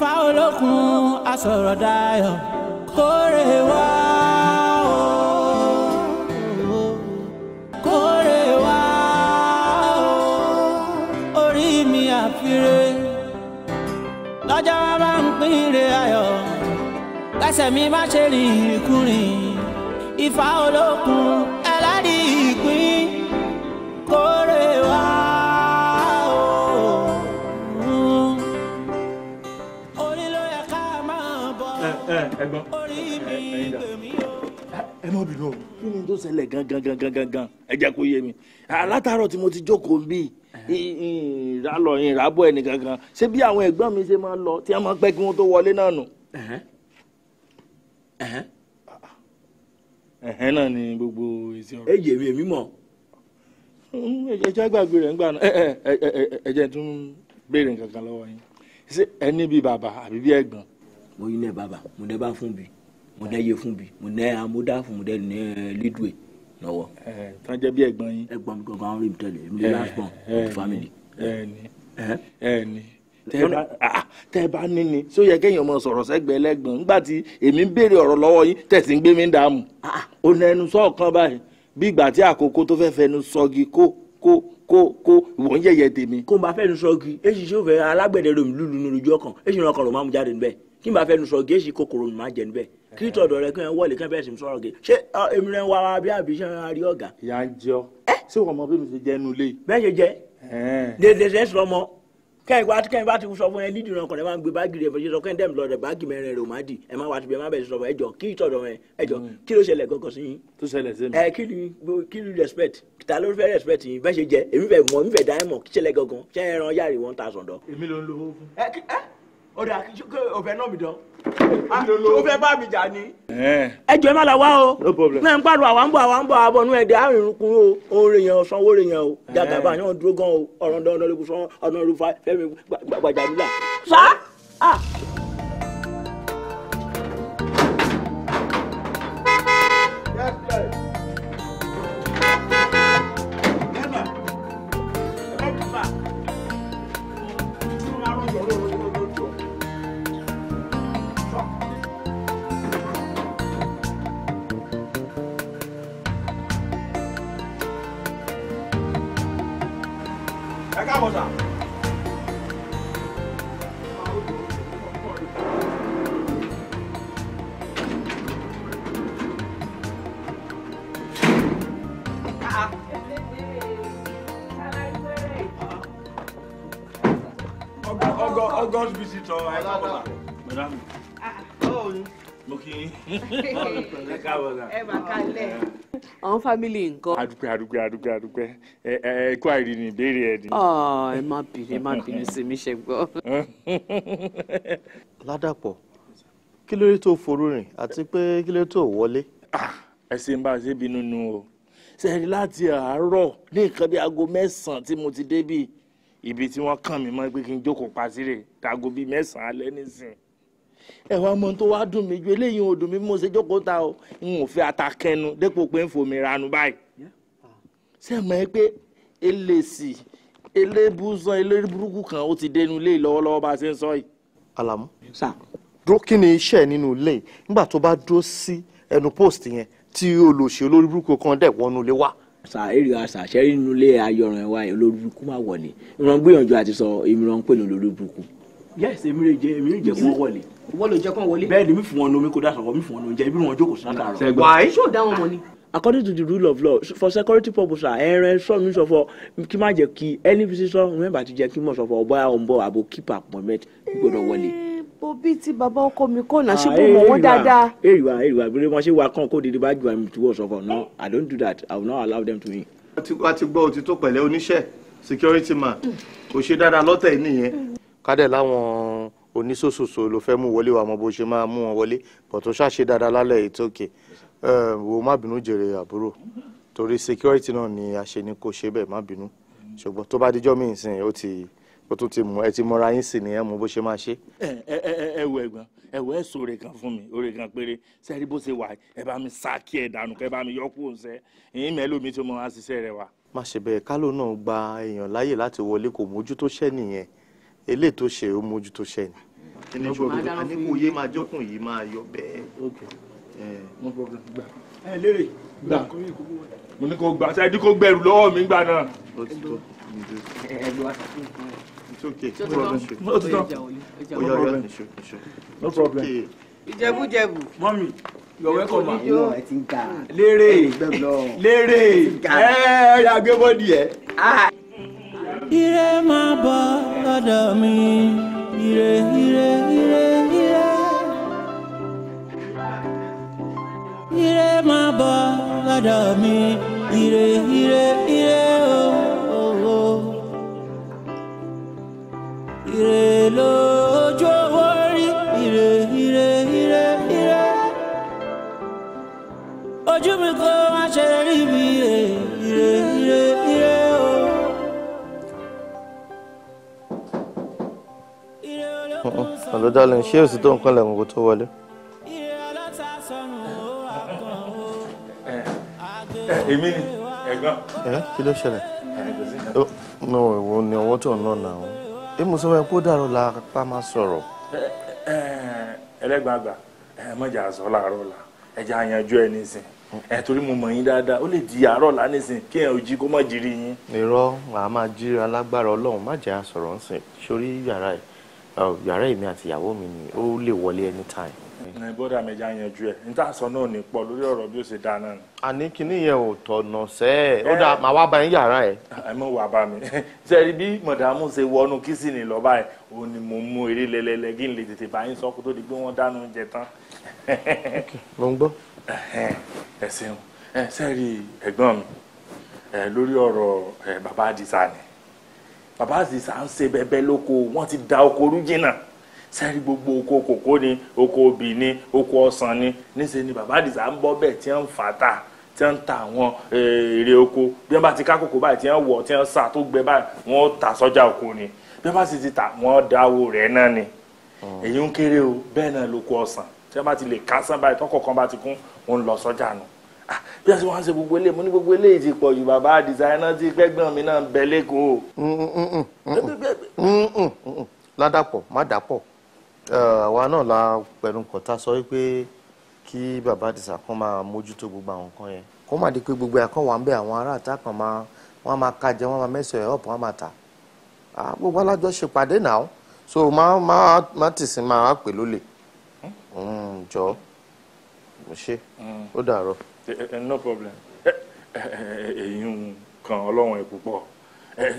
ifá olókun asọ̀rọ̀ dayọ̀ kórè wá. kórè wá mi àfiré lọ́jọ́ bá ń pín ire ayọ̀ kẹsẹ̀ mi má ṣe rìn ìrìnkúrìn ifá olókun. ẹ̀gbọ́n ẹ mọ bínú o kí ni tó ṣẹlẹ̀ gangan gangan gangan ẹ jẹ́ yé mi látàárọ̀ tí mo ti jókòó ń bí ìràlọ ìràbọ ẹnì gangan ṣé bí àwọn ẹ̀gbọ́n mi ṣe máa ń lọ tí wọ́n máa ń pẹ́ kí wọ́n tó wọlé náà nù. ẹ̀hẹ́n náà ni gbogbo èsì ọ̀rọ̀. ẹ mi èmi mọ̀. ẹjẹ gbàgbé rẹ ńgbà náà ẹjẹ tún béèrè nǹkan kan lọ́wọ́ yín ṣé ẹ ní bíi bàbá àbí bíi ẹ̀gbọ́n mo yi ne baba mo de ba fun bi mo de ye fun bi mo ne amoda fun mo de ne lidue lọ́wọ́. ẹ tán jẹ bí ẹ̀gbọ́n yín. mi kankan rí mi mi last born family. ẹni ẹni tẹ bá ah, ah, nini? ni ṣó yẹ kéèyàn mọ sọ̀rọ̀ sẹ́gbẹ̀ẹ́ lẹ́gbọ̀n nígbà tí èmi ń béèrè ọ̀rọ̀ lọ́wọ́ yín tẹ̀sí ń gbé mi dààmú. Ah, ó na ẹnu sọ́ọ̀kan báyìí bí ìgbà tí àkókò tó fẹ́ẹ́ fẹnu sọ́gi kó kó kó kó ìwọ̀n yẹ̀yẹ̀ tèmi. kó n bá fẹ́nu sọ́gi èsì ṣó fẹ́ alágbẹ̀dẹ rẹ̀ mi nínú ojú ọkàn èsì ìrànkàn ló máa mú jáde níbẹ̀ kí n bá fẹ́ nu sọ̀rọ̀ géèsì kòkòrò ni màá jẹ níbẹ̀ kí tọ̀dọ̀ rẹ kí n wọlé kí n bẹ̀rẹ̀ sí sọ̀rọ̀ géèsì ṣé ah, èmi rẹ̀ ń wá ara bí àbí ṣe ń rí ọ̀gá. ìyá ń jẹ ọ ṣé wọn mọ bí mi ṣe jẹ inú ilé. bẹ́ẹ̀ ṣe jẹ dèdè ṣe ń sọ ọmọ kẹ́yìn bá kẹ́yìn bá ti sọ fún ẹ lídìí ọkàn rẹ máa ń gbé báàgì rẹ fún ṣe sọ kẹ́yìn dẹ́mi lọ rẹ báàgì mẹ́rin rẹ ò máa dì ẹ má wá ti bẹ má bẹ̀rẹ̀ sọ fún ẹjọ kí tọ̀dọ̀ rẹ ẹjọ mm. kí ló ṣẹlẹ̀ gangan sí yín. tó ṣẹlẹ̀ sí mi. ẹ kí ni kí ni respect ta ló fẹ́ respect yín bẹ́ẹ̀ ṣe jẹ èmi fẹ́ mọ̀ èmi fẹ́ dá ẹ mọ̀ kí ṣẹlẹ̀ gangan ṣẹ́ ẹran yàrá ìwọ̀n ta sọ̀dọ̀. èmi ló ń lo owó fún. ẹ ẹ ọ̀dà ọ̀fẹ́ náà mi dán o fẹ́ bá mi jà ni. ẹjọ́ ẹ má la wá o náà ń pàrọ̀ àwa ń bọ̀ àwa ń bọ̀ àbọ̀ nú ẹ̀dẹ̀ àrùnkún o òun rèèyàn sanwó rèèyàn o jàgàbà yàn dúró gan o ọ̀ràn dandan ló kù sọ ọ̀nà olùfà fẹ́mi gbàgbàjàmílà. sá Yes, cosa? August visitor, I come on. Madam. Ah, oh. mo kì í ẹ káàbọ̀ náà. ẹ máa kalẹ̀. àwọn fámìlì nǹkan. adúpẹ́ adúpẹ́ adúpẹ́ adúpẹ́ ẹ ẹ kó àìrí ni ìbéèrè ẹ ni. ẹ má bínú ẹ má bínú sí mi ṣe gbọ́. ládàpọ̀ kí ló dé tó forú rìn àti pé kí ló dé tó wọlé. ẹ ṣe ń bá ṣe bínú nu o sẹ́yìn láti àárọ̀ ní nǹkan bí aago mẹ́sàn-án tí mo ti débì ibi tí wọ́n kàn mí mọ́ pé kí n jókòó pa sílẹ̀ aago bíi mẹ́sàn-án alẹ́ nísìnyí ẹ̀wà ọmọ tó wá dùn mí ju eléyìí ò dùn mí mo ṣe jókòó ta o n ò fi ata kẹnu dépò pé ń fòmí ranu báyìí ṣé ẹ mọ̀ ẹ́ pé elèsì elébùsàn eléburúkú kan ó ti dénú ilé lọ́wọ́lọ́wọ́ bá a ṣe ń sọ yìí. alamu dúró kí ni iṣẹ́ nínú ilé nígbà tó bá dúró sí ẹnu post yẹn tí olóṣèlú olórí burúkú kan dẹ̀ wọnú ilé wá sàárè àṣàṣẹ́rí nínú ilé ayọ̀ràn ẹ̀wà olórí burúkú máa wọlé ìran gbìyànjú àti sọ èmi pè ní olórí yẹ́sì èmi rè jẹ́ èmi rè jẹ́ kó wọ́n wọlé ìwọ ló jẹ́ kán wọlé. bẹ́ẹ̀ ni mi fún wọn ní omi kó dà sọ̀rọ̀ mi fún wọn ní oúnjẹ ibi wọn jókòó sí látàárọ̀. wàá ṣó dá wọn mọ ni. according to the rule of law for security purposes ẹran sọ mi sọ fọ kí má jẹ kí ẹni fi sísọ remember ti jẹ kí mo sọ fọ ọbọ àwọn ọmọ àbò keep appointment gbọ́dọ̀ wọlé. bo bíi ti bàbá ọkọ mi kò náà ṣé mo mọ̀ wọ́n dáadáa. èrì wa èrì wa bí wọ́n ṣe wá kán kó dìde bá ju àmì tí wọ́n sọ fọ no i don't do that i will not allow them to in. a ti gbọ́ òtítọ́ pẹ̀lẹ́ oníṣẹ́ security man kò ṣe dáadáa lọ́tẹ̀ nìyẹn. kádẹ̀ láwọn oníṣòṣòṣò ló fẹ́ mú wọlé wa mọ bó ṣe máa mú wọn wọlé bọ̀tún ṣàṣe dáadáa lálẹ́ ètò òkè wò má bínú jèrè àbúrò torí security náà ni a ṣe ni kò ṣe bẹ́ẹ̀ má bínú ṣùgbọ́n tó bá dijọ́ mi ìsìn ó ti ó tún ti mú ẹ ti mọra yín sí ni ẹ mú bó ṣe máa ṣe. ẹ ẹ ẹ wo ẹ̀gbọ́n ẹ wo ẹ sọ̀rọ̀ kan fún mi ọ̀rẹ́ kan péré sẹẹri bó ṣe wà ẹ bá mi sàkí ẹ dànù kẹ bá mi yọ kúrò sẹ ẹyìn mẹlòmí tó mọ wá rẹ wa. má ṣe bẹ́ẹ̀ kálò náà gba èèyàn láàyè láti wọlé kò mójútó ṣẹ́ nìyẹn eléyìí tó ṣe ó mójútó ṣe ni. ẹni tó gbọdọ àní kò yé máa jọkùn yìí máa yọ bẹ́ẹ̀. ẹ lérè gbà mo ní kó gbà ṣáà dín kó gbẹrù lọ́wọ́ mi gbà náà. It's Mọ́mí, you're welcome ma. Lérè, lérè, ẹ ẹ yàgbé bọ́dì ẹ ire ma ba lọ́dọ̀ mi ire ire ire ire ire ma ba lọ́dọ̀ mi ire ire ire o ire lóò. Hello darling, ṣé òsì tó nǹkan lẹ̀kùn kó tó wọlé? Èmi ni, ẹ̀gbọ́n. Ẹ kí ló ṣẹlẹ̀? Oh, no, ìwọ ni ọwọ́ tó ń nà náà. Èmi sọ fún ẹ kó dàrú la pa máa sọ̀rọ̀. Ẹlẹ́gbàá àgbà, ẹ mọ̀jà sọ láàárọ̀ la, ẹja yanjú ẹ nísìn. Ẹ torí mo mọ̀ yín dáadáa, ó lè di àárọ̀ lá nísìn kí ẹ ò jí kó má jírí yín. Irọ́, àá máa jíra lágbára Ọlọ́run, má jẹ́ àsọ̀rọ̀ ńsìn, sórí yàrá ẹ̀ yàrá èmi àti ìyàwó mi ni ó lè wọlé anytime. ní bọ́dà méjì àyànjú ẹ̀ ní tàṣọ náà ní pọ̀ lórí ọ̀rọ̀ bí ó ṣe dáa náà. àní kinní yẹn ò tọ̀nà sẹ́ ẹ̀ ó dáa màá wá bá yín yàrá ẹ̀. ẹ mọ̀ wá bá mi ṣe rí bí mọ̀dàmú ṣe wọnú kìsìnì lọ́ba ẹ̀ òun ni mo mú eré lẹ́lẹ́lẹ́ kí n lè tètè bá yín sọ kó tó di pé wọ́n dáná oúnjẹ tán. mo ń gbọ́. ẹ ṣeun ẹ ṣe rí ẹ̀gbọ́n mi lórí ọ̀rọ̀ bàbá àdìsá ni bàbá àzìsà ń ṣe bẹ̀bẹ̀ lóko wọ́n ti da oko orújìnà sẹ́rí gbogbo oko kòkó ni oko obì ni oko ọsàn ni níṣẹ́ ni bàbá àzìsà ń bọ́ bẹ́ẹ̀ tí wọ́n ń fà ta tí wọ́n ń ta àwọn eh, èrè oko bí wọ́n bá ti ká kòkó báyìí tí wọ́n wọ̀ tí wọ́n sà tó gbẹ báyìí wọ́n ta sọ́jà oko ni bí wọ́n bá sì ti ta wọ́n dáwó rẹ̀ náà ni hmm. èyí ń kéré o bẹ́ẹ̀ náà lóko ọsàn tí wọ́n bá ti lè kásán báyìí tọ́kọ̀ kan bá ti kún òun lọ sọ́jà nù bí a ṣe wọ́n ṣe gbogbo eléyìí mo ní gbogbo eléyìí ti pọ̀ jù bàbá àdìsáyẹ́nà tí fẹ́gbọ́n mi náà ń bẹ lẹ́kọ̀ọ́. ládàpọ̀ má dàpọ̀ àwa náà la pẹ̀lú kọ̀tà sọ wípé kí bàbá àdìsá kan máa mójútó gbogbo àwọn nǹkan yẹn kó má di pé gbogbo àkàn wà ń bẹ àwọn ará àtà kan máa wọn máa kájẹ wọn máa mẹsàn ẹ̀ ọ̀pọ̀ wọn máa tà gbogbo alájọṣepàdé náà so máa máa máa tìsín máa pè lólè hmm? hmm, jọ ṣe hmm. ó dàárọ̀. Eh, eh, eh, no problem èyí kan ọlọ́run ẹ̀ púpọ̀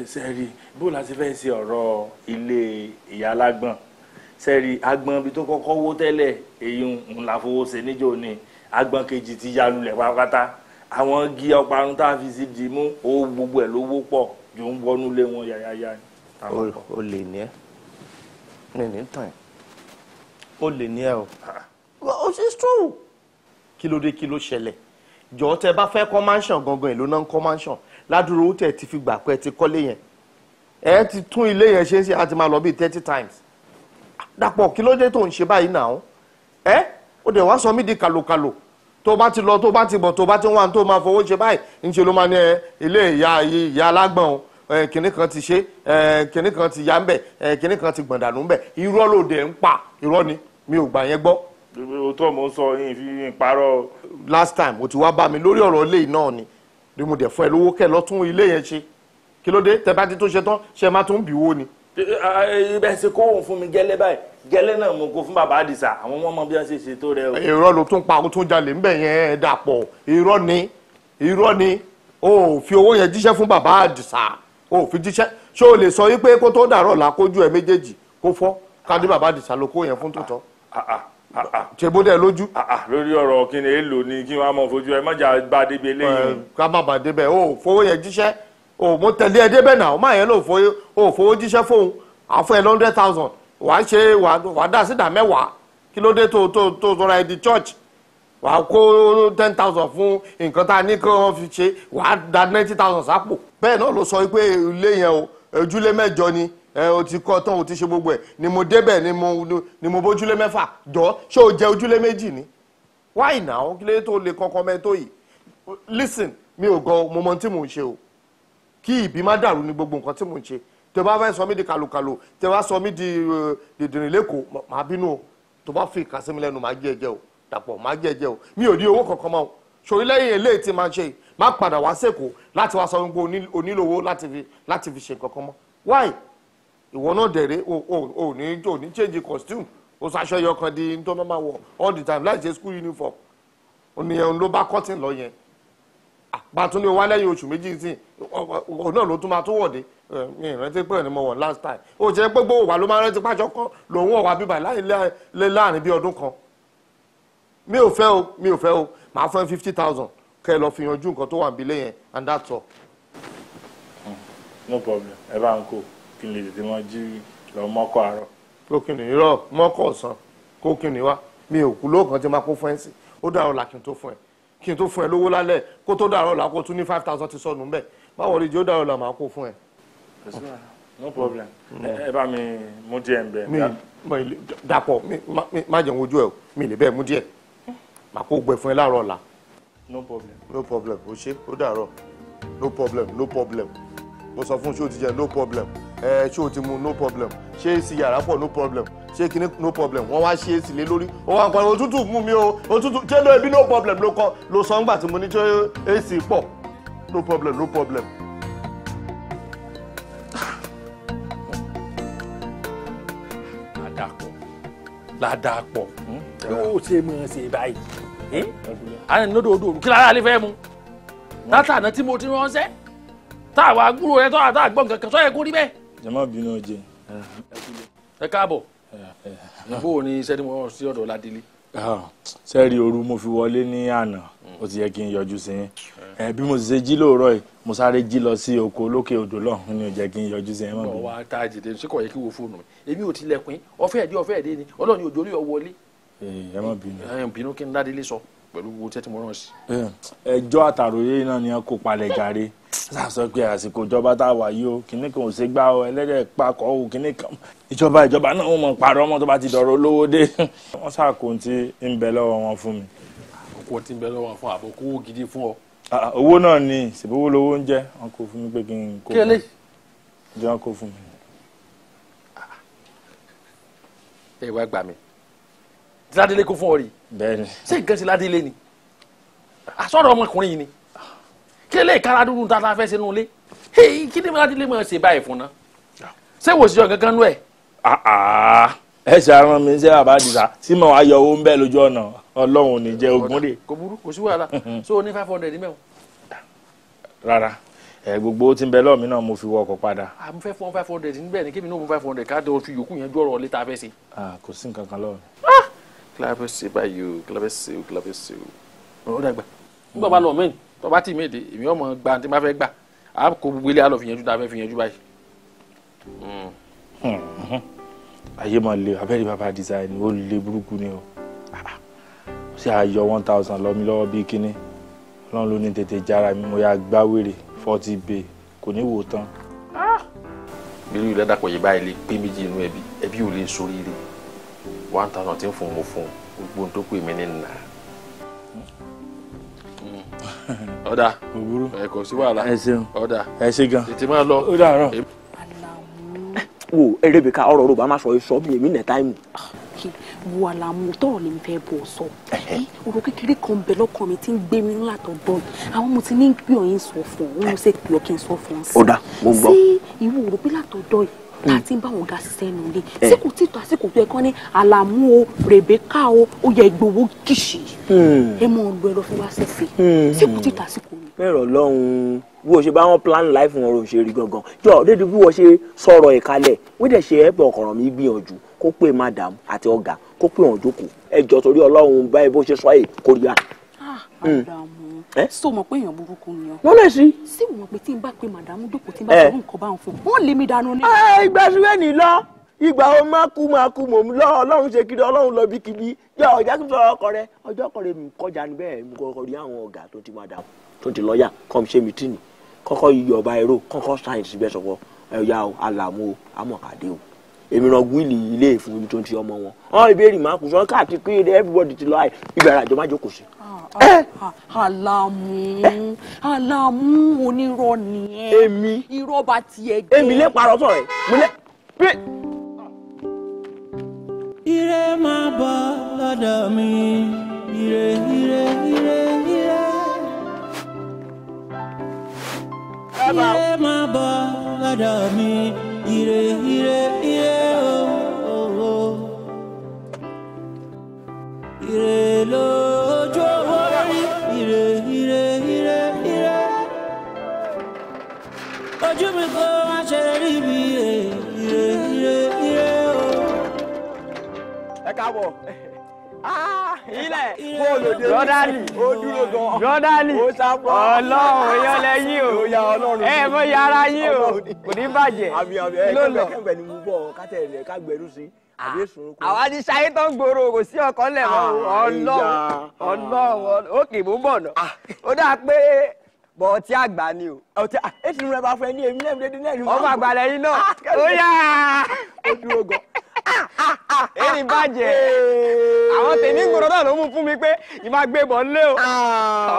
sẹ́ẹ̀rì bó la ti fẹ́ ṣe ọ̀rọ̀ ilé ìyá alágbọ̀n sẹ́ẹ̀rì agbọ̀n ibi tó kọ́kọ́ wó tẹ́lẹ̀ èyí ń la fowó ṣe níjó ni agbọ̀n kejì ti yanu lẹ̀ pátápátá àwọn igi ọparun tá a fi sí di mú owó gbogbo ẹ̀ ló wó pọ̀ jù ń wọnú lé wọn yáyáyá ni. o lè ní ẹ ní ní tàn ẹ o lè ní ẹ o. Ah. ṣe stroke kí ló dé kí ló ṣẹlẹ̀ jọ̀ọ́ tẹ bá fẹ́ kọ́ mansion gangan èlò náà ń kọ́ mansion ládùúró ó tẹ̀ ti fi gbà pé ẹ ti kọ́lé yẹn ẹ ti tún ilé yẹn ṣe é ṣe àti máa lọ bíi thirty times dàpọ̀ kí ló dé tó ń ṣe báyìí náà ẹ ó dẹ̀ wá sọ mí di kàlòkàlò tó bá ti lọ tó bá ti bọ̀ tó bá ti wà tó máa fowó ṣe báyìí ńṣe ló máa ní ilé ìyá ìyá alágbọ̀n o kìnní kan ti ṣe kìnní kan ti yá ń bẹ̀ kìnní kan ti gbọ̀ndànù ń bẹ̀ irọ́ ló dẹ̀ ń pa irọ́ ni mi ò gbà yẹn gbọ́ o tó mo ń sọ yín fi last time o ti wá bá mi lórí ọ̀rọ̀ ilé náà ni ni mo dẹ̀ fún ẹ lówó kẹ́ lọ́tún ilé yẹn ṣe kí ló dé tẹ tó ṣe tán ṣe máa tún bì ni. ibẹ̀ ṣe kó òun fún mi gẹ́lẹ́ báyìí gẹ́lẹ́ náà mo kó fún bàbá àdìsá àwọn ọmọ bí wọ́n ṣe ṣètò rẹ o. irọ́ ló tún pa o tún jalè ńbẹ̀ yẹn dàpọ̀ irọ́ ni irọ́ ni o fi owó yẹn jíṣẹ́ fún bàbá àdìsá o fi jíṣẹ́ ṣé o lè sọ wípé kó tó dàrọ̀ làkójú ẹ méjèèjì kó fọ́ ká ní bàbá àdìsá ló kó yẹn fún tòótọ́. Ah, ah. ṣe bó dẹ lójú. Ah, lórí ọ̀rọ̀ kí ni èèlò ni kí wọ́n á mọ̀ fojú ẹ mọ̀jà bá débi eléyìí. Eh, ká má bàa débẹ̀ o fowó yẹn jíṣẹ́ o mo tẹ̀lé ẹ débẹ̀ náà o má yẹn lò o fowó jíṣẹ́ fóun àfọ ẹ lọ́ndẹ̀ thousand wà á ṣe wà á dà sídà mẹ́wàá kí ló dé tó tó tó tó ẹ di church wà á kó ten thousand fún nǹkan tá a ní kí wọ́n fi ṣe wà á da ninety thousand sápò bẹ́ẹ̀ náà ló sọ pé ilé yẹn o ojúlé mẹ́jọ ni ẹ o ti kọ́ tán o ti ṣe gbogbo ẹ̀ ni mo débẹ̀ ni mo ni mo bójúlé mẹ́fà jọ ṣé o jẹ ojúlé méjì ni why now kí lè tó lè kankan mẹ́tò yìí listen mi ò gan mo mọ tí mò ń ṣe o kí ìbí má dàrú ni gbogbo nǹkan tí mò ń ṣe tó bá fẹ́ sọ mí di kàlùkàlù tó bá sọ mí di dìndìnrín lẹ́kọ̀ọ́ màá bínú o tó bá fi ìkàsí mi lẹ́nu màá jẹ́ ẹ̀jẹ̀ o dàpọ̀ màá jẹ́ ẹ̀jẹ̀ o mi ò ní owó kankan mọ́ o sori lẹ́yìn eléyìí tí màá ṣe má padà wá sẹ́kọ̀ọ́ láti wá sọ wípé onílòwó láti fi ṣe nǹkan kan mọ́ why ìwọ náà dẹ̀rẹ̀ ò ní ò ní change costume ó ṣaṣọ ẹyọ kan di tó máa wọ all the time láì ṣe school uniform oníyẹn ló bá cotton lọ yẹn bàtún ní wá lẹ́yìn oṣù méjì sí òun náà ló tún máa tún wọ̀de mi ìrántí pé ẹni mo wọ̀ last time ó jẹ́ gbogbo wa ló máa rántí pàṣọ kan lòun ọ̀wà bíbà láì láàrin bíi ọdún kan mi ò fẹ́ o mi ò fẹ́ o màá fẹ́ fifty thousand kẹ́ ẹ lọ fi yanjú nǹkan tó wà níbílẹ̀ yẹn and that's all. Hmm, no problem ẹ bá ń kó kí n lè tètè mọ jí lọ mọ́kọ àárọ̀. kókìnì irọ́ mọ́kọ ọ̀sán kókìnì wá mi ò kú lóògùn tí máa kó fún ẹ sí ó dàrọ̀ là kí n tó fún ẹ kí n tó fún ẹ lówó lálẹ́ kó tó dàrọ̀ là kó tún ní five thousand ti sọnù mbẹ́ báwo ni jẹ́ ó dàrọ̀ là máa kó fún ẹ. no problem ẹ bá mi mú díẹ̀ ń bẹ̀. mi má jẹun ojú ẹ o mi lè bẹ́ẹ̀ mú díẹ̀ màá kó gbẹ fún ẹ láàárọ̀ ọ̀la. no problem. no problem o ṣe ó dàrọ̀ no problem no problem mo sọ fún ṣé o ti jẹ no problem ẹ ṣé o ti mu no problem ṣé èsì yàrá pọ̀ no problem ṣé kíní no problem wọ́n wá ṣe èsì lé lórí ó wà ń pariwo òtútù mú mi o òtútù ṣé ló ebi no problem ló kọ ló sọ ńgbà tí mo ní ṣé èsì pọ̀ no problem no problem. ládàpọ̀ ládàpọ̀ yóò ṣe mọ̀ ṣe báyìí àná ní odò odò kí lára lè fẹ́ mu látàná tí mo ti ránṣẹ́ tá àwa gbúrò rẹ tó àtà gbọ́n kankan sọ́yẹ kó rí bẹ́ẹ̀. jama bínú jẹ. ẹ káàbọ̀ ìbò ni iṣẹ́ tí mo rán sí ọ̀dọ̀ ládélé. sẹ́ẹ̀rì ah, ooru mo fi wọlé ní àná ó ti yẹ kí n yọjú sí yín eh. Eh, bí mo ṣe jí lóòrọ̀ yìí mo sáré jí lọ sí oko lókè odò lọ́hùn-ún ni ò jẹ́ kí n yọjú sí yín mọ́ bí. ọwọ́ àtàjèdè ṣé kò yẹ kí wo fóònù mi èmi ò tilẹ̀kùn ọ̀fẹ́ ẹ̀dí ọ̀fẹ́ ẹ̀dí ni ọlọ́run ò pẹ̀lú gbogbo tẹ́tí mo ràn sí. ẹjọ́ àtàròyé náà ni wọ́n kó palẹ̀ gàre sàṣọ pé àsìkò ìjọba tá a wà yìí o kìnnì kan ò ṣe gbá o ẹlẹ́dẹ̀ pakọ̀ o kìnnì kan ìjọba ìjọba náà wọ́n mọ̀ parọ́ ọmọ tó bá ti dọ̀rọ̀ olówó dé wọ́n ṣàkó ti ń bẹ lọ́wọ́ wọn fún mi. àkókò ti ń bẹ lọ́wọ́ fún àbòkú gidi fún ọ. owó náà ni ṣèbówó lowó ń jẹ wọn kò fún mi pé kí n kó fún mi jẹ wọn kó fún mi. ẹ wá gbà mí tí ládélé kó fún ọ rí bẹ́ẹ̀ni ṣé nǹkan ti ládélé ni àsọ̀rọ̀ ọmọkùnrin yìí ni kí lè kára dúdú tá a ta fẹ́ sínú ilé kí ni ládélé máa ṣe báyìí fún náà ṣé wò sí ọ kankan nú ẹ. Ah, ah. ẹ ṣe àwọn mi ṣe bàbá àdìsá tí mo wá yọ owó ń bẹ́ẹ̀ lójú ọ̀nà ọlọ́run ò ní jẹ́ ogún rè. kò burú kò sí wàhálà so ní five hundred mẹ́wọ̀n. rárá ẹ gbogbo tí ń bẹ lọ́ọ̀mí náà mo fi wọ ọkọ̀ padà. a mo fẹ́ fún five hundred níbẹ̀ ni kí mi náà mo five hundred ká tó fi yòókù yẹn jọ̀rọ̀ létà fẹ́ ṣe. Ah, kò sí nǹkan kan lọ́ọ̀mí kílábẹ́ ṣe báyìí o kílábẹ́ o kílábẹ́ o ó dàgbà. nígbà bá lọ mẹ́rin tó bá tì méde èmi ọmọ gba àti má fẹ́ gbà á kó gbogbo ilé àlọ́ fi yanjú tá fẹ́ fi yanjú báyìí. Hmm. Hmm. ayé máa le abẹ́rẹ́ bàbá design ó le burúkú ni o ah, ṣé àyọ one thousand lọ mi lọ́wọ́ bíi kínní ọlọ́run ló ní tètè jára mi mo yà gbá forty bay kò ní wò tán. bí ah! irú ìdádàpọ̀ yìí báyìí lè pé méjì inú ẹbí ẹbí ò lè sóríire one thousand tí ń fún mo fún gbogbo tó pè mí ní nà. ọ̀dà òwúrò ẹ kò sí wàhálà ẹ ṣeun ọ̀dà ẹ ṣe gan tètè máa lọ ó dàárọ̀. wo erébìka ọ̀rọ̀ yorùbá máa sọ èso bíi èmi nẹ táìmù. Ah, wo àlàmú tọ́ ni fẹ́ bọ̀ sọ eh, ọ̀rọ̀ kékeré kan bẹ̀ lọ́kàn mi tí ń gbé mi látọ̀ dán àwọn mo ti ní gbìyànjú sọ fún un mo ṣe pè ọ́ kí n sọ fún un sí. ọ̀dà mo gbọ́. sí ìwúrò pé látọ̀ yìí Mm. láti bá wọn ga ṣiṣẹ́ nù lé sí kò tí tó àsìkò tó yẹ kán ní àlàmú o rèbékà o ó yẹ gbowó kìṣì hmm. ẹ mọ ọdún ẹ lọ fún wa ṣẹṣẹ sí kò tí tó àsìkò mi. bẹ́ẹ̀ rọ lọ́hùn-ún bí o ṣe bá wọn plan life wọn ò ṣe rí gangan jọ dédé bí wọ́n ṣe sọ̀rọ̀ ìkalẹ̀ wọ́n dẹ̀ ṣe ẹ̀bùn ọ̀kọ̀rọ̀ mi gbìyànjú kó pé madam àti ọ̀gá kó pé wọn jókòó ẹ jọ torí ọlọ́run báyìí bó ṣe sọ madamu hmm. so eh? mọ̀ pé èèyàn burúkú ni ọ. wọ́n lè sí. sí wọ́n pé tí n bá pe madamu dòpò tí n bá eh. sọ nǹkan bá ń fún wọn lè mi dànù ni. Eh, ìgbà ṣúwẹ́ ní lọ ìgbà wo má kú má kú mò ń lọ ọlọ́run ṣe kiri ọlọ́run lọ bíkíbi yọ ọjà kí n sọ̀rọ̀ ọkọ rẹ ọjọ́ ọkọ rẹ kọjá níbẹ̀ mo kọ́kọ́ rí àwọn ọ̀gá tó ti madamu tó ti lọ́ọ̀yà kọ́m ṣe mi tìǹ kọ́kọ́ iyọ̀ ọba ẹ̀rọ kọ́kọ́ sáyẹ̀nsì bẹ́ẹ̀ sọ̀kọ́ ẹ̀yà alàmú amọ̀kàdé o èmi ràn wíìlì ilé ìfún mi tó ń ti ọmọ wọn wọn ìbéèrè máa kù sọ káàkiri everybody ti lọ àì ìgbàràjọ má jókòó sí i. Àlàmú eh. Àlàmú onírọ́ nìyẹn. Èmi. Irọ́ bá tiẹ̀ gé. Èmi lè parọ́ sọ̀rọ̀ ẹ̀. Mo lè Ire máa bọ̀ lọ́dọ̀ mi. Ire ire ire ire. Ire máa bọ̀ lọ́dọ̀ mi. Ire ire ire ooo. Ire lójó. ojú mi kó má ṣe rí mi ire ire ire o. ẹ káàbọ̀ ah, ilẹ̀ bóòlòdè rọ́dálì ó dúró gan rọ́dálì ó sápọ̀ ọlọ́run ìyọlẹ̀ yín o ẹ mọ iye ara yín o kò ní bàjẹ́ kí ló lọ. kẹ́kẹ́ ni mo bọ̀ kátẹ́ rẹ̀ ká gbẹ̀rú sí i ah, àwa ti ṣayé tán gbòòrò kò sí ọkàn lẹ̀ mọ́ ah, ọlọ́run ọlọ́run òkè mú bọ̀ náà ó dáa pé bọ̀ ọtí àgbà ni o. ọtí ètò ìrìn àbáfọ ẹni èmi náà dédé náà ni mo. ọmọ àgbàlẹ̀ yìí náà ó yà á. ó dúró gan. èyí ah, ah, ah, bàjẹ́ àwọn tèmi gbòòrò náà ló mú fún mi pé ìmọ̀ àgbébọ̀ ńlẹ̀ o.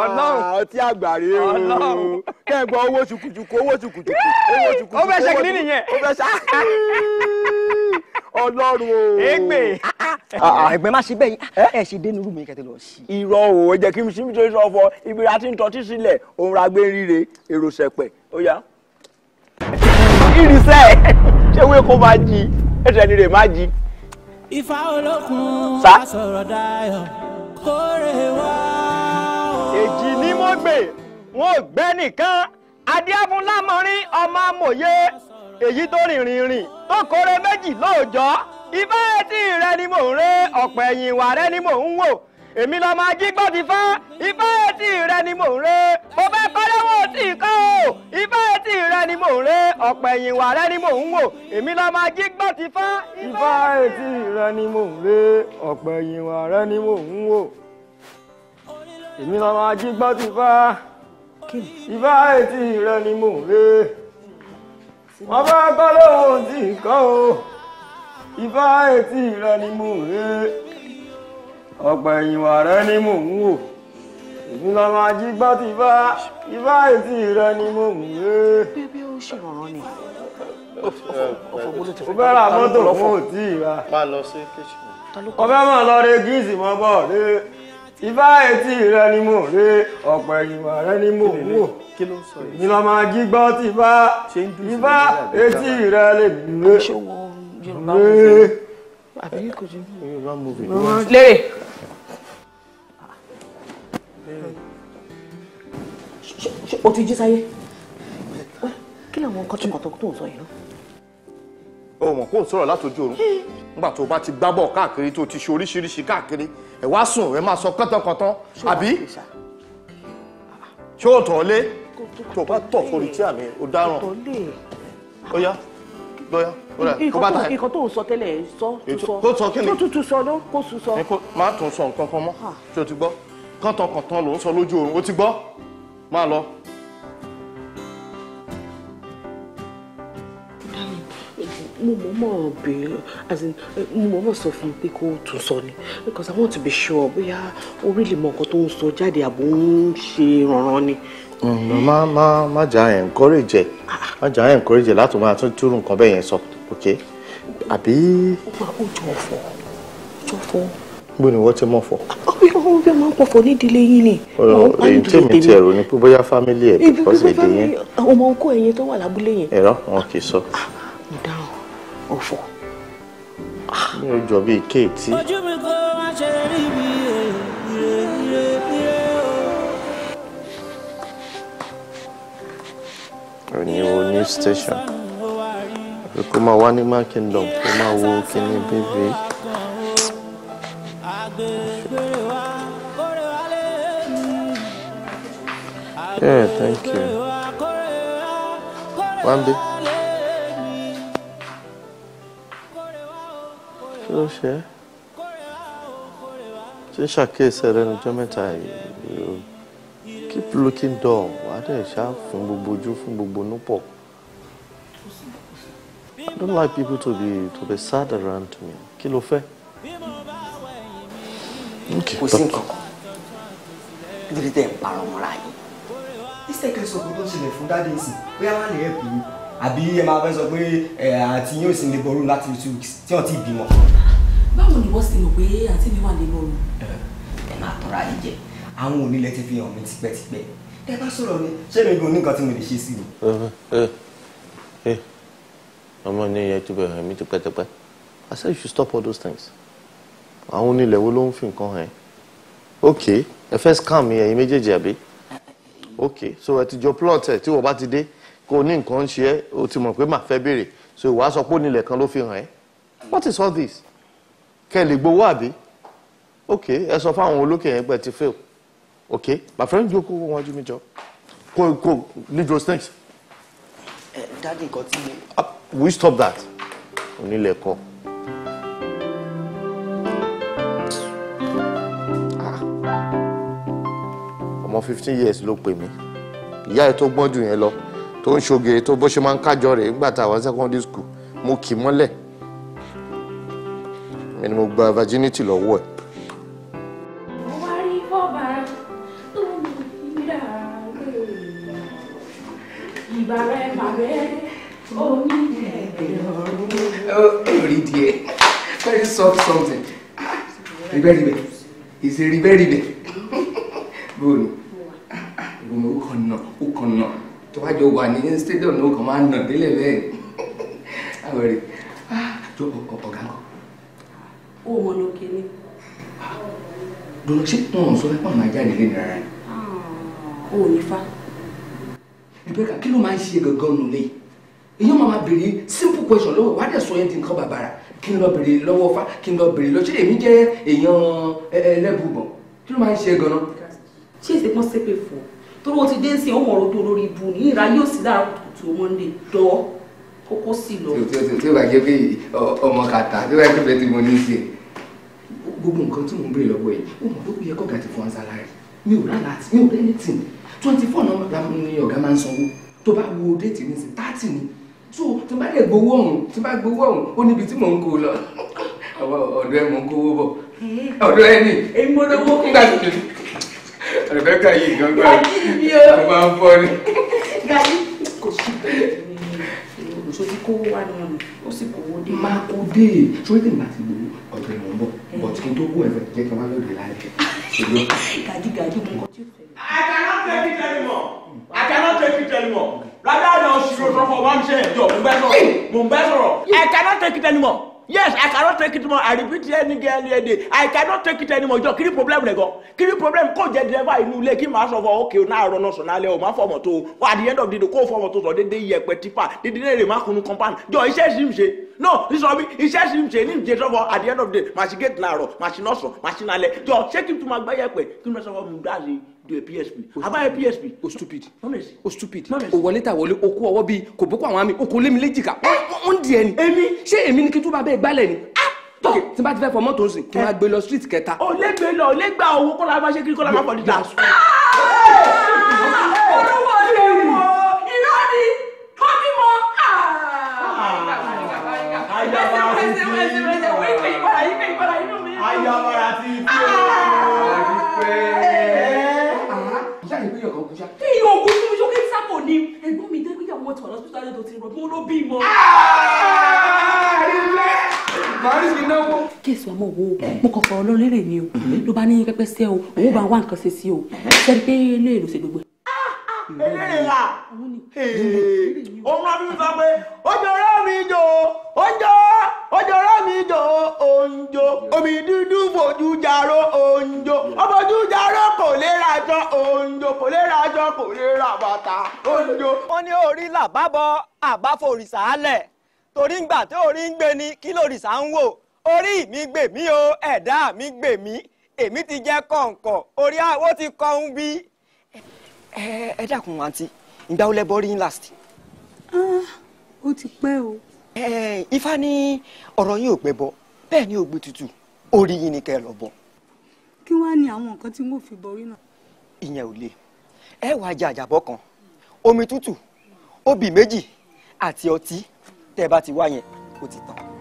ọlọ́run ọtí àgbà rí o. ọlọ́run kẹ́gbọ́ owó ṣùkùṣùkù owó ṣùkùṣùkù owó ṣùkùṣùkù. ó fẹ́ ṣe kìnìún nìyẹn. ó fẹ́ ṣe ọlọ́run o. ẹgbẹ́ ah, ah, ah, ẹgbẹ́ má ṣe bẹ́ẹ̀ eh? ẹ ṣe dénú rúmi kẹtẹ lọ sí. irọ́ o ẹ jẹ́ kí n ṣe nítorí sọ fọ ibi ra ti ń tọ́tí sílẹ̀ òun ra gbé ríre èrò sẹ̀pẹ̀ ó yá. irisẹ́ ṣé wé kó máa jí ẹsẹ̀ ni rè má jí. ifá olókun a sọ̀rọ̀ dayọ̀ kórè wá. èjì ni mo gbè wọn ò gbẹ́ nìkan adíáfúnlámọrin ọmọ amòye èyí tó rìnrìn rìn tó kórè méjì lóòjọ́ ifá etí rẹ ni mò ń ré ọ̀pọ̀ ẹ̀yìn ìwà rẹ ni mò ń wò èmi lọ́mọ ajígbọ́ ti fá ifá etí rẹ ni mò ń ré mo fẹ́ kọ́lé wọn ò kọ́ o ifá etí rẹ ni mò ń ré ọ̀pọ̀ ẹ̀yìn ìwà rẹ ni mò ń wò èmi lọ́mọ ajígbọ́ ti fá. ifá etí rẹ ni mò ń ré ọ̀pọ̀ ẹ̀yìn ìwà rẹ ni mò ń wò èmi lọ́mọ ajígbọ́ ti fá ifá etí rẹ ni mò ń ré wọ́n bá gbọ́ lóhùn tí kọ́ o ifá etí rẹ ni mò ń ré ọ̀pá ìwà rẹ ni mò ń wò èmi lọ́mọ ajígbọ́ ti bá ifá etí rẹ ni mò ń ré. bí bí ó ṣe rọrùn ni o fẹ́ ra mọ́tò fún òtí ra o fẹ́ mọ̀ lọ re gíìsì mọ́ bọ̀ re ifá etí rẹ ni mò ń ré ọ̀pá ìwà rẹ ni mò ń wò kí ló sọ yìí. ìlọ máa jí gbọ́ ti bá ibà etí rẹ lè gbé. yorùbá movie. lérè. o ti jí sáyé kí làwọn nǹkan tó kàn tó ń sọ yìí náà. o mọ̀ kó o sọ̀rọ̀ látòjú oorun nígbà tó o bá ti gbábọ̀ káàkiri tó o ti ṣe oríṣiríṣi káàkiri ẹ̀ wá sùn ẹ̀ máa sọ kọ́tọ̀kọ́tọ̀ àbí ṣé o tọ̀ ọ́ lé tó bá tọ̀ sórí tí àmì ò dáràn ó yá lọ́yà ó dà kó bá tà ẹ́. ìkan tó ń sọ tẹ́lẹ̀ sọ tún sọ kó sọ kí ni kó tuntun sọ ló kó tún sọ. má tún sọ nǹkan kan mọ́ tí o ti gbọ́ kọ́ńtọ̀kọ̀ńtọ̀ ló ń sọ lójú oorun o ti gbọ́ máa lọ. mo mọ̀ mọ̀ bèèrè as in mo mọ̀ mọ̀ sọ fún mi pé kó tún sọ ni because i want to be sure bóyá orí lè mọ nǹkan tó ń sọ jáde àbò ń ṣe ìrànràn ni má má má jà ẹ̀ encourage ẹ̀ má jà ẹ̀ encourage ẹ̀ láti máa tún túrú nǹkan bẹ́ẹ̀ yẹn sọ ok àbí. ó jọ ọ̀fọ̀ jọ ọ̀fọ̀. gbé ni wọ́n ti mọ̀ fọ. ó bí wọ́n pọ̀ fọ nídìílé yín ni. èyí tí mi ti ẹ̀rọ ni pé bóyá fámílì ẹ̀ bíkọ́sì èdè yẹn. ọmọ ọkọ ẹ̀yẹn tó wà lábúlé yẹn. ẹ̀rọ wọn kì í sọ. Ah, mo ọ̀fọ̀. mi ò jọ bíi kéètì. ojú mi kò má ṣe rí mi. ní new station kó one wá ní Markingdom kó máa wo kíní bébè. Yeah, thank you. Wambi. Kí ló ṣe é? Ṣé ṣàkíyèsí ẹ̀rẹ́nu jọ́ mẹ́ta yìí? keep looking down. wà á dẹ̀ ṣá fún gbogbo ojú fún gbogbo inú pọ̀. I don't like people to be to be sad around me kí ló fẹ́. kò sí nǹkan kan nítorí tẹ̀ ń parọ́ mọ́ra yìí. ìṣe kí n sọ pé tó ṣẹlẹ̀ fún dáadé ìsìn bóyá wà ní ẹ̀pì yìí àbí ẹ máa fẹ́ sọ pé àti yóò sì lè bọ̀rù láti two weeks tí wọ́n ti bímọ. báwo ni wọ́n sì mọ̀ pé àti mi wà lè bọ̀rù. ẹ máa tọ́ra yìí jẹ́ àwọn onílẹ̀ ti fi hàn mí tipẹ́tipẹ́ tẹ́ bá sọ̀rọ̀ mi ṣé mi gan oníkan tí mo lè ṣe sí i. ọmọ ní ìyẹn tó bẹ̀rẹ̀ mi tipẹ́tipẹ́ I said you should stop all those things àwọn onílẹ̀ wo ló ń fi nǹkan hàn ẹ́ ok ẹ fẹ́ scam mi ẹ̀yin méjèèjì àbí ok so ẹ ti jọ plot ẹ tí wọ́n bá ti dé kó o ní nǹkan ń ṣe ẹ́ o ti mọ̀ pé màá fẹ́ béèrè so ìwà sọ pé onílẹ̀ kan ló fi hàn ẹ́ what is all this kẹ́ ẹ lè gbowó àbí ok ẹ sọ fáwọn olókè yẹn pé ẹ ti fail okay my friend go wọn wájú mi jọ kó kó negro snakes. ẹ eh, dáàdi nǹkan tí. Ah, we stop that We need a call. years ló 15 years, look ẹ me. Yeah, jù yẹn lọ tó ń ṣoge tó bó ṣe máa ń kájọ rẹ̀ nígbà tá a wà secondary school mo kì í virginity lọ́wọ́ ẹ̀. orí díẹ̀ very soft something ribẹ́ribẹ́ ìṣe ribẹ́ribẹ́ bóòlù ìgbìmọ̀ ó kàn nà ó kàn nà tó wá jọ wà ní stadium náà ó kàn máa nà délẹ̀ bẹ́ẹ̀ àwẹ̀rẹ̀ tó ọ̀gá kan. ó mọ ní òkè ni. dùnú ṣé wọn ò sọ fẹ́ pọ̀ máa jáde lé nira rẹ̀. ó ní fa. Rebecca kí ló máa èyí máa bèrè simple question lọ́wọ́ wàá dẹ̀ sọ yẹn di nǹkan bàbàrà kí n lọ bèrè lọ́wọ́ fa kí n lọ bèrè lọ́wọ́ ṣé èmi jẹ́ èèyàn ẹlẹ́bùgbọ̀n kí ló máa ń ṣe gan-an. ṣé èsì pọ́n ṣépè fò torí o ti dé sí ọmọ ọ̀rọ̀ tó lórí ibu ní ìra yóò sì dára kùtù Monday dọ́ kókó sí lọ. tí o bá jẹ́ pé ọmọ kàtà tí o bá jẹ́ pé tí mo ní í ṣe. gbogbo nǹkan tí mò ń bèrè lọ́wọ́ yìí ó mọ̀ tó yẹ kọ́gà ti fún ọ̀sálárì mi ò lálàá mi ò lẹ́ni tì twenty four náà ni ọ̀gá máa ń sanwó tó bá wo déètì ní sí thirty ni so tí n bá dẹ̀ gbowó ọ̀hún tí n bá gbowó ọ̀hún ó níbi tí mò ń kó lọ ọ̀dọ̀ ẹ̀ mò ń kówó bọ̀ hmm. ọ̀dọ̀ ẹ̀ ni èmi mo lówó nígbà tó Rebecca yìí gangan mo máa ń fọ́ ni. kò sí ìṣó tí kówó wá ní ọ̀nà ó sì kówó dé. máa kó dé sórí tèmi bá ti gbowó ọ̀dọ̀ ẹ̀ mò ń bọ̀ hmm. bọ̀tí kí n tó kó ẹ̀fẹ̀ jẹ́ kí n má lóde láàyè. gàdígàdí mo kọ́ tí ó fẹ́. I cannot take it anymore. I cannot take it anymore. Rather than ṣòro sọ for one share, yo, mo ń bẹ́ sọ̀rọ̀, mo ń I cannot take it anymore. Yes, I cannot take it anymore. I repeat it any girl any day. I cannot take it anymore. Yo, kí problem rẹ̀ gan? Kí problem kò jẹ́ driver inú ilé kí màá sọ fọ òkè náà rọ̀ náà sọ̀ náà lẹ̀ o máa fọmọ̀ tó o. Wà á di end of the day kó o fọmọ̀ they sọ dédé yẹpẹ tipa dédé lè má kunu compound. Yo, he says him ṣe. No, sísọ mi he says him ṣe ní ìjẹ́ sọ́fọ̀ at the end of the day màṣí get náà rọ̀ màṣí náà sọ̀ màṣí náà lẹ̀. Jọ ṣé kí n tún máa gbẹ́ yẹpẹ kí n fẹ́ sọ́fọ̀ mi do a PSP. I buy a PSP. O stupid. Honestly. O stupid. O wọlé ta wọlé o kó ọwọ́ bíi kò bókó àwọn àmì o kò lé mi léjìká. Ó ń di ẹni. Èmi. Ṣé èmi ni kí tó bá bẹ́ẹ̀ gbálẹ̀ ni? Tọ́ tí n bá ti fẹ́ fọ mọ́tò nsìn kí n máa gbé lọ street kẹta. O lè gbé lọ, o lè gba owó kọ́lá máa ṣe kiri kọ́lá máa fọ́ dídà. ọmọ tí wà lọ́sítítà yóò tó ti rọ̀ tó ló mọ́. Ah! ilé màálù ti náwó. kéèsì ọmọ wo eh. mo kàn fọ ọlọ́run lérè ni o mm-hmm. ló bá ní pẹ́pẹ́ sẹ́ o òun eh. bá wà nǹkan ṣe sí o sẹ́ni eh. pé lè lọ gbogbo eléyìí à òun lọ fi sọ pé ojo, ọ̀rẹ́ mi jò oúnjẹ ojú ọ̀rẹ́ mi jò oúnjẹ omi dúdú fojú jaró oúnjẹ ọmọjú jaró kò lè rajọ oúnjẹ kò lè rajọ kò lè ra bàtà oúnjẹ. wọ́n ní orí làbábọ̀ àbáforìṣà alẹ̀ torí ń gbà tí orí ń gbé ni kí lòrìṣà ń wò orí mi gbè o ẹ̀dá mi gbè èmi ti jẹ́ kọ̀ǹkọ̀ orí àwo ti kọ́ ń bí ẹ ẹ dákun àǹtí ìgbà wo lẹ bọ́ rí yín last. Ah, ó ti pẹ́ o. ifá ní ọ̀rọ̀ yín ò pẹ́ bọ bẹ́ẹ̀ ni ò gbé tutù orí yín ni kẹ́ ẹ lọ bọ. kí wàá ní àwọn nǹkan tí n ò fi borí náà. ìyẹn ò le ẹ wà á jẹ àjàbọ kan omi tútù obì méjì àti ọtí tẹ́ bá ti wá yẹn ó ti tán.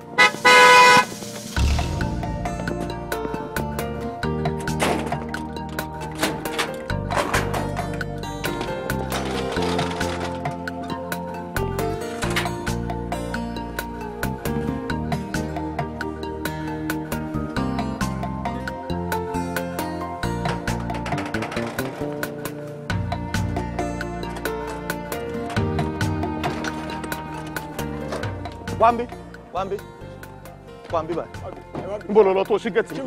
wá ń bí wá to bí get ń bí báyìí. n bò lọ lọ tó ṣí gẹ̀ẹ́tì.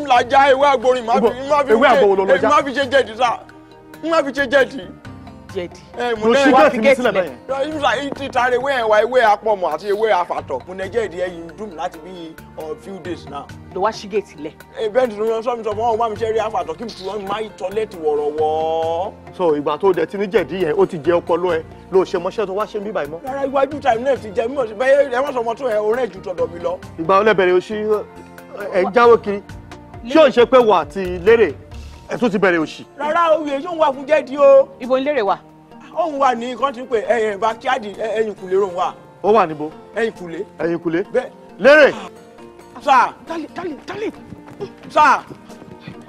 n là já ewé àgbọ̀rìn má fi ṣe jẹ̀dí sá n má fi ṣe jẹ̀dí jẹ di. mo ṣí gẹ̀ẹ́sì mi sílẹ̀ bẹ́ẹ̀ yẹn. títàrí ewé ẹ̀wà ewé apọ̀mọ̀ àti ewé afàtọ̀ mo nẹ jẹ́ ìdí ẹyin dùn láti bí uh, few days now. ló wá ṣí gẹ̀ẹ́sì lẹ̀. bẹ́ẹ̀ ni wọ́n sọ mi sọ fún wọn wá mi ṣe rí afàtọ̀ kí wọ́n máa tọ́lẹ́tì wọ̀rọ̀wọ́. so ìgbà tó dẹ ti ní jẹ̀dí yẹn ó ti jẹ ọpọlọ ẹ ló ṣe mọṣẹ́ tó wá ṣe ń bíbà ìmọ̀. rárá iwájú tàìmù náà ti jẹ mímọ̀ sí bẹ́ẹ̀ ẹ wọ́n sọ ọmọ tó ẹ orẹ́ ju tọ̀dọ̀ mi lọ. ìgbà olẹ́bẹ̀rẹ̀ o ṣí ẹ jáwé kiri ṣé ò ń ṣe pé wà á ti lérè ẹ tún ti bẹ̀rẹ̀ òṣì. rárá o yẹ yóò wá fún jẹ́dí o. ibo ń lérè wa. òun wà ní kọ́ńtì pé ẹyìn backyard ẹyìn kùlé ròhùn wa. ó wà níbo. ẹyìn kùlé. ẹyìn kùlé. bẹ́ẹ̀. lérè. sà tálẹ̀ tálẹ̀ tálẹ̀. sà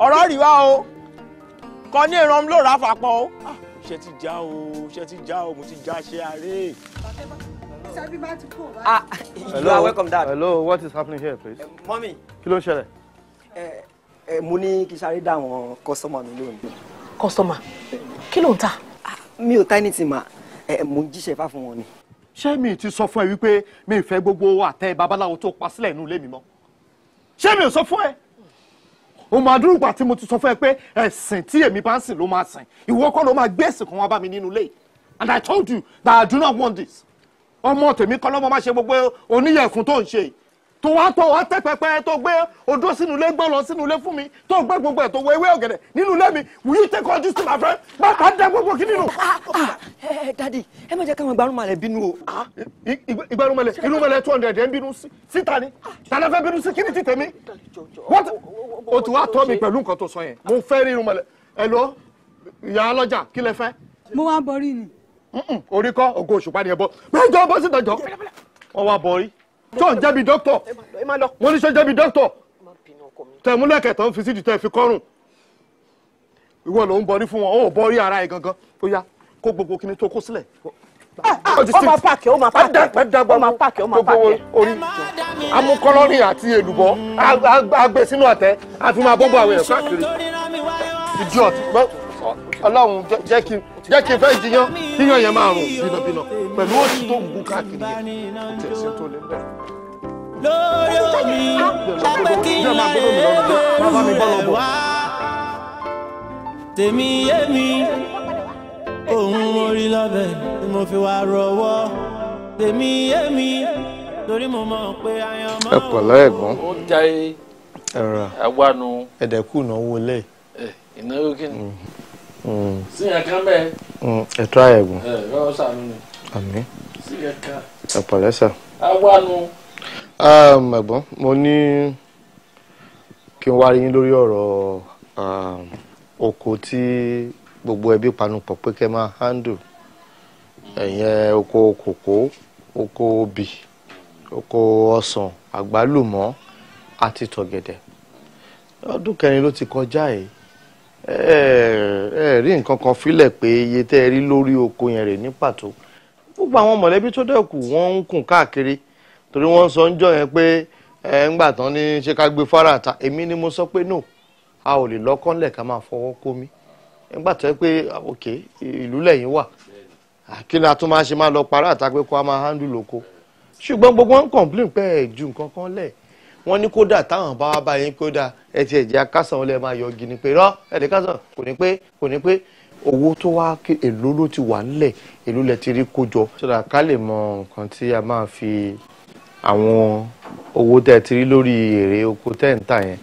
ọ̀rọ̀ rí wa o kọ́ ní ìran ló rà fàpọ̀ o. Ah! ṣe ti já o ṣe ti já o mo ti já ṣe àárẹ̀. Ah, you are welcome, Dad. Hello, what is happening here, please? Uh, mommy. Kí ló ń ṣẹlẹ̀? Eh, ẹ mo ní kí sáré dá àwọn kọ́sọ́mà mi lónìí. kọ́sọ́mà kí ló ń tà. Ah, mi ò ta ẹni tì mà mo ń jíṣẹ́ fáfún wọn ni. ṣé mi ti sọ fún ẹ wípé mi ì fẹ́ gbogbo àtẹ babaláwo tó pa sílẹ̀ inú ilé mi mọ́ ṣé mi ò sọ fún ẹ o máa dúró gbà tí mo ti sọ fún ẹ pé ẹ̀sìn tí èmi bá ń sìn ló máa sìn ìwọ kọ́ ló máa gbé ẹ̀sìn kan wá bá mi nínú ilé and I told you that I do not want this ọmọ tèmi kọ́ lọ́mọ má ṣe gbogbo oníyẹ̀fun tó ń ṣe yìí tó wá tó wá tẹ́ pẹpẹ tó gbé odó sínú ilé gbọ́ lọ sínú ilé fún mi tó gbé gbogbo ẹ̀ tó wọ ewé ọ̀gẹ̀dẹ̀ nínú ilé mi will you take all this to my friend bá bá dá gbogbo kí nínú. ẹ ah, ah, ah, eh, eh, dadi ẹ má jẹ́ káwọn ìgbàlùmọ̀lẹ̀ bínú o. ìgbàlùmọ̀lẹ̀ ìlúmọ̀lẹ̀ two hundred ẹ̀ ń bínú síta ni tàlẹ́ fẹ́ bínú sí kí ni ti tèmi. o ti wá tọ́ mi pẹ̀lú nǹkan tó sọ yẹn mo fẹ́ rí ìrúmọ̀lẹ̀ ẹ lọ ìyá ọlọ́jà kí lẹ fẹ́. mo wá bọrí ni. orí kọ́ ògo òṣùpá ni ẹ bọ́ bẹ́ẹ̀ jọ bọ́ síta jọ wọ́n wá bọrí tó ń jẹ́bi dókítọ̀ mo ní sọ jẹ́bi dókítọ̀ tẹ̀múlẹ̀kẹ̀ tó ń fi sídìí tẹ̀ fi kọ́rùn ìwọ ló ń bọrí fún wọn ó bọrí ara ẹ̀ gangan ó yá kó gbogbo kíní tó kó sílẹ̀. Ah, ah, ó máa pààkì ó máa pààkì ó máa pààkì ó máa pààkì. orí àti èlùbọ́ agbè sínú àtẹ àfi máa bọ́bọ́ àwọn èèyàn káàkiri idiot. Ọlọ́run jẹ́ kí n fẹ́ jiyán yíyan yẹn máa rùn bínàbínà pẹ̀lú òsì tó gùn káàkiri yẹn kò tó lé bẹ́ẹ̀. lórí omi lápẹ́ kí n lọ èrú rẹ̀ wá tèmi yé mi òun orí lọ́bẹ̀ ni mo fi wá rọwọ́ tèmi yé mi torí mo mọ̀ pé ayan mọ́. ẹ pẹ̀lẹ́ ẹ̀gbọ́n. ó jẹ́ ẹ̀rọ àgbánu. ẹ̀dẹ̀kù wọlé. ìnáwó kí ni. Mhm sí yẹn kan bẹ́ẹ̀. Mm, ẹ tó àyẹ̀gùn. ẹ lọ́wọ́ sàánú ni. àmín. sí yẹn kan. ẹ pẹ̀lẹ́ sà. a wà nù. Um, ẹ̀gbọ́n mo ní kí n wá rí yín lórí ọ̀rọ̀ um, oko tí gbogbo ẹbí panupọ̀ pé kẹ́ máa handle ẹ̀yẹn oko kòkó oko obì oko ọsàn àgbálùmọ́ àti tọ̀gẹ̀dẹ̀ ọdún kẹrin ló ti kọjá yìí ẹ rí nǹkan kan fílẹ̀ pé iye tẹ́ ẹ rí lórí oko yẹn rẹ̀ ní pàtó gbogbo àwọn mọ̀lẹ́bí tó dẹ̀kù wọ́n ń kùn káàkiri torí wọ́n sọ ń jọ yẹn pé ẹ ń gbà tán ní ṣé ká gbé fárata èmi ni mo sọ pé no a ò lè lọ́kàn lẹ̀ ká máa fọwọ́ kó mi ẹ ń gbà tán pé ok ìlú lẹ́yìn wà kí ni a tún máa ṣe máa lọ para àtàgbé kó a máa handle oko ṣùgbọ́n gbogbo wọn ń complain pé ẹ̀ ju nǹkan kan lẹ̀ wọ́n ní kódà táwọn bá wá báyìí kódà ẹ ti ẹ̀jẹ̀ akásàn ọlẹ́ máa yọ gini pé rọ́ ẹ̀dẹ̀ kásàn kò ní pé kò ní pé owó tó wá èlò ló ti wà nílẹ̀ èlò lẹ ti rí kó jọ. ká lè mọ nǹkan tí a máa fi àwọn owó tẹ́ ti rí lórí èrè oko tẹ́ǹtà yẹn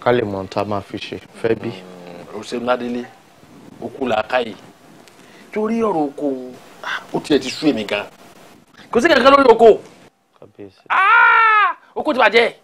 ká lè mọ tá a máa fi ṣe fẹ́ bí. ọ̀sẹ̀ mm, ńládélé okú la ká yìí torí ọ̀rọ̀ oko ah, ó tiẹ̀ ti sú èmi gan kò sí kankan lórí oko ah, oko ti bàjẹ́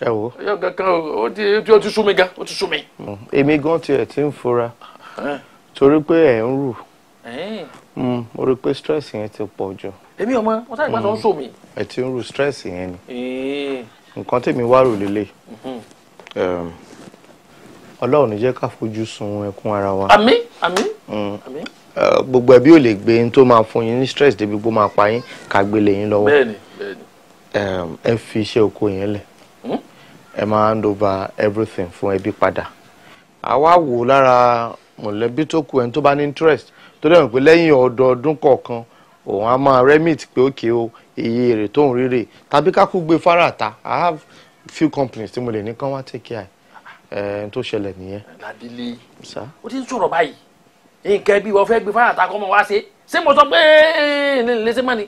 ẹ wo. ẹyọ kankan o ti o ti sú mi gan o ti sú mi. Mm, èmi gan tiẹ̀ ti ń fura torí pé ẹ̀ ń rù mm, mo rí i pé stress yẹn ti pọ̀ jù. èmi ọmọ wọn sáré gbàtọ̀ ń sọ mi. Mm, ẹ ti ń rù stress yẹn ni nǹkan tèmi wá rò lélẹ̀ mm-hmm. ọlọ́run ní jẹ́ ká fojú sun ẹkún ara wa. àmín àmín àmín. gbogbo ẹbí ò lè gbé ní tó máa fún yín ní stress débi gbó máa pa yín ká gbélé yín lọ́wọ́ bẹ́ẹ̀ni bẹ́ẹ̀ni. ẹ fi iṣẹ́ oko yẹn lẹ̀ ẹ máa hand over everything fún ẹbí padà àwa wò lára mọ̀lẹ́bí tó kù ẹni tó bá ní interest tó dẹ̀ mọ̀ pé lẹ́yìn ọdọọdún kọ̀ọ̀kan òun á máa remit pé òkè o iye èrè tóun rírè tàbí kákú gbé fárata i have few companies tí mo lè ní kán wá take care ẹ̀ tó ṣẹlẹ̀ nìyẹn. nàbílẹ̀ o ti ń sọ̀rọ̀ báyìí nǹkan ẹbí wọ́n fẹ́ gbé fárata kọ́ mọ́ wá ṣe ṣé mo sọ pé ẹ̀ ẹ̀ lè ṣe mọ́ ni.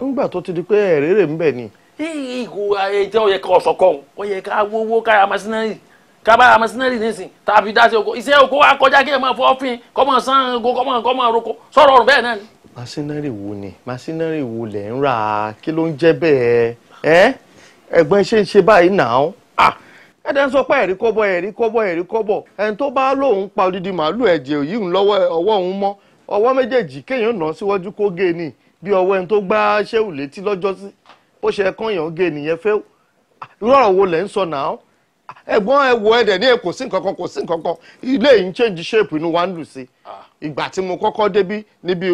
nígbà tó ti di pé ẹ̀rẹ́rẹ́ ń bẹ̀ ni ìgò ẹ̀jẹ̀ ó yẹ ká ọ̀sọ̀ kọ́ ó yẹ ká wówó ká ra masinari ká bá ra masinari nísìn tàbí dá sí oko iṣẹ́ oko wa kọjá kí ẹ máa fọ́ fín kọ́mọ sán oko kọ́mọ kọ́mọ roko sọ̀rọ̀ ọ̀rùn bẹ́ẹ̀ náà ni. masinari wo ni masinari wo lẹ̀ ń rà kí ló ń jẹ́ bẹ́ẹ̀ ẹ́ ẹ̀gbọ́n ṣe ń ṣe báyìí náà ẹ̀dẹ̀ ń sọ pé ẹ̀rí kọ́bọ̀ ẹ̀rí kọ́bọ̀ ẹ̀rí kọ́bọ̀ ẹni tó bá lóun pa odidi màálù ẹ̀jẹ̀ yìí lọ́wọ́ ọwọ́ òun mọ́ ọwọ́ méjèèjì kéèyàn nà síwájú kó gé ni bí ọwọ́ ẹni tó gbá ṣéwù létí lọ́jọ́sí bó ṣe kọ́yàn gé eniyan fẹ́ lọ́rọ̀ wo lẹ̀ ń sọ náà ẹ̀gbọ́n ẹ wo ẹ̀dẹ̀ ní kò sí nǹkankan kò sí nǹkankan ilé yìí ń change shape inú wa ń lù sí ah. ìgbà tí mo kọ́kọ́ débí níbi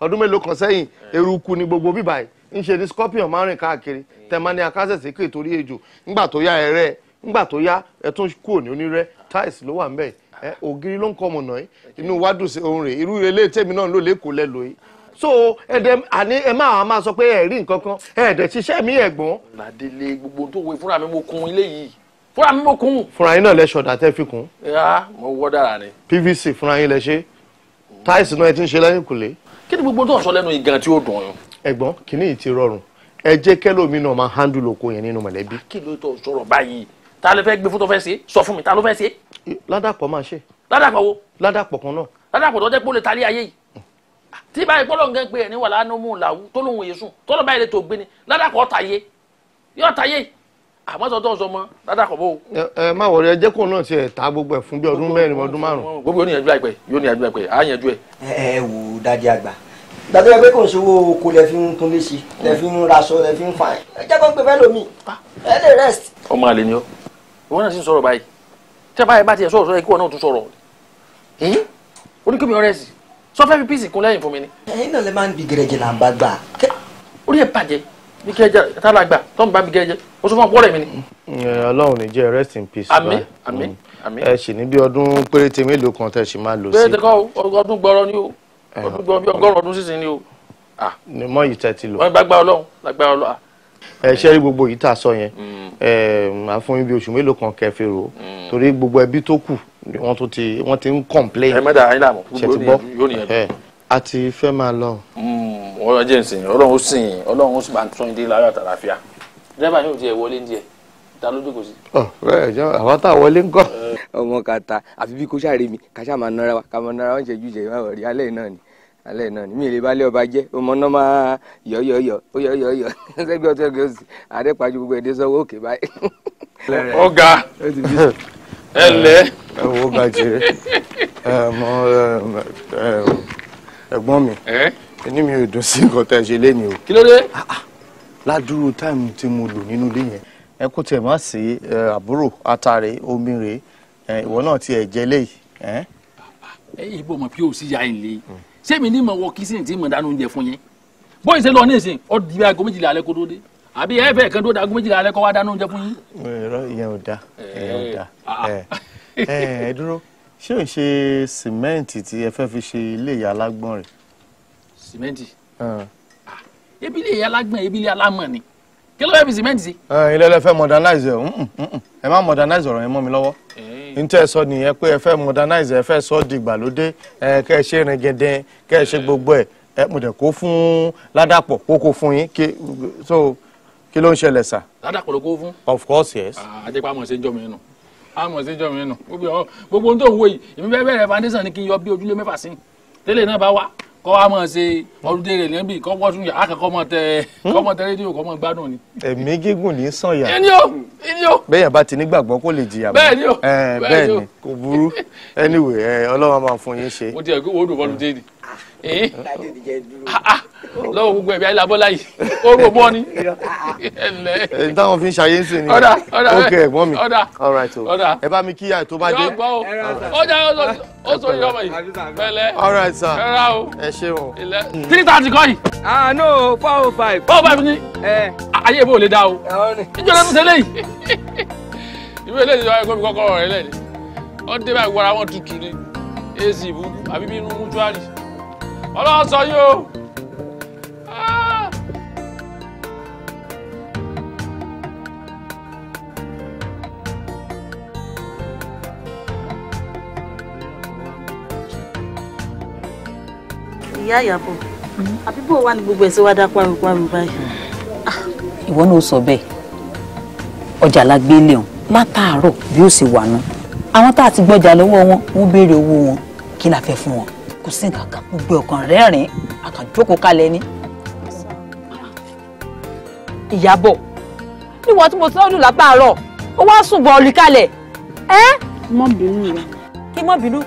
ọdún mélòó kan sẹ́yìn eh. eruku ni gbogbo bíbà yìí ń ṣe hmm. ní scorpion márùn káàkiri tẹ̀mání akásẹ̀sì kì í torí ejò ńgbà tó yá ẹ̀rẹ́ ńgbà tó yá tiles ló wà ń ògiri ló ń kọ́ inú wa dùn sí irú ilé tèmi náà ló so ẹ̀dẹ̀ àní ẹ máa máa sọ pé ẹ rí nǹkan kan ẹ̀dẹ̀ ṣiṣẹ́ mi ẹ̀gbọ́n. nàdílé gbogbo tó wé fúnra mi mo kun ilé yìí fúnra mi mo kun. fúnra yín náà lẹ ṣọdà tẹ fi kun. ya mo wọ dára ni. pvc fúnra yín lẹ ṣe táìsì náà ẹ ti ń ṣe lẹ́yìn kùlé. kí ni gbogbo tó ń sọ lẹ́nu ìgàn tí ó dùn ọ́. ẹ̀gbọ́n kìíní ti rọrùn ẹ jẹ́ kẹ́lómi náà máa handle oko yẹn nínú mọ̀lẹ́bí. kí ló tó sọ̀rọ̀ báyìí ta ló fẹ́ gbé fótó fẹ́ ṣe sọ fún mi ta ló fẹ́ ṣe. ládàpọ̀ máa ṣe. ládàpọ̀ wo. ládàpọ̀ kan náà. ládàpọ̀ tó jẹ́ pé ó lè ta ilé ayé yìí tí báyìí gbọ́dọ̀ nǹkan pé ẹni wà lánàá mú un làwù tó lóun èyí sùn tọ́lọ́ báyìí lè tó gbé ni ládàkọ̀ tàyé yóò tàyé àmọ́ sọ́tọ́ sọ mọ́ ládàkọ̀ bó. ẹ má wọrí ẹ jẹ́kùn náà tiẹ̀ ta gbogbo ẹ̀ fún bí ọdún mẹ́rin ọdún márùn-ún. gbogbo yóò níyànjú àìpẹ́ yóò níyànjú àìpẹ́ á yànjú ẹ. ẹ wò ó dájú àgbà dájú ẹgbẹ́ kò sówó oko lẹ fi ń tún lé sí lẹ fi ń raṣọ lẹ fi ń fa ẹ jẹ́ kó ń pe fẹ́ lómi ẹ lè rest. ọmọ àlè ni ọ ìwọ náà sì ń sọ̀rọ̀ báyìí tí a bá yẹ bá tiẹ̀ sọ̀rọ̀ sọ̀rọ̀ ikú ọ náà tún sọ̀rọ̀ oníkèmí sọ fẹ́ fi píìsì kún lẹ́yìn fún mi ni. ẹ̀yin náà lè máa ń bi gẹrẹjẹ là ń bá gbà. orí ẹ bàjẹ́ bí gẹrẹjẹ tálà gbà tó ń bá mi gẹrẹjẹ o sọ fún ọpọ rẹ mi ni. Mm. Ọlọ́run ní jẹ́ rest in peace. àmín àmín mm. àmín. ẹ sì ní bí ọdún péréte mélòó kan tẹ sì máa lò sí. péréte kọ́ ọdún gbọrọ ni o ọdún gbọrọ bí ọgọ́rùn ọdún sísìn ni o. ni mọ yìí tẹ ti lò. wọn bá gbà Ọlọ́run lágbára ẹ ṣe rí gbogbo yìí tà sọ yẹn àfọyín mm. bíi oṣù mélòó kan kẹfì rò mm. torí gbogbo ẹbí tó kù wọ́n tó ti wọ́n ti ń complain. ẹ mẹ́ta ayé làmú gbogbo yóò ní ẹ̀dùn. a ti fẹ́ máa lọ. Mm, ọlọ́run jẹ́ ìsìn ọlọ́run ó sìn ọlọ́run ó sì máa tún ìdílé ayọ̀ àtàlàfíà dẹ́gbà yóò di ẹ̀ wọlé ní ẹ̀ ta ló dúkò sí. ọ̀rẹ́ ẹ̀jọ́ àwọn tá a wọlé ń kọ́. ọmọ kàtà àfi bí kò ṣàrèmi kàṣà máa nara wa kà máa nara wa ń ṣẹ́jú jẹ́ ìwà ọ̀rí alẹ́ náà ni alẹ́ náà ni mi lè balẹ̀ ọba jẹ́ ọmọ náà máa yọ̀yọ̀yọ̀ ó yọ̀yọ̀yọ̀ sẹ́gbẹ́ ọtọ́ ẹgbẹ́ òsì àdẹ́pàjù gbogbo ẹ̀dẹ́ sọ́wọ́ òkè báyìí. ọ̀gá ẹ lẹ. ẹ wo gàjẹ ẹ mọ ẹ̀gbọ́n mi inú mi ò dùn sí nǹkan tẹ ẹ ṣe lẹni o. kí ló dé. Ah, ah. ládùúrú táìmù tí mo lò nínú ilé yẹn ẹ kó tiẹ̀ má sí àbúrò atare omi rèé ìwọ náà tiẹ̀ jẹ́ léyìí. ẹ yìí bọ̀ mọ̀ pé òsì yá ẹ̀ lé. Mm ṣé mi ní mọ̀ wọ kìsìn tí mo dánú oúnjẹ fún yẹn bó ìṣe lọ ní ìsìn ọ di bí aago méjìlá alẹ́ kó tó dé àbí ẹ fẹ́ kan tó da aago méjìlá alẹ́ kó wá dánú oúnjẹ fún yín. ẹ̀rọ ìyẹn ò da ìyẹn ò da eh, ah. ẹ ẹ dúró ṣé ò ń ṣe sìmẹ́ǹtì tí ẹ fẹ́ fi ṣe ilé ìyá alágbọ̀n rẹ̀. sìmẹ́ǹtì ah, ebi ilé ìyá alágbọ̀n ebi ilé alámọ̀ ni kí ló fẹ́ fi sìmẹ́ǹtì sí. ilé ẹlẹ́fẹ́ modernize ẹ̀ ẹ má modernize ọ̀rọ̀ yẹn mọ́ mi lọ́wọ́. Eh ntẹ sọ nìyẹn pé ẹ fẹ́ modernize ẹ fẹ́ sọ di ìgbàlódé ẹ kẹ ṣe rìngìndín kẹ ṣe gbogbo ẹ ẹ mo dẹ kó fún ládàpọ̀ kó kó fún yín so kí ló ń ṣẹlẹ̀ sà. ládàpọ̀ ló kó fún. of course yes. àjẹpá ah, àmọ̀ ṣe ń jọ mi nù àmọ̀ ṣe ń jọ mi nù gbogbo ohun tó ń wò yìí èmi bẹ́ẹ̀ foundation ni kí n yọ bí ojúlé mẹ́fà sí tẹ́lẹ̀ náà bá wà kọ́ wa mọ̀ ṣe ọdúndé rẹ̀ níbi kọ́ wọ́sùn yà akẹ́kọ̀ọ́ mọ̀ tẹ kọ́ mọ̀ tẹ rédíò kọ́ mọ̀ gbádùn ni. ẹ̀mí gígùn ní sànyà. ẹni o ẹni o. bẹ́ẹ̀ bá ti nígbàgbọ́ kó lè jìyà bẹ́ẹ̀ ni o bẹ́ẹ̀ ni kò burú anyway ọlọ́run máa fún yín ṣe. mo ti ẹ̀ kí wo dùn bọ́ọ̀lù dé Eh? Ah, ah. lọ́wọ́ gbogbo ẹ̀bí ayélujára yìí oró bọ́ ni. táwọn fi ń ṣayé ń sìn ní ókè ẹ̀gbọ́n mi ẹ bá mi kíyà tó bá dé. ọjà ó sọ yọmọ yìí pẹ̀lẹ́ ẹ̀rá o ẹ ṣe o. three thirty kọ́ yìí. ah no four oh five. four oh five ni ayé ìbò lè dá o ìjọba tó tẹ́lẹ̀ yìí ìwé eléyìí ló gómìnà kọ́kọ́rọ́ rẹ̀ lẹ́yìn ó dé wọn tutù ni ac ìbú àbí bí inú ọlọ́run sọ yín o. Ah. ìyá ìyàbọ̀ àbíbò wà ní gbogbo ẹ̀sẹ̀ wá dá páropáro báyìí. Ah, ìwọ náà sọ bẹ́ẹ̀ ọjà la gbé lẹ́hìn látàárọ̀ bí ó ṣe wà nù àwọn tá a ti gbọ́jà lọ́wọ́ wọn wọ́n béèrè owó wọn kí la fẹ́ fún wọn kò sí nǹkan kan gbogbo ọkàn rẹ́rìn-ín àkànjókòó kalẹ̀ ni. ìyàbọ̀ níwọ̀n tí mo ti lọ́dún látàárọ̀ ó wá sùn olùkalẹ̀ ẹ́. mọ bínú rẹ. kí mọ bínú.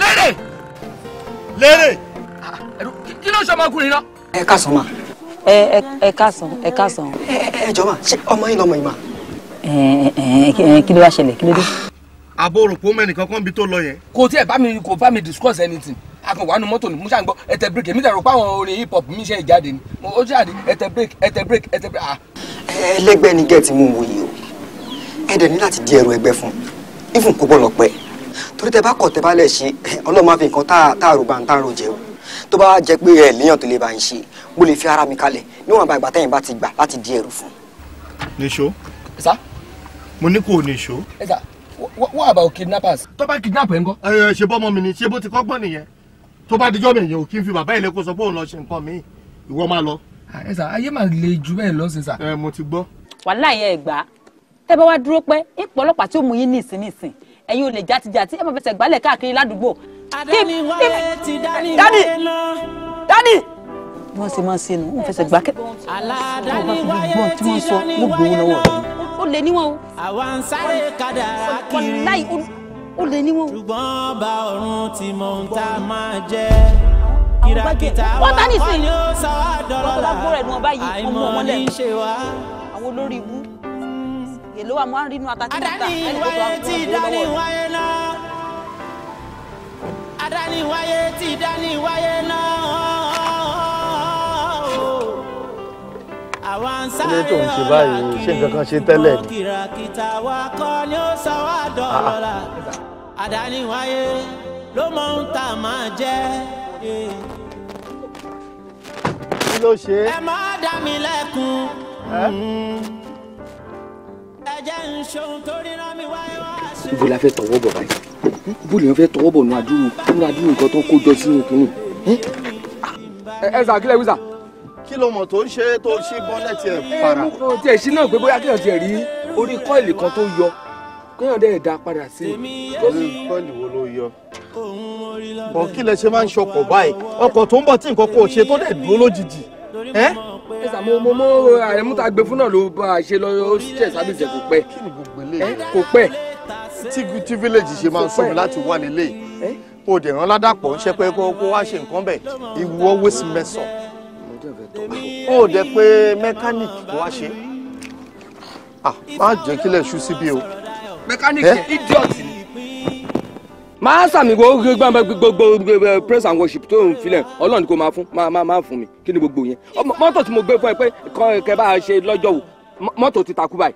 lérè ah, lérè ah, ah, eh, kí ló ṣe ọmọkùnrin náà. ẹ ká sọ ma ẹ ẹ kásán ẹ kásán. ẹ jọba ṣé ọmọ yín lọmọ ìmọ̀. kí ló wá ṣẹlẹ̀ kí ló dé. àbòrò pò mẹ́rin kankan bí tó lọ yẹn. kò tí ẹ bá mi kò bá mi discuss anything akàn wà nù mọ́tò ni mo ṣáà ń ẹtẹ break èmi dẹ̀rọ pé àwọn orin hip hop mi ṣe ìjáde ni mo ó ṣáà ní ẹtẹ break ẹtẹ break ẹtẹ break ah. ẹlẹgbẹ́ ni gẹẹti mú wòye o ẹ dẹ ní láti di ẹrù ẹgbẹ́ fún ifun kó bọlọ pẹ torí tẹ bá kọ tẹ bá lẹ ṣe ọlọmọ àfi nǹkan tá a rò bá ń tá a rò jẹ o tó bá jẹ pé ẹ léèyàn tó lè bá ń ṣe mo lè fi ara mi kalẹ̀ níwọ̀n bá ìgbà tẹ́yìn bá ti gbà láti di ẹrù fún. nìṣó. ẹ̀sà. mo ní kò nìṣó. ẹ̀sà what about kidnappers. tó bá kidnap ẹ̀ ń kọ́. ẹ ṣe bọ́mọ mi ni ṣé bó ti kọ́gbọ́n nìyẹn tó bá dijọ́ mi yẹn ò kí n fi bàbá ilé kó sọ pé òun lọ ṣe nǹkan mi ìwọ máa lọ. ẹ̀sà ah, ayé máa le jù bẹ́ẹ̀ lọ sí sà. ẹ mo ti gbọ́. wàhálà yẹn ẹ̀ gbà tẹ́ bá wá dúró pé ipò ọlọ́pàá tí ó mú yín nìsín nìsín ẹ̀yin ò lè jàtijàti ẹ máa fẹsẹ̀ gbálẹ̀ káàkiri ládùúgbò. adaniwaye ti daniwaye lọ. dadi dadi wọ́n ṣe máa ń ṣe nù wọ́n fẹsẹ̀ gbà kẹ́ gbọ́n tí wọ́n sọ wọ́n gbowó lọ́wọ́ rẹ̀. lè níwọ̀n o. àwa sáré kadà kiri. láì lè níwọ̀n o. ṣùgbọ́n bá ọ̀run ti mọ ohun tá máa jẹ́. kìràkìtà wa wọ́n ní ó sọ wá dọ́rọ́ la àìmọ̀ ní ṣe wá. àwọn olórí ibú èlò wa máa ń rínú ata tí wọ́n ta ẹni tó bá wọ́n lọ́wọ́ rẹ̀. adániwáyé ti dániwáyé náà. ilé tó ń ṣe báyìí ṣé nǹkan kan ṣe tẹ́lẹ̀ ni. kìràkìtà wa ah, ah, ah. ló mọ ohun tá a máa jẹ́. kí ló ṣe. ẹ má dá mi lẹ́kun. ẹ jẹ́ ń ṣohun tó ríra mi wáyé wá sí. ibo la fẹ́ tọwọ́ bọ̀ báyìí ibo lèèyàn fẹ́ tọwọ́ bọ̀ nù adúrú nù adúrú nǹkan tó kó jọ sínú kínní. ẹ ẹ sà kílẹ̀ wí kí ló mọ̀ tó ń ṣe tó ṣí bọ́lẹ̀tì ẹ̀ para. ti ẹ̀ náà pé bóyá ti rí orí kọ́ìlì kan tó yọ kéèyàn dẹ̀ dá padà sí i. orí kọ́ìlì wo ló yọ. bọ̀ kí lẹ ṣe máa ń ṣọkọ̀ báyìí ọkọ̀ tó ń bọ̀ tí nǹkan kò ṣe tó dẹ̀ dúró lójijì. ẹ sàmú mo mọ àrẹ̀múta gbé fún náà ló bá a ṣe lọ ó ṣẹ̀ sábìsẹ̀ kò pẹ́ kò pẹ́. tí village ṣe máa ń sọ láti wà nílé yìí ó dẹ̀ rán ládàpọ̀ ń ṣẹ́pẹ́ kó wá ṣe nǹkan bẹ̀ ìwọ waste mess up ó dẹ̀ pé mẹkáníìkì kò wá ṣe ah, má jẹ́ kílẹ̀ ṣú síbí o. mẹkáníìkì idiot ni máa sàmì gbogbo praise and worship tó ń filẹ̀ ọlọ́run kò máa fún máa máa fún mi kí ni gbogbo yẹn mọ́tò tí mo gbé fún ẹ pé kẹ́ bá a ṣe lọ́jọ́ wò mọ́tò ti takú báyìí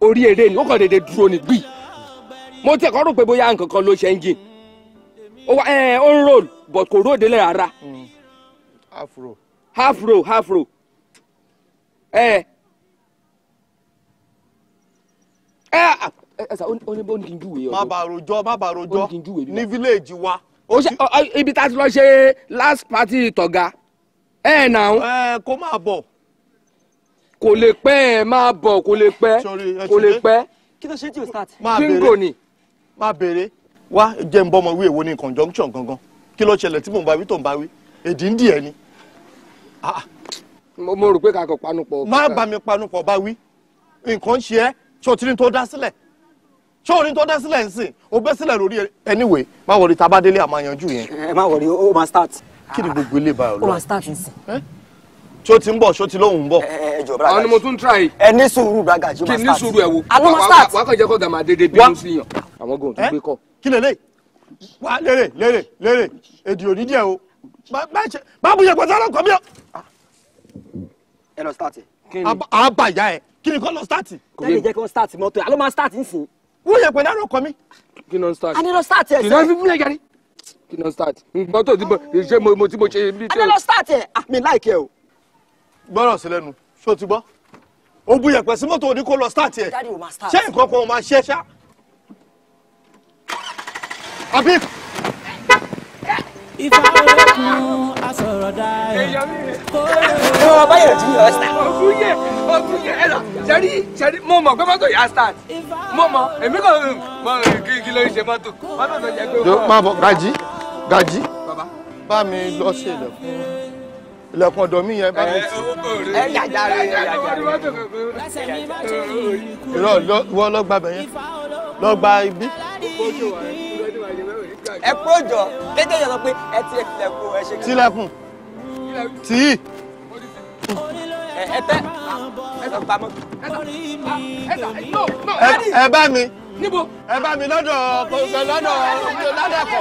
orí eré ni ó kàn déédéé dúró ní gbì mo tiẹ̀ kọ́ rò pé bóyá nǹkan kan ló ṣe engine ó ń roll but kò róòdè lẹ́yìn ara. Hmm. afro half row half row eh eh as only born king do we ma ba rojo ma ba rojo ni village wa o se ibi ta ti lo se last party toga eh now eh ko ma bo ko le pe ma bo ko le pe ko le pe ki to se ti start ma bere ma bere wa je nbo mo ewo ni conjunction gangan ki lo sele ti mo to n edi ndi e mo rò pé ká kọ panupọ̀. má bá mi panupọ̀ bá wí nǹkan ṣe ẹ́ ṣòtìrín tó dá sílẹ̀ ṣòtìrín tó dá sílẹ̀ ń sìn ó bẹ́ lórí anyway má wọrí tá a bá délé àmọ́ yanjú yẹn. ẹ má wọrí ó máa start. kí ni gbogbo ilé báyọ̀ lọ. ó máa start ń sìn. ṣó ń bọ̀ ṣó lóhùn ń bọ̀. ẹ jọ bragaji àwọn mo tún try. ẹ ní sùúrù bragaji ó máa start. kí ní sùúrù ẹ wo wàá kàn jẹ́ kó gàmà dédé bínú sí yàn. àwọn gòun tún gbé kọ. kí lélẹ̀ wá lérè lérè lérè o bá bá bá bùyẹ̀ pọ̀ sọ́dọ̀ kọ́ ẹ lọ start. a bá ìyá ẹ kí ni kò lọ start. tẹ́lẹ̀ jẹ́ kí wọ́n start mọ́tò yà ló máa start nsìn. wọ́n yẹ pé náà rọ̀ kọ́ mi. kí ni start. a ní lọ start ẹ̀ sẹ́. kí ni wọ́n fi fúnlẹ̀ yẹrí. kí ni start. mọ́tò tí mo ah. ṣe mo tí mo ṣe. a ní lọ start ẹ̀ ah, mi láìkẹ́ o. gbọ́dọ̀ sí lẹ́nu ṣó ti gbọ́. o bu yẹpẹ sí mọ́tò òní lọ start ẹ̀. ṣé nǹkan kan máa ṣe ṣá. àbí. ìfà òkun sọ̀rọ̀ dáadáa. ẹ wọ báyọ̀ tí yọ ọ́sítà. ọ̀gbun yẹ ọ̀gbun yẹ ẹ lọ sẹ́rí sẹ́rí mo mọ̀ pé mọ́tò yà start mo mọ̀ èmi kò mọ kí ló ń ṣe mọ́tò mọ́tò tó jẹ́ pé. yóò máa bọ̀ gàjí gàjí bá mi lọ sí ilẹ̀kùn ilẹ̀kùn ọ̀dọ̀ mi yẹn bá mi tì. ẹ yàjà rẹ yàjà rẹ. irọ́ ìwọ lọ gbàgbẹ́ yẹn lọ gba ibi ẹ kúrò jọ jẹ́jẹ́ yẹn sọ pé ẹ ti tilẹ̀kùn ẹ ṣe kí. tilẹ̀kùn tí. ẹ tẹ ẹ sọ pamọ́. ẹ ah, bá mi ẹ bá mi lọ́dọ̀ lọ́dọ̀ ládàpọ̀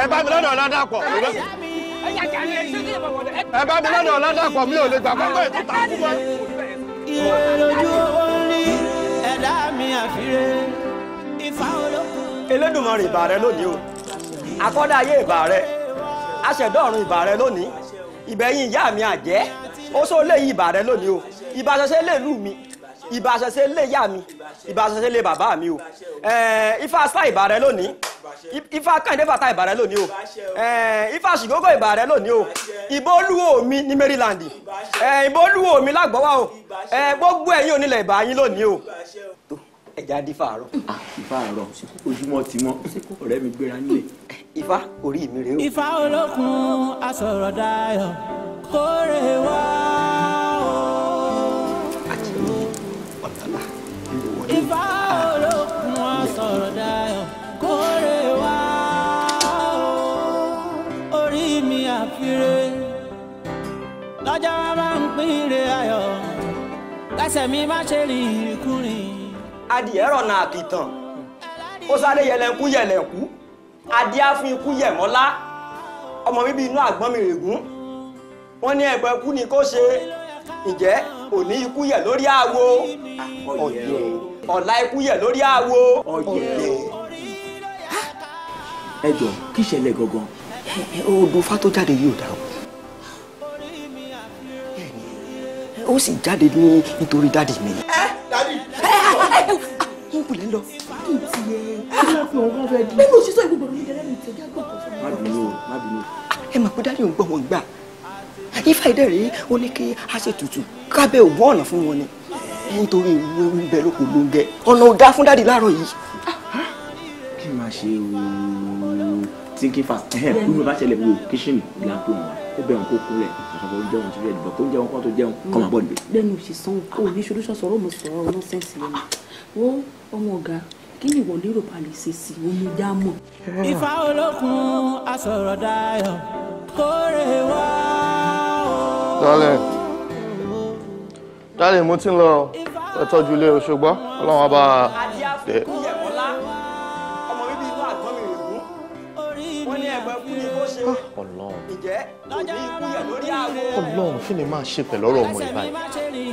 ẹ bá mi lọ́dọ̀ ládàpọ̀ ẹ bá mi lọ́dọ̀ ládàpọ̀ mi ò lè gbà ah, pọ́pọ́ ètò tàbí wọn. ìwé lójú orí ẹ̀dá mi àfiré ìfà olókùn. Elédùmarè ìbà rẹ lónìí o akọ́dá ayé ìbà rẹ aṣẹ̀dá ọ̀run ìbà rẹ lónìí ìbẹ̀yìn ìyá mi àjẹ́ ó sọ lé ìbà rẹ lónìí o ìbà ṣẹṣẹ lè lù mí ìbà ṣẹṣẹ lè yá mi ìbà ṣẹṣẹ lè bàbá mi o ifá sá ìbà rẹ lónìí ifá kàndé bàtà ìbà rẹ lónìí o ifá ṣìgógó ìbà rẹ lónìí o ìbólúwo mi ní Maryland ìbólúwo mi lágbọ́wá o gbogbo ẹ̀yin onílẹ̀ ìbà yín lónìí o ẹja di fàárọ̀. Ah, fàárọ̀ ojúmọ́ ti mọ́ ọ̀rẹ́ mi gbéra nílé ifá orí mi rèé o. ifá olókun asọ̀rọ̀ dayọ̀ kórè wá o. àti ní ọ̀tàlá ifá olókun asọ̀rọ̀ dayọ̀ kórè wá o. orí mi àfiré lọ́jọ́ bá ń pín ayọ̀ lẹ́sẹ̀ mi má ṣe rìn ìrìnkúrìn. adìẹ rọ̀ nà àkìtàn ó sáré yẹlẹ̀kú yẹlẹ̀kú adíá fún ikú yẹ̀mọ́lá ọmọ bíbí inú àgbọ́n mi règún wọ́n ní ẹ̀bọ ikú ni kó ṣe ǹjẹ́ òní ikú yẹ̀ lórí àwo ọ̀la ikú yẹ̀ lórí àwo. ẹ jọ kí ìṣẹ̀lẹ̀ gangan odò fá tó jáde yìí ò dáa ó sì jáde ní nítorí dádì mi. ẹ dádì mo kù lẹ́ lọ. kí tiẹ̀ kí ló fi ọ̀rọ̀ rẹ dùn. nínú òṣìṣẹ́ ìwé gbọ̀dọ̀ mi dẹ́rẹ́ mi tẹ̀lé àgbọ̀kọ̀ fún mi. má bínú o má bínú. ẹ mọ̀ pé dáàdì ò ń gbọ́ wọn gbà. ifá ìdẹ́ rèé ó ní kí a ṣe tutù kábẹ́ ò wọ́n ọ̀nà fún wọn ni. nítorí ìwé ń bẹ lóko ló ń gẹ ọ̀nà ò dá fún dáàdì láàárọ̀ yìí. kí máa ṣe ooo thinking fast ẹ̀hẹ́n bí mo bá ṣẹlẹ̀ wo kíṣìnì lápò wọn ó bẹ̀ wọn kó kúnlẹ̀ àṣàbọ̀ ó jẹun síbẹ̀ ìdìbò kó jẹun kó tó jẹun kọ́ máa bọ̀ níbẹ̀. lẹ́nu òṣìṣàn òní solution sọ̀rọ̀ mo sọ̀rọ̀ nonsense lẹ́nu wo ọmọ ọ̀gá kí ni ìwọ lérò pa lè ṣe sí omi já mọ̀. olókun asọ̀rọ̀ dayọ̀ kórè wá o. dálẹ̀ mo ti ń lọ ẹ̀tọ́jú ilé Òṣogbo ọlọ́run bá a dé. ọlọ́run kí ni máa ṣe pẹ̀lú ọ̀rọ̀ ọmọ ìbáyìí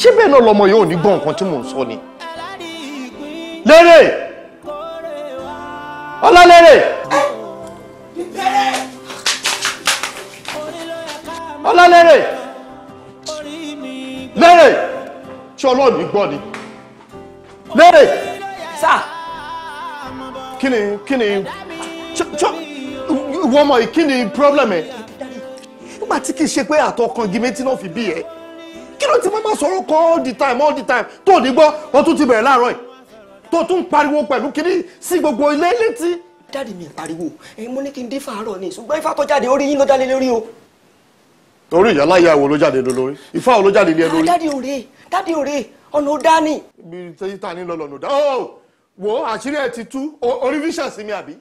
ṣé bẹ́ẹ̀ náà lọmọ yóò ní gbọ́ nǹkan tí mò ń sọ ni lérè ọlálérè ọlálérè lérè tí ọlọ́ọ̀ni gbọ́ ni lérè. sá. kí kini, kí ni wọ́n mọ̀ kí problem ẹ̀ nígbà tí kì í ṣe pé àtọkàn gímẹ́tì náà fi bí ẹ kí ló ti máa ma sọ̀rọ̀ kan all the time all the time tó ò ní gbọ́ wọ́n ti bẹ̀rẹ̀ láàárọ̀ yìí tó tún pariwo pẹ̀lú kiri sí gbogbo ilé létí. dáàdi mi pariwo ẹ̀yin mo ní kí n dín fàárọ̀ ni ṣùgbọ́n ifá tó jáde orí yín ló dálé lórí o. torí ìyá láyé àwò ló jáde lórí ifá ò ló jáde lé ah, lórí. dáàdi òre dáàdi òre ọ̀nà ò dá ni. ibi tí ta ni lọ́lọ́ ló dá ọ́ oh, wo àṣírí ẹ̀ ti tú orí vision sí mi àbí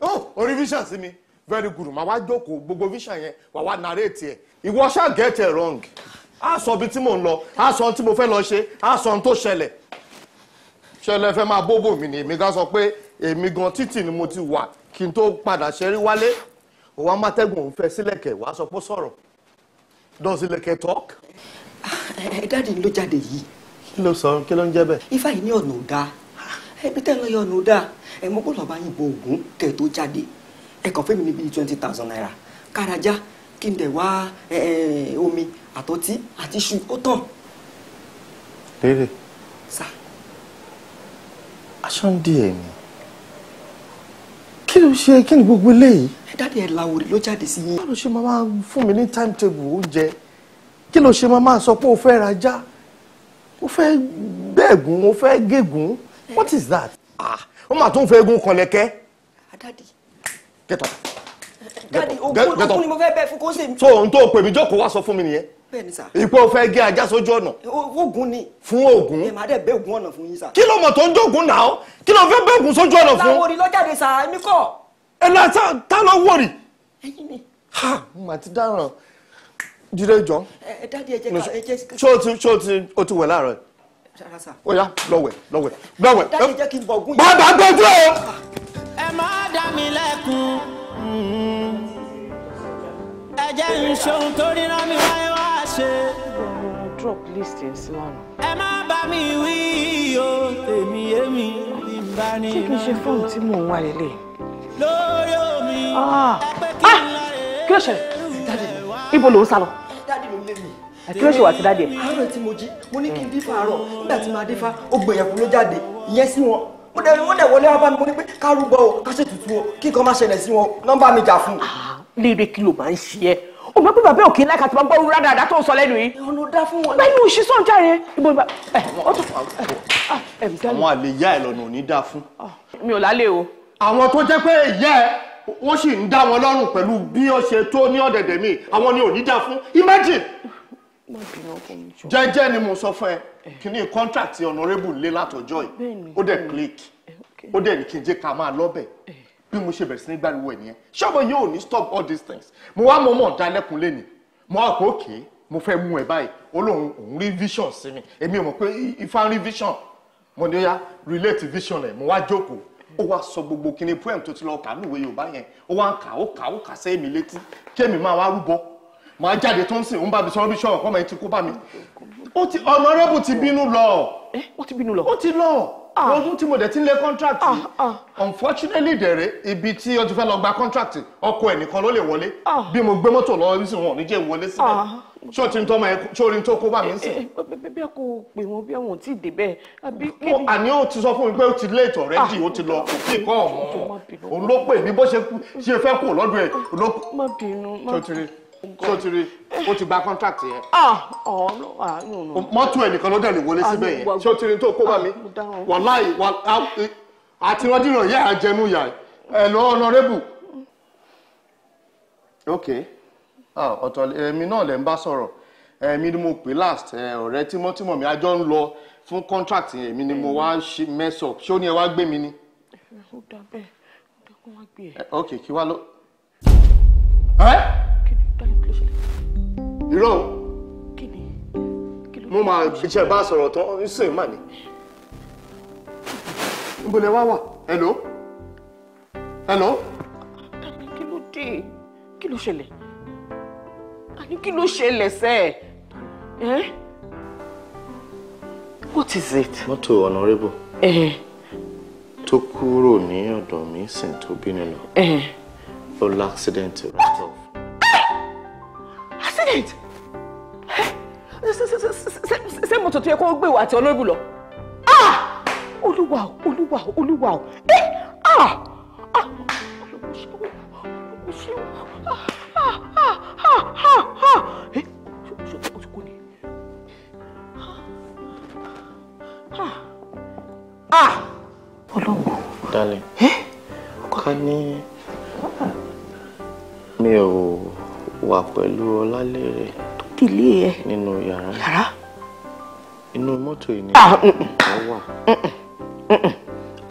oh, orí vision sí mi very good màá wá jókòó gbogbo vision yẹn wàá wá narrate ẹ̀ ìwọ ṣáà get it wrong á sọ ibi tí mò ń lọ á sọ ohun tí mo fẹ́ lọ ṣe á sọ ohun tó ṣẹlẹ̀ ṣẹlẹ̀ fẹ́ máa bóbò mi ni èmi gan sọ pé èmi gan títì ni mo ti wà kí n tó padà ṣẹ́rí wálé òun á mátẹ́gùn òun fẹ́ sílẹ̀kẹ̀ wàá sọ pé sọ̀rọ̀ dán sílẹ̀kẹ̀ talk. Ah, ẹ dáàdi ló jáde yìí. kí ló sọ kí ló ń jẹ́ bẹ́ẹ̀. ifá yìí ní ọ̀nà ò dáa ẹbí ah, tẹ́ ń lọ yọ ọ̀nà ò dáa ẹ mọ́ kó lọ́ọ́ bá yìnbọn ògún tẹ̀ tó jáde ẹ kàn fẹ́ mi níbi twenty thousand naira kárajá kí n dẹ̀ wá omi àtọ́tí àti iṣu ó tàn aṣọ ń di ẹ̀mí kí ló ṣe kí ni gbogbo eléyìí. ẹ dáàdi ẹ làwòrì ló jáde sí yín. báwo ṣe máa fún mi ní timetable oúnjẹ kí ló ṣe máa sọ pé o fẹ́ rajá o fẹ́ gbẹ̀gùn o fẹ́ gégùn what is that. Ah. ó mà tún fẹ́ egun kànlẹ̀kẹ́. Ah, dáàdi. get up. dáàdi okun ni mo fẹ́ bẹ́ẹ̀ fún kó ṣe so ohun tó o pè mí jókòó wá sọ fún mi nìyẹn bẹ́ẹ̀ni sà. ipò fẹ́ gé ajá sójú ọ̀nà. oògùn ni. fún oògùn. ẹ máa dẹ̀ bẹ́ oògùn ọ̀nà fún yín sà. kí ló mọ̀ tó ń dógùn náà kí ló fẹ́ bẹ́ oògùn sójú ọ̀nà fún. làwọn orí lọ́jàde sà èmi kọ́. ẹ lọ tá lọ wọ̀rì. ẹyin ni. ha mà ti dáràn jíde jọ. ẹ dáàdi ẹ jẹ ká ẹ jẹ. ṣé o ti ṣé o ti o ti wẹ̀ láàárọ̀ yìí. ó yá lọ́wẹ̀ lọ́wẹ̀ lọ́wẹ̀. dáàdi jẹ́ kí n bọ̀ gún yìí. bàbá gbẹ́jú o. ẹ má dá mi lẹ́kùn ẹ jẹ́ ń ṣe. drop list yẹn sí lánàá. ẹ má bá mi wí o tèmi èmi ní bá ní ìnáwó. ṣé kí n ṣe fóònù tí mò ń wá lélẹ̀. lórí omi ah. ẹgbẹ́ kí n ah! lọ rè é. kí ló ṣẹlẹ̀ dáàdì mi ibo ló ń sá lọ. dáàdì mi lé mi. kí ló ṣe wà sí dáàdì mi. àárọ̀ tí mo jí mo ní kí n dífá àárọ̀ nígbà tí màá dífá ó gbẹ̀yẹ̀kú ló jáde ìyẹn sí wọn mo dẹ̀ wọ́n dẹ̀ wọlé wá bá mi mo ní pé ká rúgbọ́ o ká ṣètùtù o kí nǹkan má ṣẹlẹ̀ sí wọn nọ́mbà mi jà fún un. Ah, kí ló máa ń ṣe ẹ́ o mọ̀ pé bàbá òkè láìka tí wọ́n gbọ́ wúrà dáadáa tó ń sọ lẹ́nu yìí. ọ̀nà dá fún wọn. báyìí mo ṣí sọ̀n járe. àwọn àlè ìyá ẹ lọ́nà ò ní dá fún. Ah, mi ò lálé o. àwọn tó jẹ́ pé ìyá ẹ wọ́n sì ń dá wọn lọ́rùn pẹ̀lú bí ó ṣe tó ní ọ̀dẹ̀dẹ̀ mi àwọn ni ò ní dá fún imagine. jẹ́jẹ́ ni mo sọ fún ẹ kí ni contract honourable lé látọjọ́ yìí ó dẹ̀ click eh, ó dẹ̀ ní kí n jẹ́ ká máa lọ́bẹ̀ eh bí mo ṣe bẹ̀rẹ̀ sí ní gbàriwo ẹ̀ nìyẹn ṣọ́ọ̀bù yìí ní stop all these things mo wá mọ̀ mọ̀ dálẹ́kun lẹ́nu mo wá kó òkè mo fẹ́ mú ẹ báyìí ó lóun òun rí vision sí mi èmi ò mọ̀ pé ifá rí vision mo ní ya relate vision ẹ̀ mo wá jókòó ó wá sọ gbogbo kíni poem tó ti lọ kà ní Yorùbá yẹn ó wá ń kà ó kà ó kà sẹ́yìn mi létí kémi máa wá rúbọ màá jáde tó ń sìn ń bá mi sọ ọdún ṣọ́ọ̀ kọ́mọ ẹ ti kó bá mi ọ̀nà rẹ́bù eh, ti bínú lọ ó ti lọ lọ́dún ah. tí mo dẹ̀ ti ń lé contract ah, ah. unfortunately dẹ̀rẹ̀ ibi tí o ti fẹ́ lọ gba contract ọkọ ẹ̀ nìkan ló lè wọlé bí mo gbé mọ́tò lọ rí sí wọn ò ní jẹ́ ìwọlé síbẹ̀ ṣó ti ń tọ́ ọmọ o ṣó orin tó kó bá mi sìn. Eh, eh, eh, bẹ́ẹ̀ kò pè wọ́n bí àwọn ò tí ì débẹ̀. mo àní o ti sọ fún mi pé ó ti late already ó ti lọ kò sí ìkọ́ ọ̀hún òun ló pè mí bó ṣe fẹ́ kù lọ́dún ẹ̀ ló. má bínú tó ti rí o ti gba contract yẹn. Ah, oh, ah, mọ́tò ẹnìkan ló dẹ̀ lè wọlé síbẹ̀ yẹn ah, ṣé o ti rí tó kó bá mi wàláì àti rọ́dìrán yẹ́ àjẹnú yà ẹ̀ lọ́ ọ̀nàrẹ́bù. ok ọ̀tọ̀ èmi náà lè ń bá sọ̀rọ̀ èmi ni mo pè last ọ̀rẹ́ tímọ́tímọ́ mi a jọ ń lọ fún contract yẹn èmi ni mo wá mess up ṣé ó ní ẹ wá gbé mi ni. ó e. ok kí wá ló irọ́ o mo máa ṣiṣẹ́ bá sọ̀rọ̀ tán ń sìn mà ní. níbo lẹ wá wà hello hello. kí ló dé kí ló ṣẹlẹ̀ àní kí ló ṣẹlẹ̀ sẹ́ what is it. mọ́tò honourable tó kúrò ní ọ̀dọ̀ mi sìn tó bínú lọ ó lá accident right off. accident ṣé mo tuntun yẹ kó gbé ìwà àti olóògùn lọ ah! olúwa o olúwa o olúwa o ẹ eh! ah ah olùkọ́ ṣe wò olùkọ́ ṣe wò ah ah ah ah ah ẹ o ti kú ni ah ah ọlọ́wọ́. darling eh? ká ní mi ò wà pẹ̀lú ọlálẹ́rẹ̀ dìlé ẹ. nínú yàrá. yàrá. inú mọ́tò yìí ni ó ah, wà.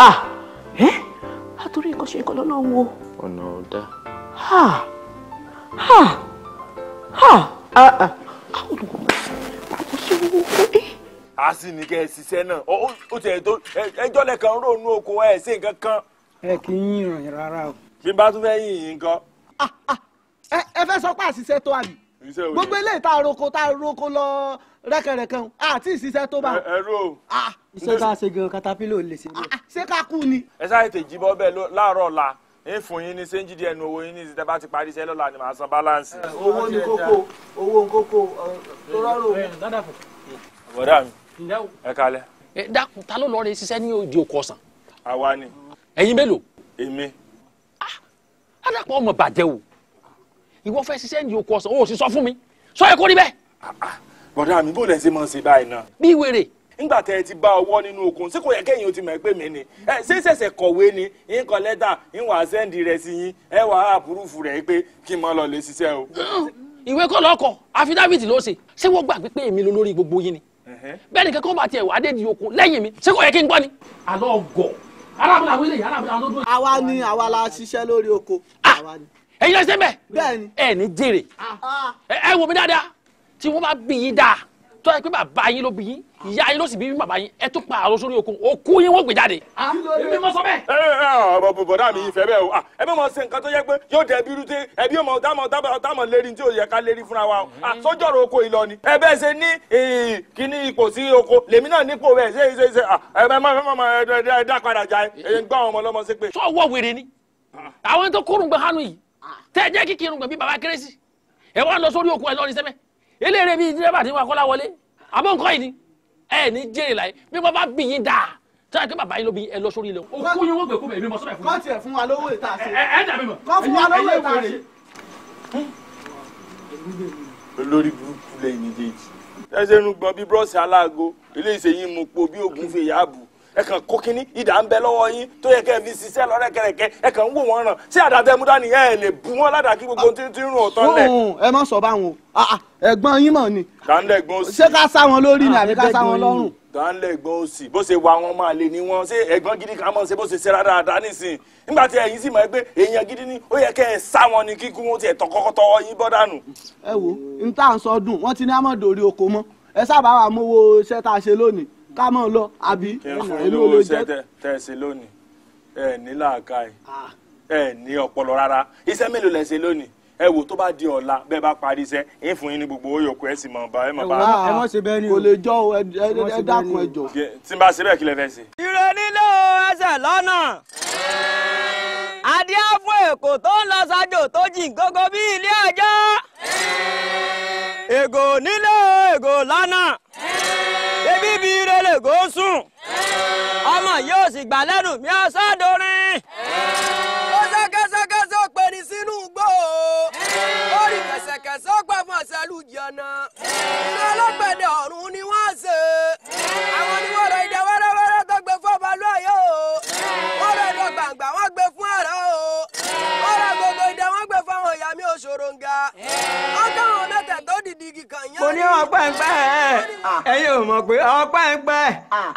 ah ẹ́ látòrí nǹkan ṣe nǹkan lọ́nà wo. ọ̀nà ọ̀dà. ha ha ha ah ah káwọn olùkọ́ kò sí owó fún mi a sì ní kẹ́ ẹ ṣiṣẹ́ náà ó tiẹ̀ tó ẹjọ́ lẹ́kan ronú oko ẹ̀ ṣe nǹkan kan. ẹ kì í yìn ràn yín rárá o. bí bá tún fẹ́ yìn yín nǹkan. Ah, ah. ẹ fẹ́ sọ pé àṣìṣe tó àbí gbogbo ilé ìta roko ta roko lọ rẹ́kẹ̀rẹ̀kẹ̀ àti ìṣiṣẹ́ tó bá. ẹ̀rọ iṣẹ́ tá a ṣe gan katapilo lè ṣe bẹ́ẹ̀. ṣé ká kú ni. ẹ sáré tèjì bọ́ bẹ́ẹ̀ láàárọ̀ ọ̀la ń fún yín ní séńjì díẹ̀ nu owó yín ní ìsìtẹ́ bá ti parí iṣẹ́ lọ́la ni màá san báláǹsì. owó ní kókó owó ní kókó tó rọrùn òun. bọ̀dá mi ẹ kalẹ̀. ẹ dákun ta ló lọ rẹ ṣiṣẹ́ ní òdi òkú ọ̀sán. àwa ni. ẹ̀yin mélòó ìwọ fẹ́ ṣiṣẹ́ ní oko ọsàn o ò sì sọ fún mi sọ yẹ kó rí bẹ́ẹ̀. Ah, ah, bọ̀dá mi bó lẹ ṣe máa ń ṣe báyìí náà. bí wèrè. nígbà tẹ ẹ ti bá ọwọ́ nínú okun ṣé kò yẹ kẹ́yìn o ti mọ̀ pé mi ni ẹ ṣé ṣẹ̀ṣẹ̀ kọ̀wé ni yín kọ lẹ́tà yín wàá sẹ́ndì rẹ̀ sí yín ẹ wàá àpúrúfù rẹ̀ pé kí n mọ lọ lè ṣiṣẹ́ o. ìwé kọ́ lọ́kọ̀ àfidáfíìtì ló ṣe ṣé wọ́n gbàgbé pé èmi ló lórí gbogbo yín ni bẹ́ẹ̀ ni kankan bá tiẹ̀ wà á dé di okun lẹ́yìn mi ṣé kò yẹ kí n gbọ́ ni. àlọ́ gọ̀ alábùdàwílẹ̀ yàrá àbúdàwílẹ̀. àwa ni àwa la ṣiṣẹ́ lórí oko. Ah! ẹ̀yin lẹ́sẹ̀ mẹ́ ẹ̀ ní jèrè ah. ẹ wò mí dáadáa tí wọ́n bá bí yín dáa tó yẹ pé bàbá yín ló bí yín ìyá yín ló sì bí yín bàbá yín ẹ tún pa àrò sórí okun òkú yín wọ́n gbé jáde. Ah. èmi mọ sọ bẹ́ẹ̀. ẹ ẹ bọ̀dá mi ìfẹ́ bẹ́ẹ̀ o ah, ẹ bẹ́ẹ̀ mọ ṣe nǹkan tó yẹ pé yóò dẹ bí rúté ẹbí ọmọ dámọ dábàá dámọ lérí tí ó yẹ ká lérí fúnra wa o mm-hmm. sójọ́rọ̀ oko ìlọ ni. ẹ bẹ́ẹ̀ ṣe ní eh, kíní ipò sí oko lèmi náà nípò bẹ́ẹ̀ ṣe ṣe ṣe ẹ bẹ́ẹ̀ mọ ẹ dá padà já ẹ gbọ́ àwọn ọmọ ọlọ́mọ ṣépè. sọ wọ wèrè ni àwọn tó kúrùngbẹ hánú yìí tẹ́ ẹ jẹ́ kíkì irùngbọ̀n bíi baba kérésì ẹ wá lọ sórí òkú ẹ lọ́rin sẹ́mẹ́ eléèrè bíi dírẹ́bà tí wà kọ́lá wọlé àmọ́ nǹkan yìí ni ẹ ní jèrè láyé bí wọ́n bá bì yín dáa tí wọ́n á ké bàbá yín ló bí ẹ lọ sórí ilé o. òkú yín wọ́n gbẹ̀kú bẹ̀ mí mọ sọ́bẹ̀ fún mi. kọ́ọ̀tì ẹ̀ fún wa lówó ìta àṣẹ. ẹ ẹ dàbí mọ. kọ́ fún wa lówó ìta àṣẹ. Hm? olórí burúkú lẹ́yìn méjèèjì. ẹsẹ̀ ń gbọ́n bí bírọ́ọ̀sì aláago ilé ìṣèyí mu po bí ògúnfẹ̀ yáàbù ẹ kàn kó kínní ìdá ń bẹ lọ́wọ́ yín tó yẹ kẹ́ ẹ fi ṣiṣẹ́ lọ rẹ́kẹrẹ́kẹ́ ẹ kàn ń wò wọ́n ràn ṣé àdàtẹ́ mú dání ẹ lè bù wọ́n ládàá kí gbogbo tí tí ń rún ọ̀tán lẹ̀. ẹ má sọ báwọn o ah, ah, ẹ̀gbọ́n yín mọ̀ ni ṣé ká sá wọn lórí ni àbí ká sá wọn lọ́rùn. dáńlẹ̀ ẹ̀gbọ́n òsì bó ṣe wa wọn máa lè ní wọn ṣé ẹ̀gbọ́n gidi kan mọ̀ ṣe bó ṣe ṣe rádáadáa nísìn nígbà tí ẹ̀yin sì mọ̀ pé èèyàn gidi ni ó yẹ kẹ́ ẹ sá wọn ni kíkú wọn tiẹ̀ tọkọtọwọ́ yín bọ́ dànù. ẹ wo n tá à ń sọ dùn wọn ti ní àmọ́ dòrí oko mọ́ ẹ sábà wà mówó iṣẹ́ tá a ṣe lónìí ká lọ àbí. ìfún olówó iṣẹ́ tẹ̀ ṣe lónìí ẹ ní ẹ ní ọpọlọ rárá iṣẹ́ mélòó lẹ ṣe lónìí ẹ wò tó bá di ọla bẹ́ẹ̀ bá parí iṣẹ́ ní gbogbo òyòkù ẹ sì ẹ ẹ kò lè jọ ẹ dákun ẹ jọ. tí n bá ṣe bẹ́ẹ̀ kí fẹ́ ṣe. ẹsẹ̀ lọ́nà adíá fún èkó tó ń lọ sájò tó jìn gógó bí ilé ègò nílò ègò lọ́nà. ègò sùn ọmọ yóò sì gbà lẹ́nu mi ọ̀sọ́dúnrín. ó ṣẹ́kẹ́ṣẹ́kẹ́ṣẹ́ ó pè ní sínú igbó ó rí kẹ̀sẹ̀kẹ̀sẹ̀ ó gbà fún àṣàlù jẹ̀nà iná ọlọ́gbẹ̀dẹ̀ ọ̀run ni wọ́n ṣe àwọn ni wọ́n rọ ìdẹ wẹ́rẹ́wẹ́rẹ́ tó gbé fún ọba lóye o wọ́n rọ ìdọ̀ gbàǹgbà wọ́n gbé fún àrà o wọ́n rọ gbogbo ìdẹ wọ́n gbé fún àwọn ìyá mi òṣòròǹgà ọkọ̀ àwọn mẹ́tẹ̀ẹ̀tọ́ dìdí kíkan yẹn. mo ní ọpẹ́ ń pẹ́ ẹ̀yin ò mọ̀ pé ọpẹ́ ń p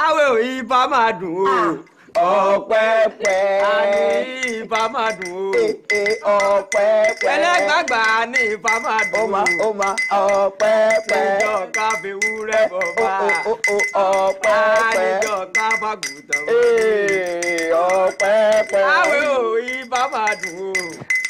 àwẹ̀ ò ibà máa dùn o ọ̀pẹ̀pẹ̀ àní ibà máa dùn o ọ̀pẹ̀pẹ̀ ẹlẹ́gbàgbà ní ibà máa dùn o ọ̀pẹ̀pẹ̀ ìjọka fi wúrẹ́ bọ̀bá ọ̀pẹ̀pẹ̀ àníjọka fagùntàn ọ̀pẹ̀pẹ̀ àwẹ̀ ò ibà máa dùn o.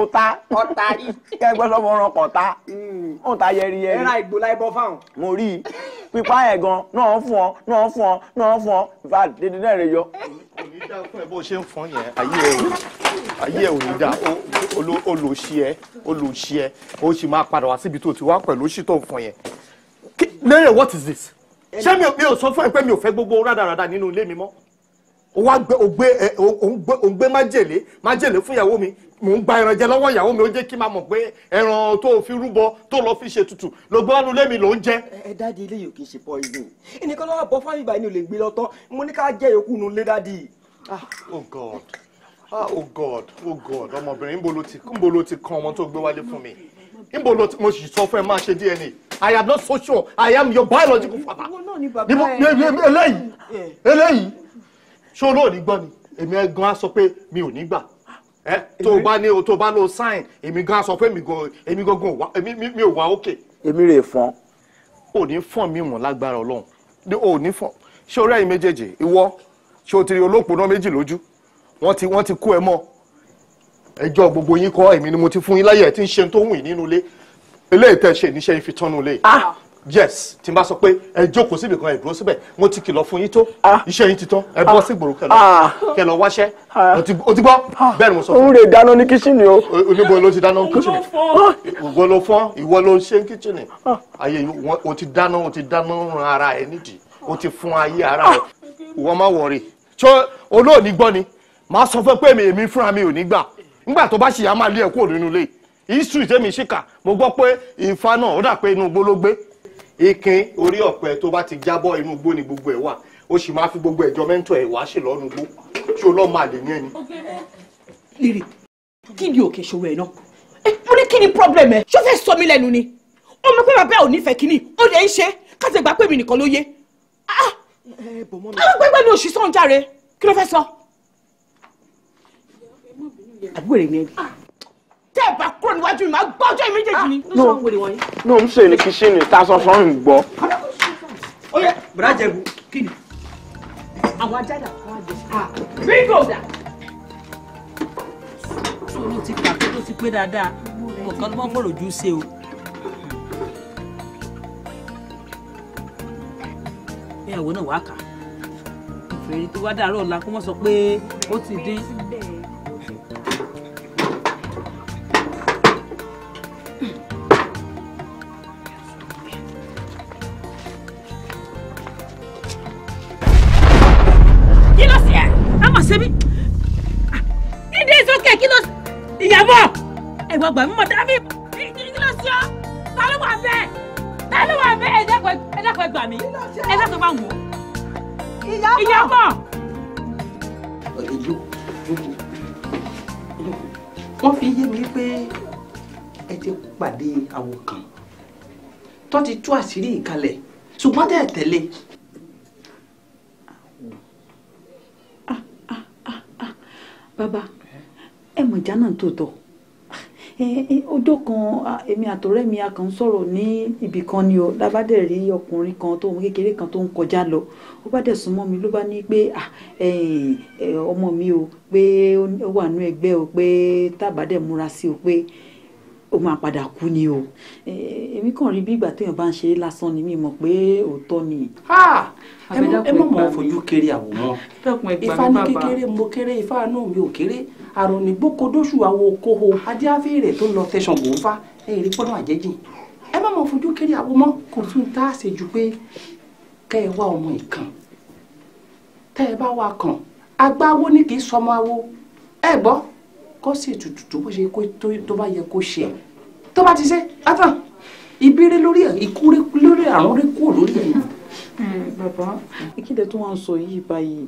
ọ̀tá ọ̀tá rí kẹgbẹ́ sọ́mọ ọ̀ràn kọ̀ọ̀tá hmm. ọ̀tá yẹri yẹri. ẹ̀rọ ìgbò láì bọ́ fáwọn. mo rí i pípa ẹ̀ gan náà ń fún ọ náà ń fún ọ náà ń fún ọ ìfà dídí náà rẹ yọ. kò ní dá fún ẹ bó ṣe ń fọn yẹn ayé ẹ ò ayé ẹ ò dá olóṣì ẹ olóṣì ẹ ó sì máa padà wá síbi tó ti wá pẹ̀lú ṣì tó ń fọn yẹn. lẹ́yìn what is this? ṣé mi ò sọ fún ẹ pé mi ò fẹ́ gbogbo rádaràda nínú ilé mi mọ́? ó wá gbé ògbé ògbé májèlé májèlé fún ìyàwó mi mò ń gba ẹran jẹ lọ́wọ́ ìyàwó mi ó jẹ́ kí n máa mọ̀ pé ẹran tó fi rúbọ tó lọ fi ṣe tutù ló gbọ́ nínú ilé mi ló ń jẹ. ẹ dáàdi ilé yìí ṣe pọ ìlú ẹnìkan lọ́wọ́ bọ́ fáwọn ìgbà ni ò lè gbé lọ tán mo ní ká jẹ́ yòókù nu lé dáàdi. Ah. oh god ah, oh god oh god ọmọbìnrin ńbo ló ti kan ọmọ tó gbé wálé fún mi níbo ló ti mo sì sọ fún ẹ máa ṣe DNA I am not so sure I am your biological father. níbo eléyìí eh. eléyìí ṣé olóòní gbọ́ ni èmi ẹ̀ gan-an sọ pé mi ò ní gbà Eh, tó o bá ní o tó o bá lọ sign èmi gan sọ pé èmi gangan wà mi ò wá òkè. èmi rè fọn. ò ní fọn mi mọ̀ lágbára ọlọ́run ò ní fọn ṣé orí ẹ̀yin méjèèjì ìwọ ṣé o ti rí olóòpónà méjì lójú wọ́n ti wọ́n ti kó ẹ mọ́ ẹjọ́ gbogbo yín kọ́ èmi ni mo ti fún yín láyé ẹ̀ tí ń ṣe tó wù yín nínú ilé eléyìí tẹ̀ ṣe níṣẹ́ yín fi ah yes tí n bá sọ pé ẹ jókòó síbi kan ẹ dúró síbẹ̀ mo ti kìlọ̀ fún yín tó ah. iṣẹ́ yín ti tán ẹ bọ́ ah. sí gbòòrò kẹlọ ah. kẹlọ wáṣẹ́ o ti gbọ́ bẹ́ẹ̀ ni mo sọ fún un. òun lè dáná ní kíṣìnì o. oníbo ló ti dáná ní kíṣìnì ìwọ ló fọ́n ìwọ ló ń ṣe ní kíṣìnì ayé o ti dáná o ti dáná ran ara ẹ nídìí o ti fún ayé ara ẹ ìwọ má wọrí ṣé olóòní gbọ́ ni màá sọ fún pé èmi fúnra mi ò ní gbà nígbà tó bá ṣìyà máa lé ẹ kúrò ikin orí ọ̀pẹ tó bá ti jábọ́ inú igbó ni gbogbo ẹ̀ wà ó sì máa fi gbogbo ẹ̀jọ́ mẹ́ńtọ̀ ẹ̀ wá ṣe lọ́nu igbó tí olóòmà lè ní ẹni. lèrè kí ni òkè ṣòro ẹ̀ náà ẹ torí kí ni problem ẹ ṣó fẹ́ sọ mí lẹ́nu ni ọmọ pé bàbá ò nífẹ̀ẹ́ kínní ó lè ń ṣe káṣẹ́ gbà pé mi nìkan ló yé àwọn gbẹgbẹ ni òṣìṣẹ́ ń járe kí ló fẹ́ sọ. àbúrò rẹ̀ ni ẹ tẹ́ ẹ̀ bá kúrò níwájú mi máa gbọ́jọ́ ìméjèèjì ni. Ah, no n ṣe ni kì í ṣe ni ta sọ sọ́run ń gbọ́. oye bùrọ̀ jẹ̀bù kí ni àwọn ajáda àwọn àjẹsà. Ah, bingo. sùúrù ti pàtó tó ti pé dáadáa kọ̀ọ̀kan tó bá fọ̀rọ̀ ojú ṣe o. ìyàwó náà wá kà fèrè tó wá dàrọ̀ ọ̀la kó mọ̀ sọ pé ó ti dín. gbà mí mọ̀ dábì kí ló ṣe ọ́ ta ló wà bẹ́ẹ̀ ta ló wà bẹ́ẹ̀ ẹ̀dẹ́kọ̀ ẹgbà mí ẹ̀dẹ́kọ̀ máa wò ó. Ìyábọ̀. wọ́n fi yé mi pé ẹ ti pàdé àwo kan tó ti tú àṣírí ìkalẹ̀ ṣùgbọ́n tẹ̀ tẹ̀lé. Ah, ah, ah, bàbá ẹ mọ̀ jánà tó tọ̀ èmi àtọ̀rẹ́ mi a kàn ń sọ̀rọ̀ ní ibì kan ni o la bá dẹ̀ rí ọkùnrin kan tó kékeré kan tó ń kọjá lọ ó bá dẹ̀ súnmọ́ mi ló bá ní pé ọmọ mi o pé ó wà nú ẹgbẹ́ o pé tábà dẹ̀ múra sí o pé ó máa padà kú ni o èmi kàn rí bí ìgbà téèyàn bá ń ṣeré lásán ni mi mọ̀ pé òótọ́ ni. ẹ mọ̀ mọ̀ fojú kéré àwòrán ifá ní kékeré mo kéré ifá náà mi ò kéré àrùn nígbókòdóṣù àwọn okòho adé àfẹ́rẹ́ tó lọ tẹ̀sán kò ń fa èrè fọ́nà àjẹjì ẹ má mọ̀ fojú kéré àwọn ọmọ kò tún tá a ṣe ju pé kẹ́ ẹ wá ọmọ ìkan tẹ́ ẹ bá wá kàn agbáwo ni kì í sọmọ awo ẹ gbọ́ kó sì tutù tó bó ṣe tó bá yẹ kó ṣe tó bá ti ṣe átàn ìbéèrè lórí ikú lórí àrùn rí kúrò lórí ẹ̀yìn bàbá ìkéde tó wọn sọ yìí báyìí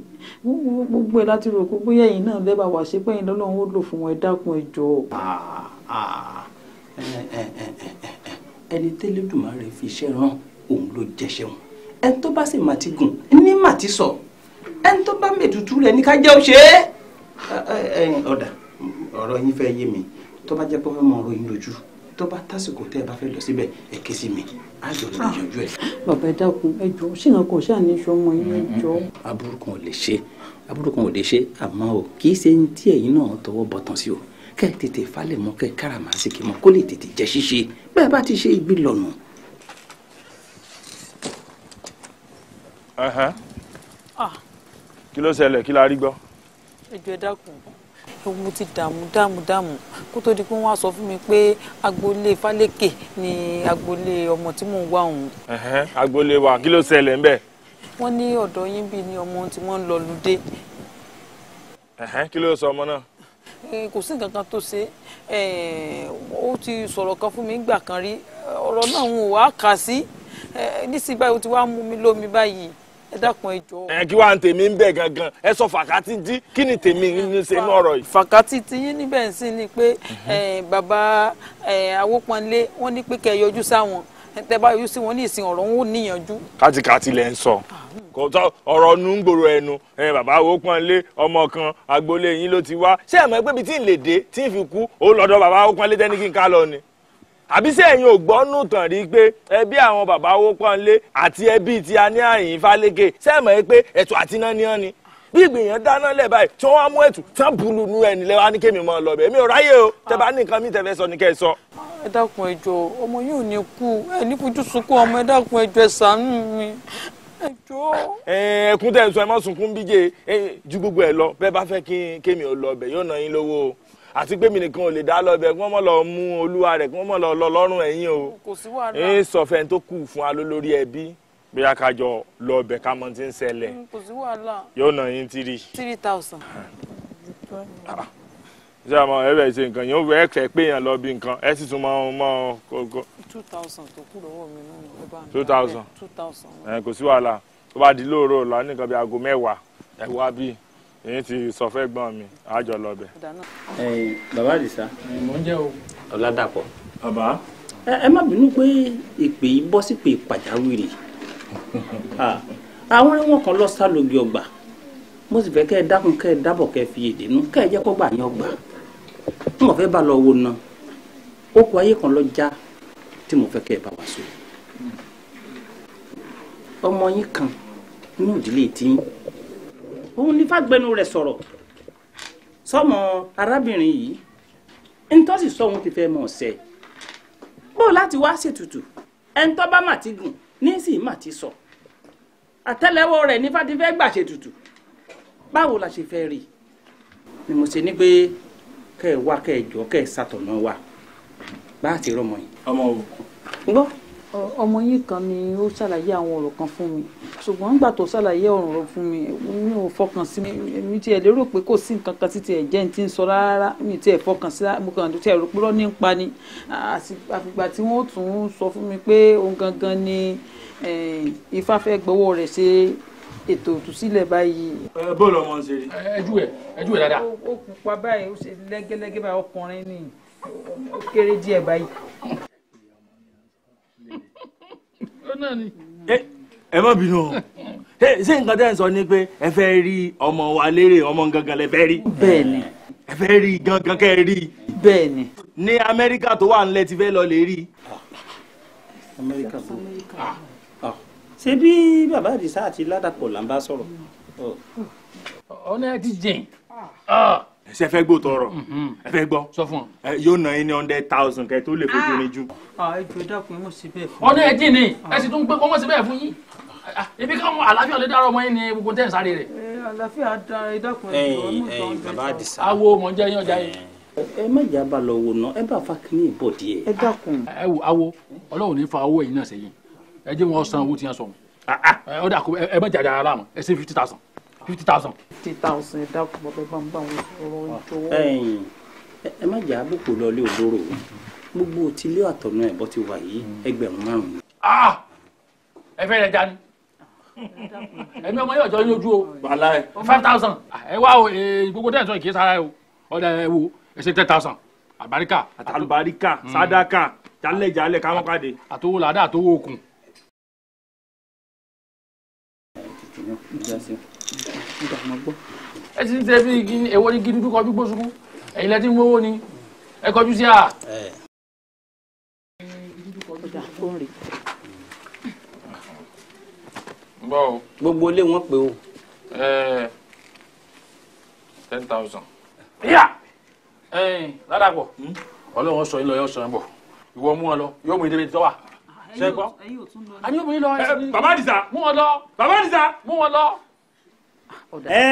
gbogbo ẹ láti rò pé bóyá ẹ̀yin náà lẹ́bàá wà ṣe pé ẹ̀yin lọ́lọ́run ó lò fún wọn ẹ dákun ẹ jọ̀ọ́. Ah, ah ẹni tẹ́lẹ̀dùmarè fi iṣẹ́ rán òun ló jẹṣẹ́ wọn ẹni tó bá sì máa ti gùn ní màá ti sọ ẹni tó bá mètùtù rẹ̀ ní ká jẹ́ ò ṣe é ọ̀dà ọ̀rọ̀ yín fẹ́ yé mi tó bá jẹ́ pé wọ́n mọ ọ̀rọ̀ yín lójú tó bá tásìkò tẹ́ ẹ bá fẹ́ lọ síbẹ̀ ẹ ké sí mi á jọ lọ yanjú ẹ. bàbá ẹ dákun ẹ jọ ṣìnà kò ṣáà ní sọ ọmọ yín ẹ jọ. aburú kan ò lè ṣe aburú kan ò lè ṣe àmọ́ o kì í ṣe ní tí ẹ̀yin náà tọwọ́ bọ̀tán sí o kẹ́ ẹ tètè falẹ̀ mọ́ kẹ́ ẹ káràmásìkì mọ́ kó lè tètè jẹ́ ṣíṣe bẹ́ẹ̀ bá ti ṣe ibi lọ́nà. Ah. kí ló ṣẹlẹ̀ kí la rí gbọ́. ẹjọ́ ẹ dákun ewu mo ti dààmú dààmú dààmú kó tó di pé wọ́n á sọ fún mi pé agboolé Fálékè ni agboolé ọmọ tí mò ń wá òun. agboolé wa kí ló ṣẹlẹ̀ ń bẹ̀. wọ́n ní ọ̀dọ̀ yín bíi ni ọmọ tí wọ́n ń lọ lùdé. kí ló sọ ọmọ náà kò sí nǹkan kan tó ṣe ó ti sọ̀rọ̀ kan fún mi nígbà kan rí ọ̀rọ̀ náà ń wá kà sí nísìnyí báyìí ó ti wá mú mi lómi báyìí ẹ dákun ẹ jọ. ẹ kí wàá tèmi ń bẹ gangan ẹ sọ fàkàtì dí kí ni tèmi ń ṣe ní ọ̀rọ̀ yìí. fàkàtì tiyín níbẹ̀ ń sìn ni pé bàbá Awópọ̀nlé wọ́n ní pé kẹ́ ẹ yọjú sáwọn tẹ bá yọjú sí wọn ní ìsìn ọ̀rọ̀ ń wò níyànjú. kátikáti lẹ ń sọ kò tọ ọ̀rọ̀ nu ń gbòòrò ẹnu ẹ bàbá wo pọ́n lé ọmọ kan agboolé yín ló ti wá ṣé ẹ mọ̀ pé ibi tí ń lè dé tí ń fi kú ó lọ́dọ̀ bàbá wo pọ́n lé tẹ́ni kí n ká lọ ni àbí sí ẹ̀yin ò gbọ́ nù tàn rí pé ẹbí àwọn bàbá wo pọ́n lé àti ẹbí ti aníhàyìn fálékè ṣé ẹ mọ̀ pé ẹ̀tọ́ àtiná ni wọ́n ni bí ìgbìyàn dáná lẹ̀ báyìí tí wọ́n á mú ẹ̀tù tí wọ́n bùlù nu ẹ̀ nílẹ̀ wá ní kémi máa lọ bẹ̀ èmi ò ráyè o tẹ bá ní nǹkan mi tẹ̀fẹ́ sọ ni kẹ́ ẹ sọ. ẹ dákun ẹ jọ̀ọ́ ọmọ yóò ní kú ẹ ní fojú sunkún ọmọ ẹ dákun ẹ jọ̀ọ́ ẹ ṣàánú mi ẹ jọ̀ọ́. ẹkún tẹ̀ ń sọ ẹ má sunkún bíjè ju gbogbo ẹ lọ bẹ́ẹ̀ bá fẹ́ kí kémi ò lọ bẹ̀ yóò ná yín lówó o àti pé mi nìkan ò lè dá lọ́bẹ̀ kí wọ́n mọ̀ lọ mú olúwa rẹ̀ kí wọ́n mọ̀ lọ lọ lọ́rùn ẹ̀yìn o. kò sí wàhálà. ẹ sọfẹ̀ tó kù fún alólórí ẹbí bóyá ká jọ lọ ọbẹ̀ ká mọ tí ń ṣẹlẹ̀. Mm, yóò nà yín tírì. three thousand. ṣé àmọ́ ẹ bẹ̀rẹ̀ ṣe nǹkan yẹn ó bẹ̀rẹ̀ fẹ́ pé yẹn lọ bí nǹkan ẹ sì tún mọ mọ kókó. two thousand tó kù two thousand two thousand. ẹ kò sí wàhálà tó bá di lóòrò lọ nìkan bí aago mẹ́wàá ẹ wá bí èyí ti sọ fẹ́ gbọ́n mi àjọ lọ bẹ̀. ẹ bàbá àdìsá. mo ń jẹ́ o. ọ̀làdàpọ̀. bàbá. ẹ má bínú pé ìpè yìí bọ́ sípè pàjáwìrì àwọn ẹ̀wọ̀n kan lọ sálògì ọgbà mo sì fẹ́ kẹ́ ẹ dákun kẹ́ ẹ dábọ̀ kẹ́ ẹ fi èdè nù kẹ́ ẹ jẹ́ kó gbà yín ọgbà n mọ̀ fẹ́ bá lọ wo ná okò ayé kan lọ já tí mo fẹ́ kẹ́ ẹ bá wá so ọmọ yín kan ní ìdílé tí òun ní fàgbẹ́nu rẹ̀ sọ̀rọ̀ sọmọ arábìnrin yìí ntọ́sí sọ òun ti fẹ́ mọ̀ ọ̀sẹ̀ bó láti wá ṣètùtù ẹ̀ńtọ́ bá mà gùn nísìnyí mà ti sọ àtẹ́lẹwọ́ rẹ̀ nífà ti fẹ́ gbà ṣe tutù báwo la ṣe fẹ́ rí ni mo ṣe ní pé kẹ́ ẹ wá kẹ́ ẹ jọ kẹ́ ẹ ṣàtọ̀nà wa bá a ti rọmọ yìí. ọmọ o. gbọ́. ọmọ yín kan ni ó ṣàlàyé àwọn ọ̀rọ̀ kan fún mi ṣùgbọ́n nígbà tó ṣàlàyé ọ̀rọ̀ rẹ̀ fún mi mi ò fọkàn sí mi mi tiẹ̀ lérò pé kò sí nǹkan kan títí jẹ́ ní ti ń sọ rárá mi tiẹ̀ fọkàn sí mo kàn tiẹ̀ rò pé rọ́ ní ń pa ni àfìgbà tí wọ́n tún sọ fún mi pé òun gangan ni. Eh, Ifá fẹ́ gbowó rẹ̀ ṣe ètò òtúsílẹ̀ báyìí. ẹ bó lọ mọ n ṣeré. ẹjú ẹ ẹjú ẹ dáadáa. ó pupa báyìí ó ṣe lẹ́gẹ́lẹ́gẹ́ báyìí ọkùnrin ni ó kéré díẹ̀ báyìí. ni. ẹ má bínú o ṣé nǹkan tẹ́ ń sọ ni pé ẹ fẹ́ rí ọmọ wa lérè ọmọ gangan lẹ fẹ́ rí. bẹ́ẹ̀ ni. ẹ fẹ́ rí gangan kẹ́ ẹ rí. bẹ́ẹ̀ ní amẹ́ríkà tó wà ńlẹ̀ ti fẹ́ lọ lè rí. amẹ́ríkà tó wà. Ah ṣé bí bàbá àdìsá àti ládàpọ̀ là ń bá sọ̀rọ̀. Oh. Oh, ọ̀nà ẹ ti jìn. Ah. Ah. ṣe fẹ́ gbọ́ tọrọ mm-hmm. ẹ fẹ́ gbọ́ sọ fún ọ. yóò ná yín ní hundred thousand kẹ́ tó lè fojú ah. rin jù. ẹ jù ẹ dákun mọ̀ síbẹ̀ fún mi. ọ̀nà ẹ jìn ni ẹ sì tún gbé pọ́nmọ́ síbẹ̀ fún yín ebi káwọn àlàáfíà lè dára ọmọ yín ni gbogbo tẹ́ ń sáré rẹ̀. Eh, àlàáfíà da ìdákun ẹ̀ ẹ̀ bàbá àdìsá. awo mọ̀ jẹ́ yín ọjà yín. ẹ má jà bá lọ wò ná ẹ bá fa kínní ìbọ̀dí ẹ. ẹ dákun. ẹ wo awo ọlọ́run ní fa owó yìí náà sẹ́yìn ẹ jẹ́ wọn san owó tiẹ̀ sọ ọ ah, ah. dà kó ẹ bẹ jàjà ara mu ẹ ṣe fifty thousand fifty thousand. fifty thousand ẹ dákun bàbá bá ń bá wọn sọ̀rọ̀ jọ̀wọ́. ẹ̀yin ẹ má jà àbùkù lọlé olóró gbogbo tílé àtọ̀nà ẹ̀ bọ́ ti wà yìí ẹgbẹ̀rún márùn-ún. Ah! ẹ fẹ́ rẹ̀ dání ẹ̀mí ọmọ yóò jọ yín lójú o five thousand ẹ wá o gbogbo dẹ́n sọ ìkíyè sára ẹ o ọ̀dà ẹ wo ẹ ṣe ten thousand àbáríkà àtàlùbáríkà mm. sádàkà jálẹ̀jálẹ̀ káwọn káde. àtowó làdá àtowó okùn. ẹ ti tẹ bí èwo ni gidi dúkọ gbígbó sunkún ẹ̀yin lẹ ti ń wọ́wọ́ ni ẹ kọjú sí à. gbogbo ilé wọn pé o. ten thousand. ládàpọ̀ ọlọ́run sọ yín lọ yóò sọ yín bọ̀ ìwọ mú wọn lọ yóò mú ìdílé tí wọ́n wà ṣe gbọ́. àní obìnrin lọ ẹ bàbá àdìsá. mú wọn lọ. bàbá àdìsá. mú wọn lọ. ẹ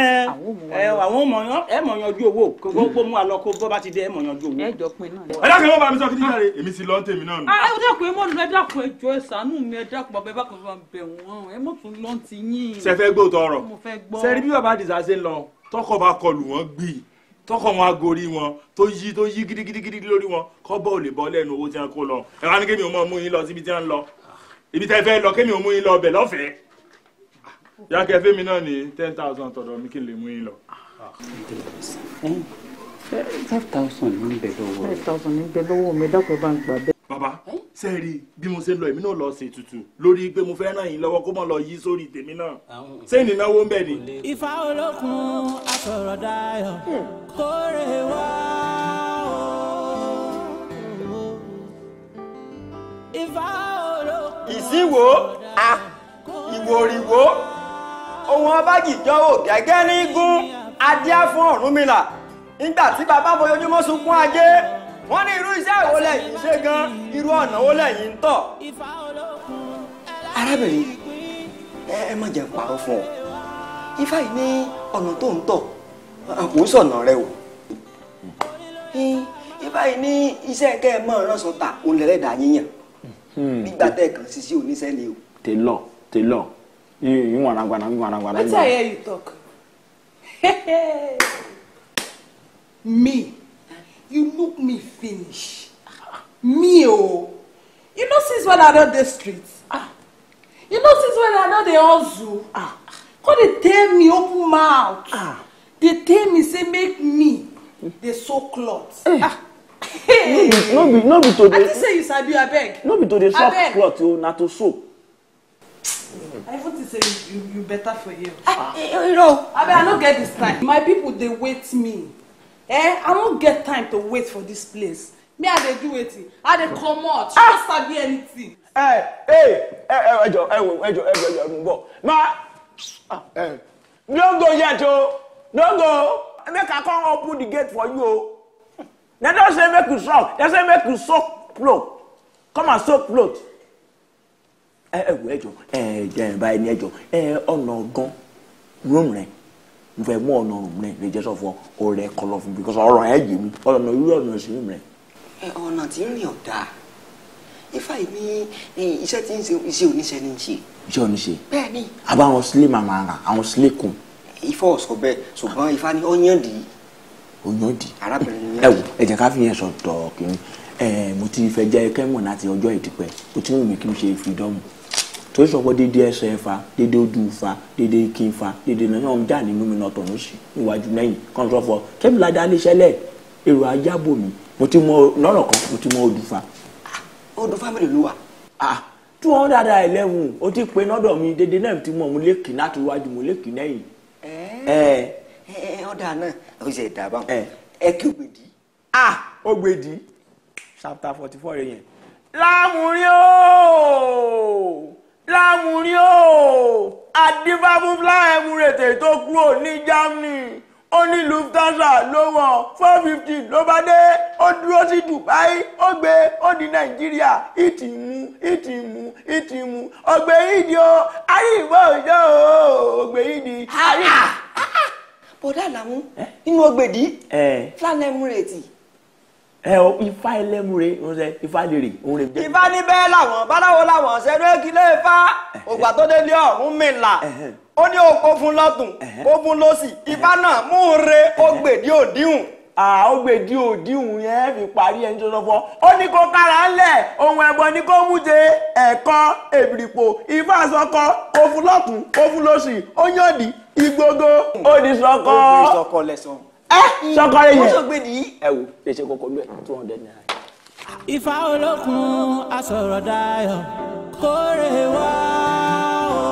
ẹ àwọn mọ̀yán ẹ mọ̀yán ojú owó gbogbo mú alọ kó bọ́ bá ti dé ẹ mọ̀yán ojú owó. ẹ jọ pé náà. ẹ dákun ẹ má bàa mi sọ kí ní sáré ah. èmi sì lọ ń tèmi náà ah, nù. ẹ dákun ẹ mọ lọ ẹ dákun ẹ jọ ẹ ṣàánú mi ẹ dákun bàbá ẹ bá kan fún ẹ mọ̀ tún lọ́ọ́ ti yín. sẹ fẹ́ gbóòtọ̀ ọ̀rọ̀ bí bàbá àdìsá ṣe ń lọ tọkọ bá kọlù wọn gbìyì tọkọ wọn agorí wọn tó yí tó yí gidigidigidi lórí wọn kọ́bọ̀ ò lè bọ́ lẹ́nu owó tí wọn kó lọ ẹ wá ní kémi ò mú yín lọ síbi tí wọn lọ ibi tẹ́ fẹ́ lọ kémi ò mú yín lọ ọbẹ̀ lọ́fẹ̀ẹ́ yá kẹfẹ́ mi náà ní ten thousand tọ̀dọ̀ mi kí n lè mú yín lọ. five thousand ní bẹ lọ́wọ́ five thousand ní bẹ lọ́wọ́ mi dákọ̀ bá ń gbà bẹ́ẹ̀ baba ṣe rí bí mo ṣe lọ èmi náà lọ ṣe tutù lórí pé mo fẹ́ ràn yín lọ́wọ́ kó mọ̀ lọ yí sórí tèmi náà ṣé ìnáwó ń bẹ̀ ni. Ifá olókun asọ̀rọ̀ dayọ̀ hmm. kórè wá o. Ifá olókun. ìsínwó a ah, ìwòrìwó ohun ọbàjìjọ ò gẹ́gẹ́ ní gún adíá fún Ọ̀rúnmìlà nígbà tí bàbá bojojúmọ́ sunkún ajé wọ́n ní irú iṣẹ́ wo lẹ́yìn ṣe gan irú ọ̀nà wo lẹ́yìn ń tọ̀. arábìnrin ẹ má jẹ́ pàrọ̀ fún ọ ifá yìí ní ọ̀nà tó ń tọ̀ kò sọ̀nà rẹ o ifá yìí ní iṣẹ́ kẹ́ ẹ mọ̀ ránṣọ ta òun yíyàn hmm. nígbà tẹ́ ẹ kàn sí sí oníṣẹ́ o. télọ̀ télọ̀ yìí wọn àràgbàdà yìí wọn àràgbàdà. wetin i hear you talk you look me finish me oh, you know since when i don the streets. ah you know since when i no dey hustle ah come they tell me open mouth ah they tell me say make me dey sew cloth eh. ah. Hey. no be no be to dey. i think say you sabi beg. no be to dey shop cloth o oh, na to sew. I even think say you, you, better for you. Ah, you know. Abeg, I no get this time. My people they wait me eh i wan get time to wait for dis place me i dey do wetin i dey comot I no sabi anything. Eh, eh, eh, ẹ ẹ ẹ ẹjọ ẹ wo ẹjọ ẹjọ ẹjọ mo bọ ma ẹ ah, no go yet o no go make i come open the gate for you o dem don say make you strong dem say make you soak cloth come and soak cloth ẹ ẹ wo ẹjọ ẹ jẹ ẹ báyìí ní ẹjọ ẹ ọ̀nà ọ̀gán rome rẹ mo fẹ́ mú ọ̀nà ọ̀rùn mìíràn lè jẹ́ sọ fún ọ rẹ kọlọ fún mi because ọ̀rọ̀ ẹ̀ yé mi ọ̀nà irú ọ̀nà sí mi rẹ. ọ̀nà tí ń rìn ọ̀dà ifá yìí ní iṣẹ́ tí ń ṣe iṣẹ́ oníṣẹ́ ní í ṣe. iṣẹ́ oníṣe. bẹ́ẹ̀ ni. àbáwọn sílé màmá ra àwọn sílé kun. ifá ọ̀sọ́ bẹ́ẹ̀ ṣùgbọ́n ifá ní ọ̀yàndì. ọ̀yàndì. arábìnrin ni. ẹ wò ẹ jẹ ká fi yẹn sọ tọọkì ni mo ti fẹ́ jẹ kẹmọ láti ọjọ́ ìdìpẹ mo ti ń wí kí n ṣe fìdọmù torí sọ pé dédé ẹsẹ̀ fa dédé ojú fa dédé ikin fa dédé náà yóò já nínú mi náà tọ̀nù sí níwájú lẹ́yìn kan sọ fọ kébì ládé aléṣẹ́lẹ̀ èrò ajábò mi mo ti mọ lọ́rọ̀ kan mo ti mọ odù fa. Ah, odù fa mélòó ló wà. Ah, two hundred and eleven o ti pe nọ́dọ̀ mi dédé náà ti mọ̀ mo lè kì láti wájú mo lè kì lẹ́yìn. ẹ ẹ ọ̀dà náà ó ṣe ìdàbà ẹ kí ògbèdì. ah ògbèdì chapter forty four yẹn lámùrí láwùrí o adífáfúnfúlá emirates tó kúrò ní germany ó ní lufthansa ló wọ̀n four fifty ló bá dé ó dúró sí dubai ó gbé ó di nàìjíríà ìtì mú ìtì mú ìtì mú ògbé ìdí o ayé ìwọ òjò o ògbé ìdí. Ah, ah, ah, bọ̀dá làwọn nínú ọgbẹ̀dì flan emirates ẹ o ifá ẹlẹ́mu re ń sẹ ifá lèrè òun rè jẹ́. ifá níbẹ̀ làwọn báláwo làwọn sẹ́nu èkìlẹ̀ ifá ògbà tó délé ọ̀hún mi là ó ní òpó fún lọ́tún ó fún lọ́sì ifá náà mú un re ó gbèdí òdíhùn. ó gbèdí òdíhùn yẹn fi parí ẹni tó sọfọ ó ní kó kára ńlẹ̀ ohun ẹ̀bọ ní kó mú de ẹ̀kọ́ èbìrìpò ifá sọkọ ó fún lọ́tún ó fún lọ́sì ó yànjú igbógó ó ní sọkọ. ó ní sọkọ lẹ́sàn-án sọkọrẹ yẹn. wọ́n sọ pé nìyí ẹ wò èsì kọ̀ọ̀kan lóye two hundred naira. Ifá olókun asọ̀rọ̀ dayọ̀ kórè wá o.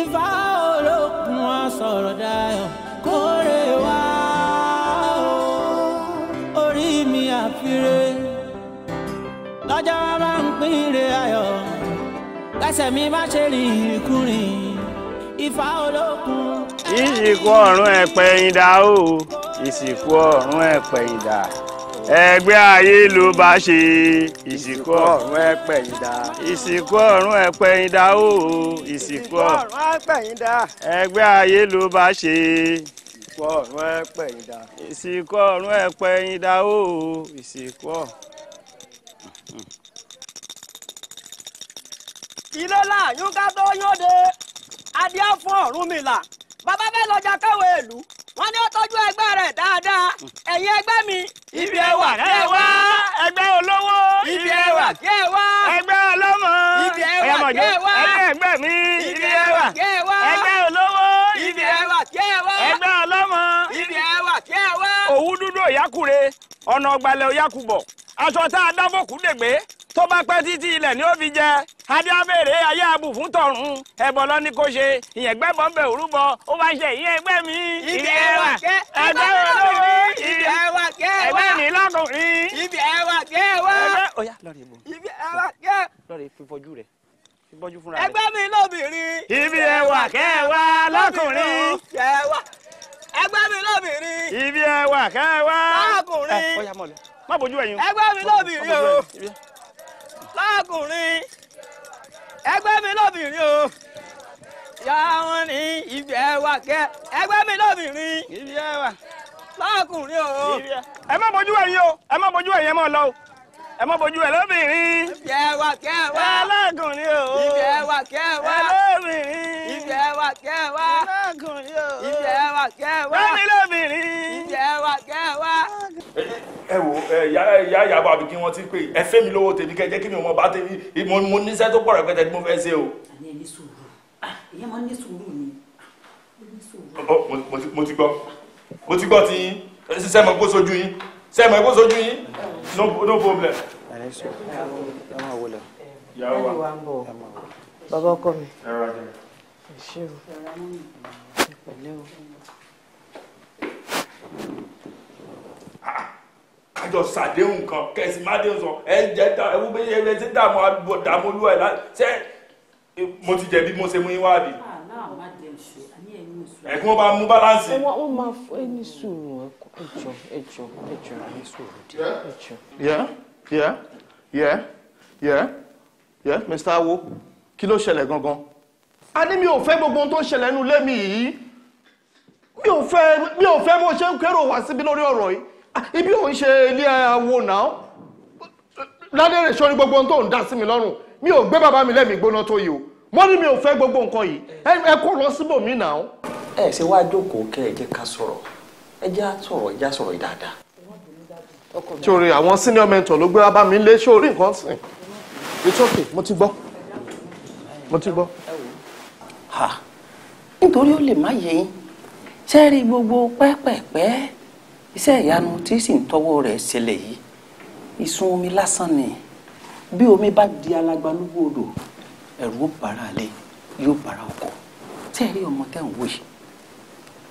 Ifá olókun asọ̀rọ̀ dayọ̀ kórè wá o. Orí mi àfiré lọ́jọ́ bá ń pín ire ayọ̀ lẹ́sẹ̀ mi má ṣe rìn ìrìnkúrìn. Ifá olókun. ìsìnkú ọ̀run ẹ̀pẹ̀yìndà o ìsìnkú ọ̀run ẹ̀pẹ̀yìndà ẹgbẹ́ ayé ló bá ṣe ìsìnkú ọ̀run ẹ̀pẹ̀yìndà ìsìnkú ọ̀run ẹ̀pẹ̀yìndà o ìsìnkú ọ̀run ẹ̀pẹ̀yìndà ẹgbẹ́ ayé ló bá ṣe ìsìnkú ọ̀run ẹ̀pẹ̀yìndà ìsìnkú ọ̀run ẹ̀pẹ̀yìndà o ìsìnkú ọ̀run. ilé láàyún ká tó yóò dé adé fún Ọ̀rúnmìlà bàbá bẹ́ẹ̀ lọ́jà káwé ìlú wọ́n ní ó tọ́jú ẹgbẹ́ rẹ̀ dáadáa ẹ̀yin ẹgbẹ́ mi. ibi ẹwà kí ẹ wá ẹgbẹ́ olówó. ibi ẹwà kí ẹ wá ẹgbẹ́ ọlọ́mọ. ibi ẹwà kí ẹ wá ẹgbẹ́ mi. ibi ẹwà kí ẹ wá ẹgbẹ́ olówó. ibi ẹwà kí ẹ wá ẹgbẹ́ ọlọ́mọ. ibi ẹwà kí ẹ wá. òwú dúdú òyàkùrẹ́ ọ̀nà ọgbàlẹ̀ òyàkùbọ̀ aṣọ tá a dábòkú dègbé tó bá pẹ́ títí ilẹ̀ ni ó fi jẹ adé abèrè ayé abù fún tọ̀run ẹbọ lọ ni kò ṣe ìyẹn gbẹ́bọ̀ ń bẹ̀ òrúbọ ó wá ṣe ìyẹn ẹgbẹ́ mi. ibi ẹwà kẹ ẹgbẹ́ olórí ibi ẹwà kẹ ẹwà ẹgbẹ́ mi lọ́kùnrin. ibi ẹwà kẹ ẹwà ẹgbẹ́ ọ̀yà lọ́ọ̀rì ìbò ibi ẹwà kẹ lọ́ọ̀rì fífọ́jú rẹ̀ fífọ́jú fúnra rẹ̀. ẹgbẹ́ mi lóbìnrin. ibi ẹwà kẹ ẹwà lọ́kùnrin. ẹgbẹ́ mi lóbìnrin. ibi ẹwà kẹ ẹwà lọ́kùnrin. má ẹgbẹ́ mi lóbìnrin lọ́kùnrin ẹgbẹ́ mi lóbìnrin o yà wọn ní ibi ẹ wà kẹ ẹgbẹ́ mi lóbìnrin ibi ẹ wà lọ́kùnrin o. ẹ má bójú ẹ̀yin o ẹ má bójú ẹ̀yin ẹ má lọ o ẹ má bójú ẹ lóbìnrin. ibi ẹ wà kẹ́ ẹ wá. ẹlẹ́gùn ni o. ibi ẹ wà kẹ́ ẹ wá. ẹlóbìnrin. ibi ẹ wà kẹ́ ẹ wá. ẹlẹ́gùn ni o. ibi ẹ wà kẹ́ ẹ wá. bẹ́ẹ̀ni lóbìnrin. ibi ẹ wà kẹ́ ẹ wá. ẹ wo ìyá ìyàbọ̀ àbí kí wọ́n ti pè ẹ fẹ́ mi lówó tèmi kẹ́ jẹ́ kí mi ò mọ bá tèmi mo níṣẹ́ tó pọ̀ rẹpẹtẹ tí mo fẹ́ ṣe o. àní ẹni sùúrù ah, ìyẹn máa ní sùúrù ni mo ti gbọ́ mo ti gbọ́ ti ṣiṣẹ́ mọ́ gbóṣojú yín ṣe mọ̀ ẹ̀kọ́ sojú yín no problem. ìyàwó wa bàbá ọkọ mi ṣé o ṣe pẹ̀lẹ́ o. kájọ ṣàdéhùn kan kẹsì má sọ ẹ jẹ ẹwú bẹ́ẹ̀ ẹ ti dààmú dààmú olúwa ẹ̀ ṣe mo ti jẹ̀bi mo ṣe mú yín wá bí. Ah, ẹ kí wọn bá mú balance. ẹ wọn máa fọ ẹ ní sùúrù ẹjọ ẹjọ ẹjọ ní sùúrù díẹ̀ ẹjọ. yeah yeah yeah yeah yeah Mr. Awo kí ló ṣẹlẹ̀ gangan. a ní mi ò fẹ́ gbogbo ohun tó ń ṣẹlẹ̀ nínú ilé mi yìí mi ò fẹ́ mi ò fẹ́ mo ṣe ń kérò wá síbi lórí ọ̀rọ̀ yìí ah, ibi ò ń ṣe ilé awo náà lálẹ́ rẹ̀ ṣọ́ni gbogbo ohun tó ń dá sí mi lọ́rùn mi ò gbé bàbá mi lẹ́mìí gbóná tó yìí o mo ní mi ò fẹ́ gbogbo nǹkan yìí ẹ kó lọ síbòmí náà ẹ ṣe wá jókòó kẹ ẹ jẹ ká sọ̀rọ̀ ẹ jẹ á sọ̀rọ̀ ẹ jẹ á sọ̀rọ̀ dáadáa. sori àwọn senior mentor ló gbé wá bá mi lé sórí nǹkan sìn it's okay mo ti gbọ́ mo ti gbọ́. nítorí ó lè má yé yín ṣe rí gbogbo pẹ́pẹ̀pẹ́ iṣẹ́ ìyanu tí sì ń tọwọ́ rẹ̀ ṣẹlẹ̀ yìí ìsun omi lásán ni bí omi bá di alagbalúgbò odò ẹ̀rù ó bára lé yóò bára ọkọ̀ ṣe rí ọmọ tẹ̀ ń wò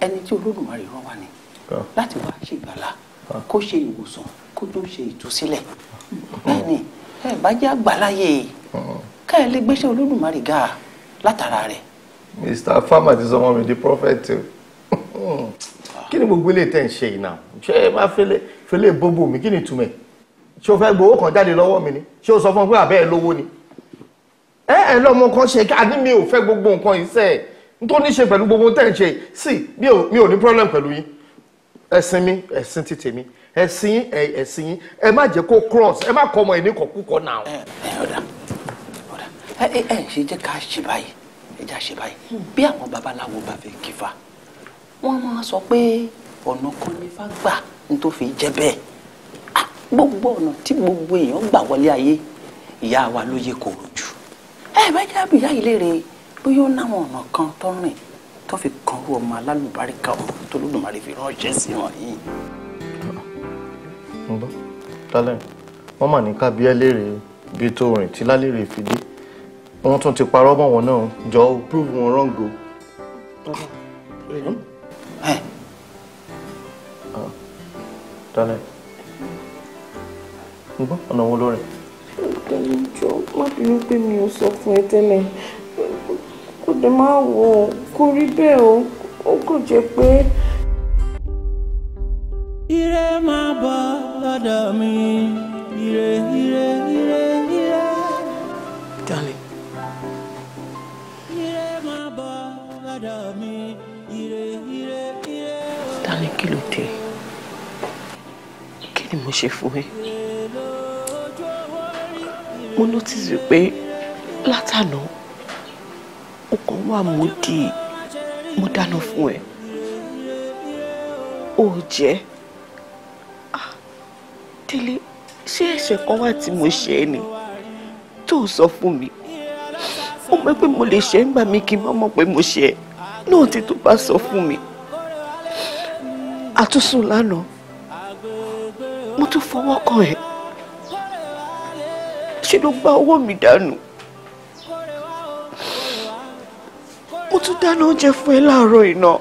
ẹni tí olódùmarè rán wa ni láti wá ṣe ìgbàlá kó ṣe ìwòsàn kó tó ṣe ìtúsílẹ̀ bẹ́ẹ̀ni ẹ bá jẹ́ àgbàláyè uh-huh. ká ẹ lè gbéṣẹ́ olódùmarè ga látara rẹ̀. mr farmer ti sọ ọmọ mi di prophet o kí ni gbogbo ilé tẹ̀ ń ṣe yìí náà ṣé ẹ máa fẹlẹ̀ bóbó mi kí ni ìtumọ̀ ṣé o fẹ́ gbowó kan jáde lọ́wọ́ mi ni ṣé o sọ fún mi pé àbẹ́ ẹ lówó ni ẹ ẹ lọ́mọ kan ṣe ká ní mi ò fẹ́ gbogbo nǹkan yìí sẹ́ẹ̀ n tó gbogbo tẹ́ ń ṣe mi ò ní problem pẹ̀lú yín ẹ̀sìn mi ẹ̀sìn ti tèmi ẹ̀sìn yín ẹ̀sìn cross ẹ má kọ́ ọmọ ẹ̀ ní kọ̀kúkọ̀ náà. ẹ ẹ ọ̀dà ọ̀dà ẹ ẹ ẹ ṣe jẹ́ ká ṣe báyìí ẹ já ṣe báyìí hmm. bí àwọn babaláwo bá sọ pé ọ̀nà kan ní fá gbà tó fi jẹ́ bẹ́ẹ̀ gbogbo ọ̀nà tí gbogbo èèyàn gbà wọlé ayé bóyá ó náwọn ọ̀nà kan tó rìn tó fi kan ru ọmọ alálùbáríkà ọ̀hún tó lódùmarè fi ránṣẹ́ sí wọn yìí. ǹbọ́ tálẹ̀ wọ́n mà ní kábíyá léèrè bíi tó rìn tí lálérè fi dé wọ́n tún ti parọ́ mọ́ wọn náà jọ ó prove wọn wrong o. tálẹ̀ ǹbọ́ ọ̀nà wo ló rẹ̀. ọ̀gá ìjọ má bínú pé mi ò sọ fún ẹ tẹ́lẹ̀ kò dé máa wò ó kò rí bẹ́ẹ̀ o ó kàn jẹ́ pé. ire máa bọ̀ lọ́dọ̀ mi ire ire ire ire. darling. ire máa bọ̀ lọ́dọ̀ mi ire ire ire. darling kí ló dé kí ni mo ṣe fún ẹ mo notice pé látàná. No ó kàn wà múdi mo dáná fún ẹ ó jẹ ah, délé ṣé ẹ̀ṣẹ̀ kan wà tí mo ṣe ẹ ni tó sọ fún mi ó mọ̀ pé mo lè ṣe é ńgbà mí kí n má mọ̀ pé mo ṣe é náà ti tó bá sọ fún mi àtúnṣe lánàá mo tún fọwọ́ kàn ẹ́ ṣe ló gba owó mi dànù. ó tún dáná oúnjẹ fún ẹ láàárọ̀ iná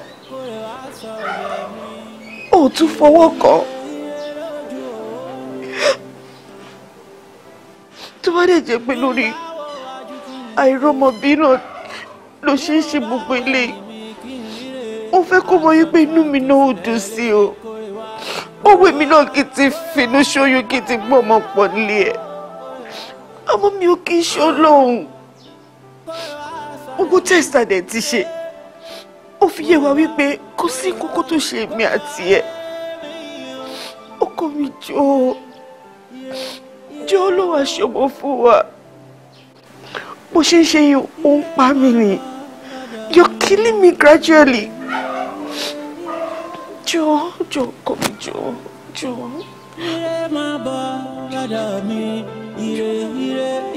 ó tún fọwọ́ kàn tó bá dẹ̀ jẹ́ pé lórí àìrọ́mọbí náà ló ṣe é ṣe gbogbo ilé ó fẹ́ kó mọ wípé inú mi náà ò dùn sí o ó wù mí náà kí n ti finú ṣóyún kí n ti gbọ́mọ pọ̀ nílé ẹ̀ àmọ́ mi ò kí n ṣe olóhùn gbogbo test adẹ̀ ti ṣe ó fi yé wa wípé kò sí kókó tó ṣe èmi àti ẹ̀ ọkọ mi jọ jọ ló wàá fún wa bó ṣe ń ṣe yìí ó ń pa mí ni you're killing me gradually jọ jọ ọkọ mi jọ jọ. ire máa bọ̀ lọ́dọ̀ mi ire ire.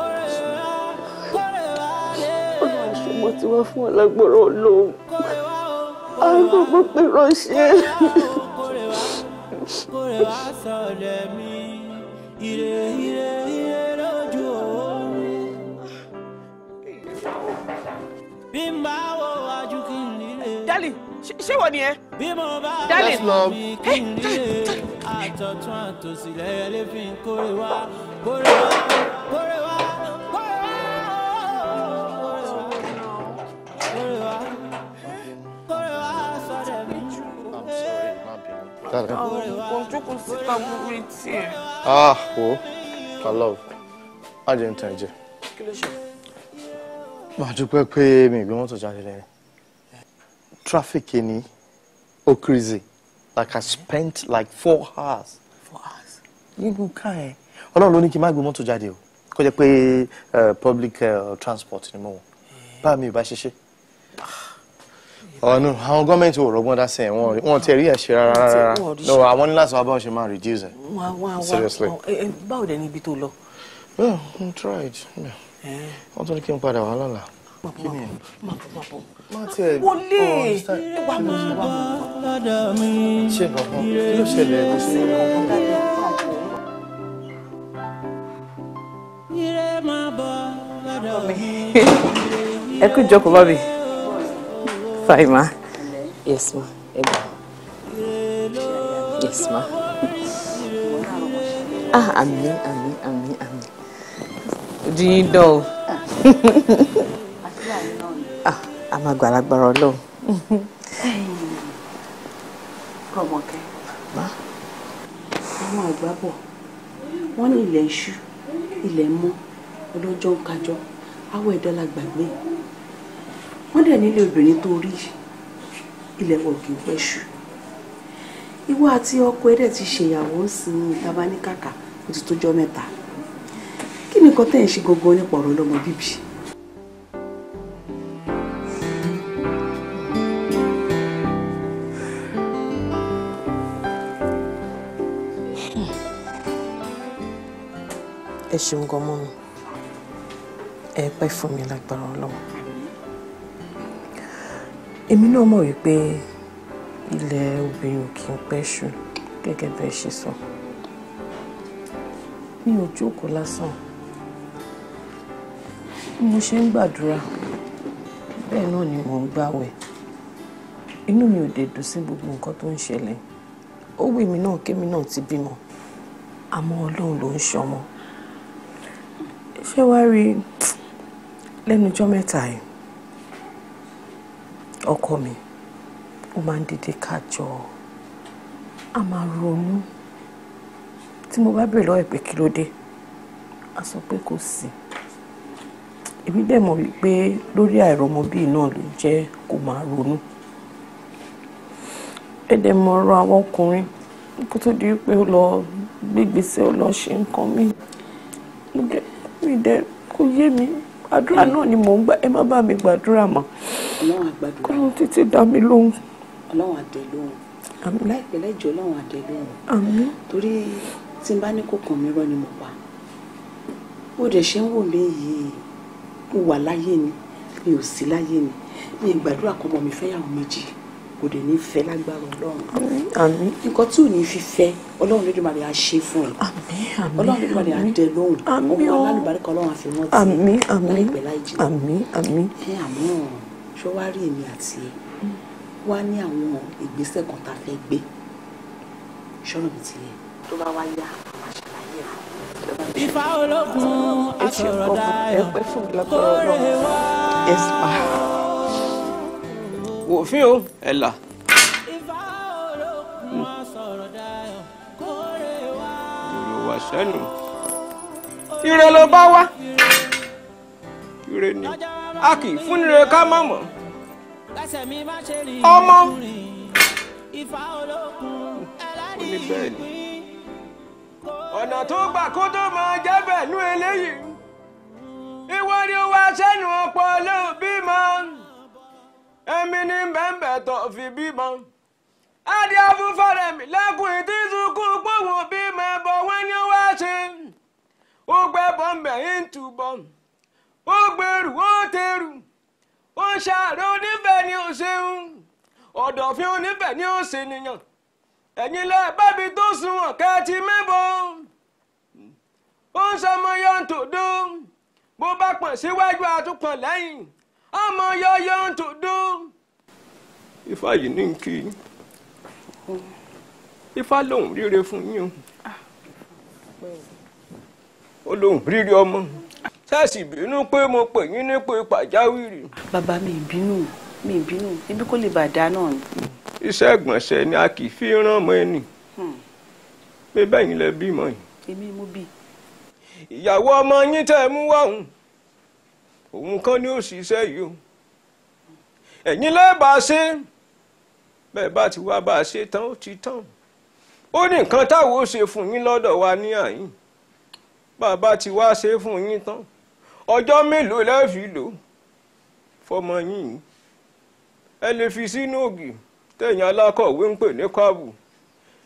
ti wá fún alágbára ọlọ́run àwọn gbogbo pé ránṣẹ́. bí n ṣé wọ ni ẹ. bí mo bá Dáadáa. Òun jókòó síta mú rí tí ẹ. Ah, wo, my love, má jẹ́ nǹkan ẹ̀jẹ̀. Kí ló ṣe? Màá dúpẹ́ pé mi ìgbé mọ́tò jáde lẹ́yìn. ni ó crazy. Like I spent like four hours. Four hours? Yíyún ká ẹ̀. Ọlọ́run ló ní kí n má gbé mọ́tò jáde o. Kó jẹ́ pé public transport ni mo wọ̀. Báà mi ò bá ṣe ṣe ọ̀nù àwọn gọ́ọ̀mẹ̀ntì ò rọgbọ́n dá sẹ́yìn wọn wọn ti rí ẹ̀ṣẹ̀ rárá rárá no àwọn ní láti wá about ṣe máa reduce ẹ̀ seriously. báwo dẹ̀ ni too low? lọ. well i tried wọ́n tún ní kí n padà wá lọ́la. wọlé wà mọ̀ ṣe gbọ̀ngàn kí ló ṣẹlẹ̀ ẹ̀ sí ẹ kú jókòó bọ́bí. Fine, ma. Yes, ma. Yes, ma. Ah, Ami, Ami, Ami, Ami. Ojú yín dán o. Ah, a máa gbà lágbára Come on, Má. Àwọn àgbà bọ̀, wọ́n ní ilẹ̀ ń ṣú, ilẹ̀ ń mọ́, ọlọ́jọ́ ń kájọ́, àwọ̀ ẹ̀dọ́ gbàgbé wọ́n dẹ̀ nílé obìnrin tó rí ilẹ̀ wọ̀ kì í pẹ́ ṣù ìwọ àti ọkọ ẹ̀ dẹ̀ ti ṣèyàwó sí i tàbá ní kàkà ó ti tójọ́ mẹ́ta kí ni nǹkan tẹ̀ ń ṣe gangan nípa ọ̀rọ̀ ọlọ́mọ bíbí. ẹ ṣeun gan mọ́ mi ẹ pẹ́ fún mi lágbára ọlọ́run èmi náà mọ̀ wípé ilẹ̀ obìnrin ò kì í pẹ́ ṣú gẹ́gẹ́ bẹ́ẹ̀ ṣe sọ mi ò jókòó lásán bí mo ṣe ń gbàdúrà bẹ́ẹ̀ náà ni mò ń gbàwẹ̀ inú mi ò dé dùn sí gbogbo nǹkan tó ń ṣẹlẹ̀ ó wù mí náà kémi náà ti bímọ àmọ́ ọlọ́run ló ń ṣọmọ ṣé wàá rí lẹ́nu ọjọ́ mẹ́ta yìí ọkọ mi ó máa ń dédé kájọ a máa ronú tí mo bá bèrè lọ́wọ́ ẹ̀ pé kí ló dé a sọ pé kò sí èmi dẹ̀ mọ̀ wípé lórí àìrọ́mọbí náà ló jẹ́ kó máa ronú ẹ dẹ̀ mọ̀ ọ̀rọ̀ àwọn ọkùnrin kó tó di pé ó lọ gbégbèsè ó lọ ṣe nǹkan mi mi dẹ̀ kò yé mi àdúrà náà ni mò ń gbà ẹ má bá mi gbàdúrà mọ́ kó ló ń tètè dá mi lóhùn. ọlọ́run àdé lóhùn láìpẹ́ lẹ́jọ́ ọlọ́run àdé lóhùn torí tí n bá ní kó kàn rọ́ ni mo pa ó dẹ̀ ṣe ń wò mí yìí wà láyé ni mi ò sí láyé ni mi gbàdúrà kọ́mọ mi fẹ́yàwó méjì yìí kò dẹ̀ ní fẹ́ lágbára ọlọ́run. àmín. nǹkan tí ò ní fi fẹ́ ọlọ́run Olódùmarè á ṣe fún ẹ. àmín àmín ọlọ́run á dẹ lóhùn. ọmọ alálùbáríkà ọlọ́run àfi wọ́n ti. àmín àmín ẹ àmọ́ ṣọwárí èmi àti ẹ wá ní àwọn ìgbésẹ̀ kan tá a fẹ́ gbé ṣọ́nà mi ti yẹ tó bá wá yá àwọn àṣàlàyé ẹ̀ fún dayọ̀ kórè wá òfin o ẹ̀ là. wà sẹ́nu ire ló bá wá ire ni a kì í fúnire ká má mọ̀ ọmọ ó ní bẹ́ẹ̀ ni ọ̀nà tó gbà kó tó máa jẹ́ bẹ̀ẹ́nú eléyìí ìwọ ni ó wá sẹ́nu ọ̀pọ̀ lóòbí máa èmi ní bẹ́ẹ̀nbẹ́ẹ̀ tó fi bímọ. adé afúnfà rẹ̀ mi lẹ́kùn ìtìsúkú pòun bímọ ẹ̀bọ̀ wọn ni wá ṣe. ó gbẹ bọ́m̀bẹ̀ ń túbọ̀ ó gbèrú ó tẹrù ó ṣàrò onífẹ̀ẹ́ ni ó ṣeun ọ̀dọ̀fín onífẹ̀ẹ́ ni ó ṣe nìyàn ẹ̀yin lẹ́ẹ̀ bábi tó sunwọ̀n kẹ́ẹ̀tì mẹ́bọ̀ ó ń sọmọ yọ̀ǹtòdó bó bá pọ̀n síwájú àtúpọ̀n lẹ́yìn ọmọ yọyọ ń tó dó. ifá yìí ní kí ifá lòun ríre fún yín o ah. ó lòun ríre ọmọ sẹ́ẹ̀sì bínú pé mo pè yín nípò pàjáwìrì. bàbá mi ìbínú mi ìbínú ibi kò lè bàdá náà ni. iṣẹ́ ìgbọ̀nsẹ̀ ni a kì í fi rán ọmọ ẹni hmm. pé bẹ́ẹ̀ yín lẹ bímọ yìí. èmi mo bí. ìyàwó ọmọ yín tẹ́ ẹ mú wá òun òun kan ni ó ṣiṣẹ́ yìí o ẹ̀yin lẹ́ẹ̀bà ṣe bẹ́ẹ̀ bá ti wá bá a ṣe tán ó ti tán ó ní nǹkan táwọn ó ṣe fún yín lọ́dọ̀ wa ní àyín bàbá ti wá ṣe fún yín tán ọjọ́ mélòó lẹ́ẹ̀fì lò fọmọ yín yìí ẹ lè fi sínú ògì tẹ̀yìn alákọ̀wé ń pè ní káàbù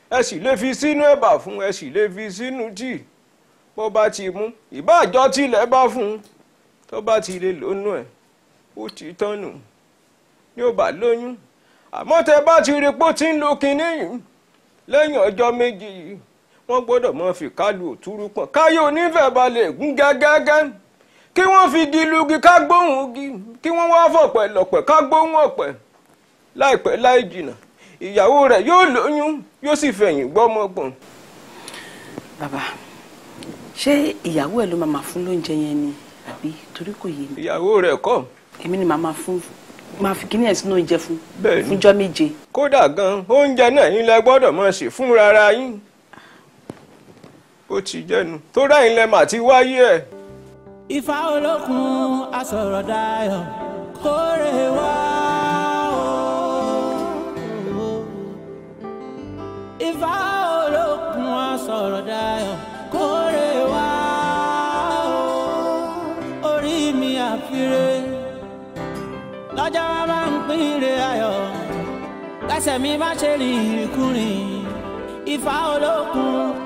ẹ sì lè fi sínú ẹ̀bà fún ẹ sì lè fi sínú tíì bó bá ti mú ìbá àjọ tilẹ̀ bá fún un tó bá ti lè lónú ẹ̀ ó ti tán nù ní ò bá lóyún àmọ́ tẹ bá ti rí pó ti ń lo kinní yìí lẹ́yìn ọjọ́ méjì yìí wọ́n gbọ́dọ̀ máa fi kálù òtúrú pọ̀n káyé onífẹ̀ẹ́ balẹ̀ gún gágágá kí wọ́n fi igi lugi ká gbóhùn igi kí wọ́n wá fọ̀pẹ̀ lọ̀pẹ̀ ká gbóhùn ọ̀pẹ̀ láìpẹ́ láì jìnà ìyàwó rẹ̀ yóò lóyún yóò sì fẹ̀yìn gbọ́mọ bàbá ṣé ìyàwó ẹ ló máa fún lóúnjẹ yẹn ni àbí torí kò yé mi. ìyàwó rẹ kọ. èmi ni màmá fún màá fi kíní ẹ̀sìn náà jẹ fún fúnjọ́ méje. kódà gan oúnjẹ náà yín lẹ gbọ́dọ̀ máa ṣe fún rárá yín ó ti jẹnu tó ráyìn lẹ ti wáyé ẹ. ifá olókun aṣọ̀rọ̀ dayọ̀ kórè wá ifá olókun aṣọ̀rọ̀ dayọ̀. tọ́jọ́ bá ń pín ire ayọ̀ kẹsẹ̀ mi má ṣe rìn ìrìnkúrìn Ifá olókun.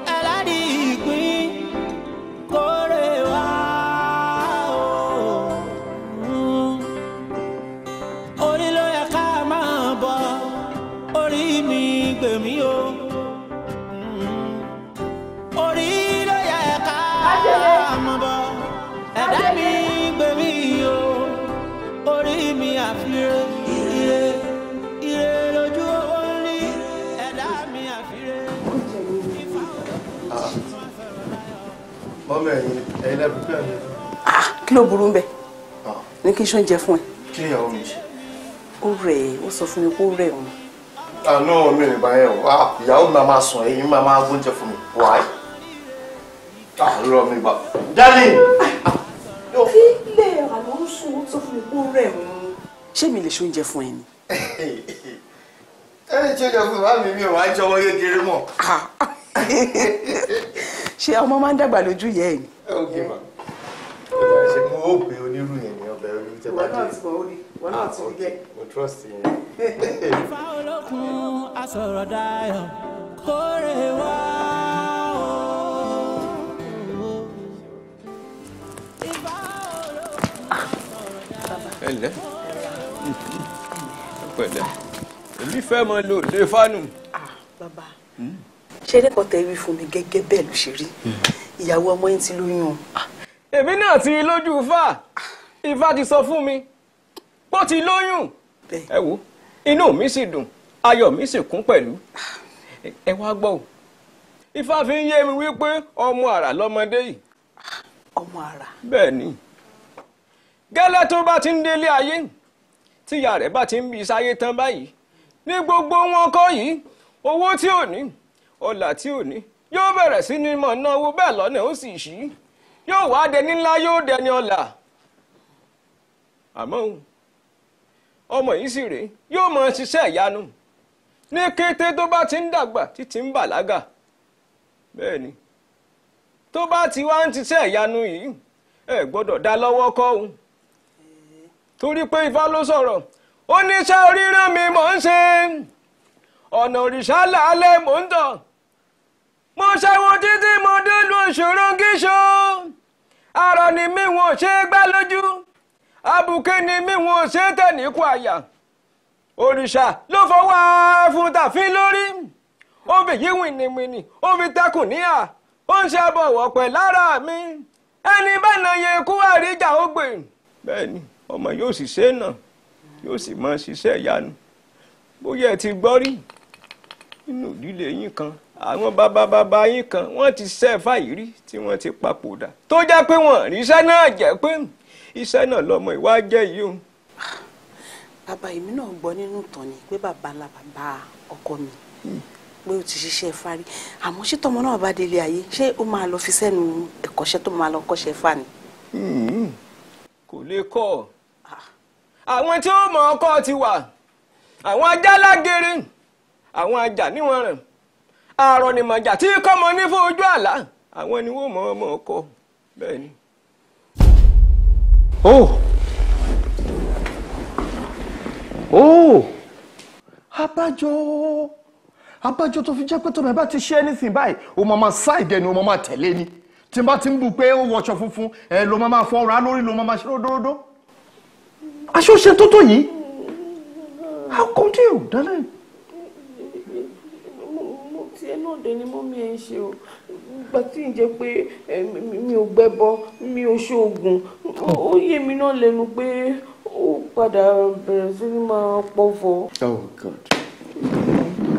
mọ́mọ́ ẹ̀yin ẹ̀yin lẹ́bùn pẹ́ mi. kí ló burú bẹ́ẹ̀ ah. ní kí n ṣoúnjẹ fún ẹ. kí ìyàwó mi ṣe. ó rẹ̀ ẹ́ ó sọ fún mi pé ó rẹ̀ òun. Ah, àná mi ò bá yẹn o ah, ìyàwó mi máa sùn ẹ̀yin máa máa gbóúnjẹ fún mi wáyé. àlọ́ mi bá. dálì. kí lè àlọ́ ń sùn ó sọ fún mi pé ó rẹ̀ òun. ṣé mi lè ṣoúnjẹ fún ẹ ni ẹni tí ó jẹ fún bàbá mi mi ò wá jọ ọmọ kékeré mọ. ṣé ọmọ máa ń dàgbà lójú yẹ ẹ ni. ọgbẹ́ ma ọgbà ṣe mú òpè onírú yẹn ní ọbẹ̀ orí tẹ́ bá dé. wọn náà ti mọ orí wọn náà ti gẹ. Ah, mo trust yẹn. Ifá olókun asọ̀rọ̀ dayọ̀ kórè wá. ẹ ǹlẹ́ pẹ̀lẹ́ èmi fẹ́ mọ lò lè fánù. Ah, bàbá hmm? ṣe é lẹ́kọ̀ọ́ tẹ́ wí fún mi gẹ́gẹ́ bẹ́ẹ̀ ló ṣe rí ìyàwó ọmọ yín ti lóyún o. èmi náà ti lójú ifá ifá ti sọ fún mi bó ti lóyún ẹ wo inú mi sì dùn ayọ̀ mi sì kún pẹ̀lú ẹ wá gbọ́ o ifá fi ń yé mi wípé ọmọ àrà lọmọdé yìí. ọmọ àrà. bẹ́ẹ̀ ni gẹ́lẹ́ tó bá ti ń délé ayé tíyà rẹ̀ bá ti ń bi sáyé tán báyìí ní gbogbo wọn kọ́ yìí owó tí ò ní ọlà tí ò ní yóò bẹ̀rẹ̀ sí ní mọ̀ náwó bẹ́ẹ̀ lọ́nà ó sì ṣí yóò wá dẹni ńlá yóò dẹni ọlà àmọ́ ọmọ yìí sì rèé yóò mọ ṣiṣẹ́ ìyanu ní kété tó bá ti ń dàgbà títí ń bàlágà bẹ́ẹ̀ ni tó bá ti wá ń ṣiṣẹ́ ìyanu yìí ẹ gbọ́dọ̀ dá lọ́wọ́ kọ́ òun torí pé ifá ló sọ̀rọ̀ ó oríran mi mò ń ṣe ọ̀nà òrìṣà làálẹ̀ mò ń tàn mo ṣẹ́wọ̀n títí mo dúdú ìṣòro kíṣó àrọ̀ ni mí wọn ò ṣe é gbá lójú àbùké ni mí wọn ò ṣe é tẹ̀ níkù àyà òrìṣà ló fọwọ́ fún tàfin lórí ó fi yí wìnìwìnì ó fi tẹkùn níhà ó ń ṣe àbọ̀wọ̀ pẹ̀ lára mi ẹni bẹ́ẹ̀ náà yẹ kú àríjà ó gbè. bẹ́ẹ̀ni ọmọ yóò ṣiṣẹ́ náà yóò sì máa ṣiṣẹ́ ìyanu bóyá ẹ ti gbọ́ rí nínú ìdílé yín kan àwọn bàbá bàbá yín kan wọ́n ti ṣẹ́ fàyírí tí wọ́n ti papòdà tó jẹ́ pé wọ́n ríṣẹ́ náà jẹ́ pé iṣẹ́ náà lọ́mọ ìwà jẹ́ yìí o. bàbá èmi náà gbọ́ nínú ìtàn ni pé bàbá la bàbá ọkọ mi hmm. pé o ti ṣiṣẹ́ fárí àmọ́ ṣé tọmọ náà bá délé ayé ṣé ó máa lọ fi sẹ́nu ẹ̀kọ́ṣẹ́ tó máa lọ kọ́ṣẹ́ fà ni. Hmm. kò lè kọ́ ah. àwọn tí ó mọ̀ ọkọ ti wà àwọn ajá lágere àwọn ajá níwọ̀n rẹ̀ àárọ̀ ni màjà tí kọ́mọ ní fún ojú àlá àwọn ni wọ́n mọ̀ ọmọ ọkọ bẹ́ẹ̀ ni. o abájọ abájọ tó fi jẹ́ pé tọ́mọ ẹ bá ti ṣe anything báyìí o máa máa ṣáìdì ẹni o máa máa tẹ̀lé ni tí n bá ti ń bù pé ó wọṣọ funfun ẹ ló máa máa fọ ọrọ̀ alórí ló máa máa ṣe ródóródó aṣọ ṣe tó tó yìí how come to you darling tiẹ̀ náà dé ni mọ́mí ẹ̀ ń ṣe o gbà tí ń jẹ́ pé mi ò gbẹ́bọ mi ò ṣoògùn ó yé mi náà lẹ́nu pé ó padà bẹ̀rẹ̀ sí ní máa pọ̀fọ̀. oh god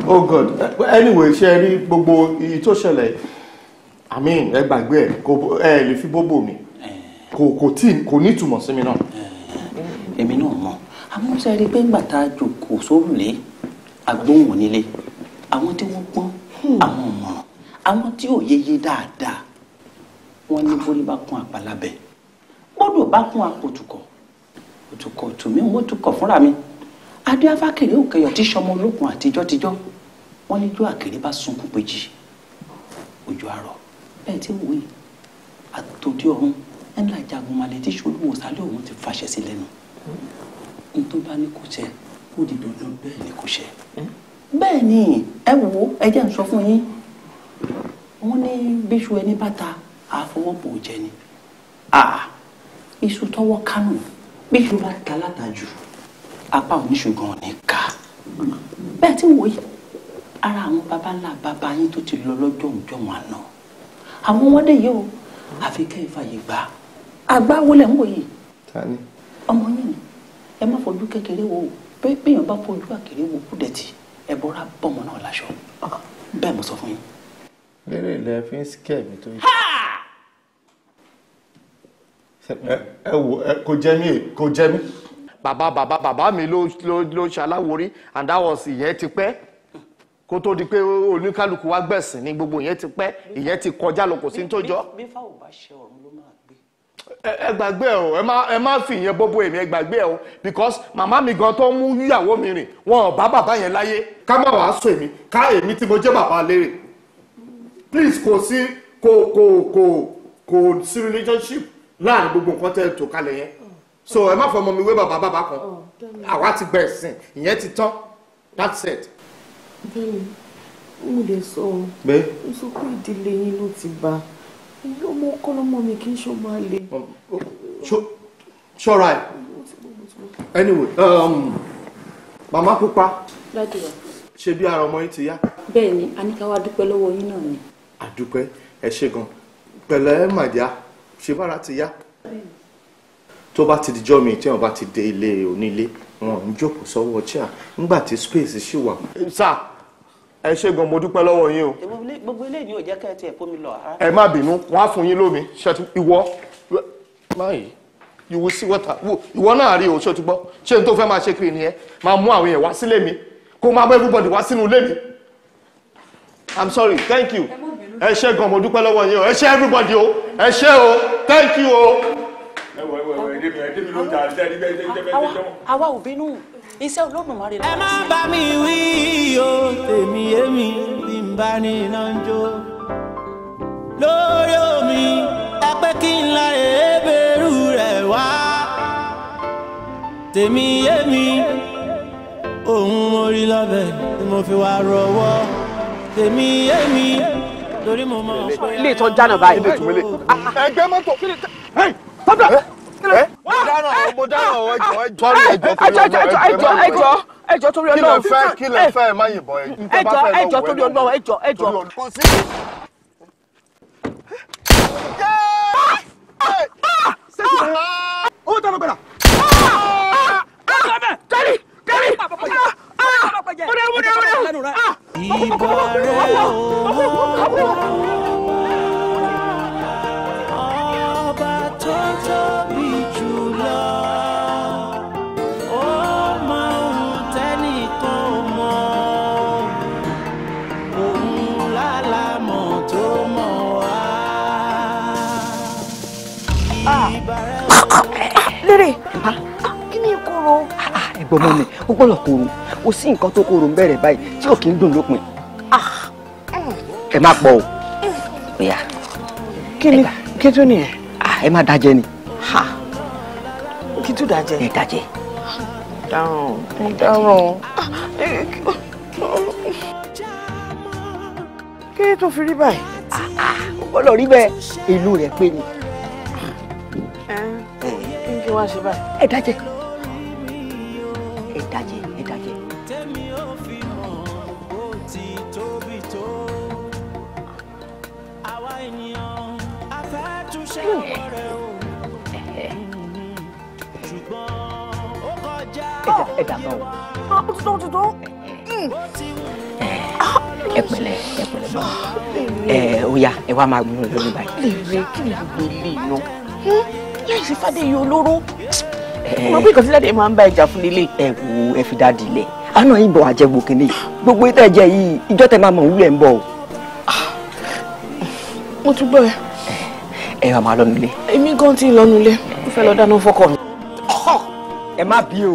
oh god anyway ṣe rí gbogbo iyì tó ṣẹlẹ̀ i mean ẹ gbàgbé ẹ kò ẹ lè fi bóbò mi kò kò tí kò ní ìtumọ̀ sí mi náà. èmi náà mọ̀ àmọ́ ṣe rí i pé ńgbà tá a jòkó sórùlé agbóhùn nílé àwọn tí wọ́n pọ́n àwọn ọ̀mọ̀ràn àwọn tí ò yeye dáadáa wọ́n ní borí bá kún àpàlàbẹ̀ bọ́dọ̀ bá kún àpòtùkọ̀ òtùkọ̀ tùmí wọ́n tùkọ̀ fúnra mi adé afákèrè òkèèyàn tí sọmọ olókun àtijọ́tijọ́ wọ́n ní jó àkèrè bá sunkún péjì òjò àrọ̀ bẹ́ẹ̀ tí wò yìí àtòdí ọ̀run ẹ̀ńlá jagun malẹ̀ tí sọlú wòsàlẹ̀ òun ti fàṣẹ sí lẹ́nu n tó bá ní kò ṣe ó di dandan bẹ́ẹ̀ ni kò ṣe bẹ́ẹ̀ ni ẹ wò ó ẹ jẹ́ n sọ fún yín wọ́n ní bíṣu ẹni bàtà àfọwọ́bò jẹ ni iṣu tọwọ́ kánú bíṣu bá ta látàjù apá oníṣùgbọ́n ní ká bẹ́ẹ̀ tí wòye ara àwọn baba ńlá baba yín tó ti lọ lọ́jọ́ òjọ́wọ̀n àná àwọn ọmọdé yìí o àfi kẹ́ ẹ̀ gbà àgbà wo ń wò yìí ọmọ yín ẹ má fojú kékeré wo o pé péyàn bá fojú àkèrè wo kú dẹ̀ tì í ẹ bọ́ra bọ́mọ náà láṣọ bẹ́ẹ̀ mo sọ fún yín. lérè ilẹ̀ fi ń sikẹ́ mi tó yẹ. ẹ wo ẹ kò jẹ mí kò jẹ mí. bàbá bàbá bàbá mi ló ló ló ṣaláwórí and that was ìyẹn ti pẹ́ kó tó di pé oníkálukú wa gbẹ̀sìn ní gbogbo ìyẹn ti pẹ́ ìyẹn ti kọjá lọ kò sí ní tó jọ. bí fáwọn bá ṣe ọ̀run ló máa ẹ gbàgbé ẹ o ẹ má ẹ má fi ìyẹn bóbó èmi ẹ gbàgbé ẹ o because màmá mi gan tó ń mú yíyàwó mi rìn wọn ò bá bàbá yẹn láyé ká má wàá sọ èmi ká èmi tí mo jẹ́ bàbá lérè please kò sí kò kò kò kò sí relationship láàrin gbogbo nǹkan tẹ́ ẹ tò kalẹ̀ yẹn so ẹ má fọmọ mi wé bàbá bàbá kan àwa ti gba ẹ̀sìn ìyẹn ti tán that's it. bẹ́ẹ̀ni mo lè sọ ọ sọ pé ìdílé yín ló ti bá ilé ọmọ ọkọ lọmọ mi kì í ṣe ọmọ àlè. ṣọ́ra ẹ̀ anyway um, màmá pupa ṣe bí ara ọmọ yín ti yá. bẹ́ẹ̀ ni a ní ká wá dúpẹ́ lọ́wọ́ yín náà ni. àdúpẹ́ ẹ ṣe gan pẹ̀lẹ́ màdìá ṣe bára ti yá tó bá ti dijọ́ mi tí wọ́n bá ti dé ilé onílé wọn ò ń jókòó sọ́wọ́ chair nígbà tí space ṣì wà. sáà ẹ ṣé gan mo dúpẹ́ lọ́wọ́ yín o. gbogbo ilé ni ò jẹ́ kẹ́ẹ̀tì ẹ̀ fómi lọ. ẹ má bínú wọn á fún yín lómi ṣètò ìwọ máyì ìwọ sí wọ́tà ìwọ náà rí o ṣètò gbọ́ ṣé n tó fẹ́ máa ṣe kiri nìyẹn máa mú àwọn èèyàn wá sílé mi kó máa mú everybody wá sínú ilé mi i'm sorry thank you ẹ ṣé gan mo dúpẹ́ lọ́wọ́ yín o ẹ ṣé everybody o ẹ ṣé o thank you o. ẹ wọ ẹ wọ ẹ dẹ́mi ẹ dẹ́mi ló ń jà àwa ò bínú iṣẹ́ Olódùmarè lọ́wọ́ sí. ẹ má bá mi wí o tèmi èmi tí ń bá ní iná ń jó lórí omi ẹ pé kí n la èébèrú rẹ̀ wá tèmi èmi òun orí lọ́bẹ̀ tí mo fi wá rọwọ́ tèmi èmi torí mo mọ̀ pé. ilé ìtọ́jú jáná báyìí. Ah, ah. ẹgbẹ́ mọ́tò. tọ́jà dáràn o mo dáràn o ẹjọ ẹjọ ẹjọ ẹjọ ẹjọ ẹjọ torí Ọlọ́run kí lè fẹ́ kí lè fẹ́ má yìnbọn ẹ ẹjọ ẹjọ torí Ọlọ́run ẹjọ ẹjọ. owó tán ló gbẹdà. kárì kárì ọdẹ ọdẹ ọdẹ. ìbọ̀rẹ̀ ooo. Toby gbọmọ ni ó gbọ́dọ̀ koro ó sì nǹkan tó koro ń bẹ̀rẹ̀ báyìí tí ò kí ń dùn lópin ẹ má pọ̀ o. kí ni kí tó nìyẹn. Ah. ẹ má dájẹ́ ni kí n tún dájẹ́. ẹ dájẹ́. dáràn mo dáràn. kí ló tó fi rí báyìí. Ah, ah. ó gbọ́dọ̀ rí bẹ́ẹ̀ ìlú rẹ̀ pé ni. kí n kí wá ṣe báyìí. ẹ dájẹ́. ẹ dájẹ́. ẹ̀dà kan o. ó ti tó ó ti tó. Hmm. Eh, ẹ pẹ̀lẹ́ ẹ pẹ̀lẹ́ bá ẹ eh, ó yá ẹ wá máa gbóná lórí báyìí. lèrè kí ni gbogbo ilé iná láì sí fàdé yìí olóró eh. mo bí ìkànsí dáadé máa ń bá ìjà fún ilé. ẹ wo ẹ fi dáadé lẹ àná yìí bọ̀ àjẹgbò kìíní gbogbo ìtẹ̀ jẹ yìí ìjọ tẹ máa mọ̀ wúlẹ̀ ń bọ̀ o. Ah, mo tún gbọ́ ẹ. ẹ máa lọ nulẹ̀. èmi gan ti lọ nulẹ̀ mo fẹ́ lọ dáná fọkọ mi. ẹ má bí o.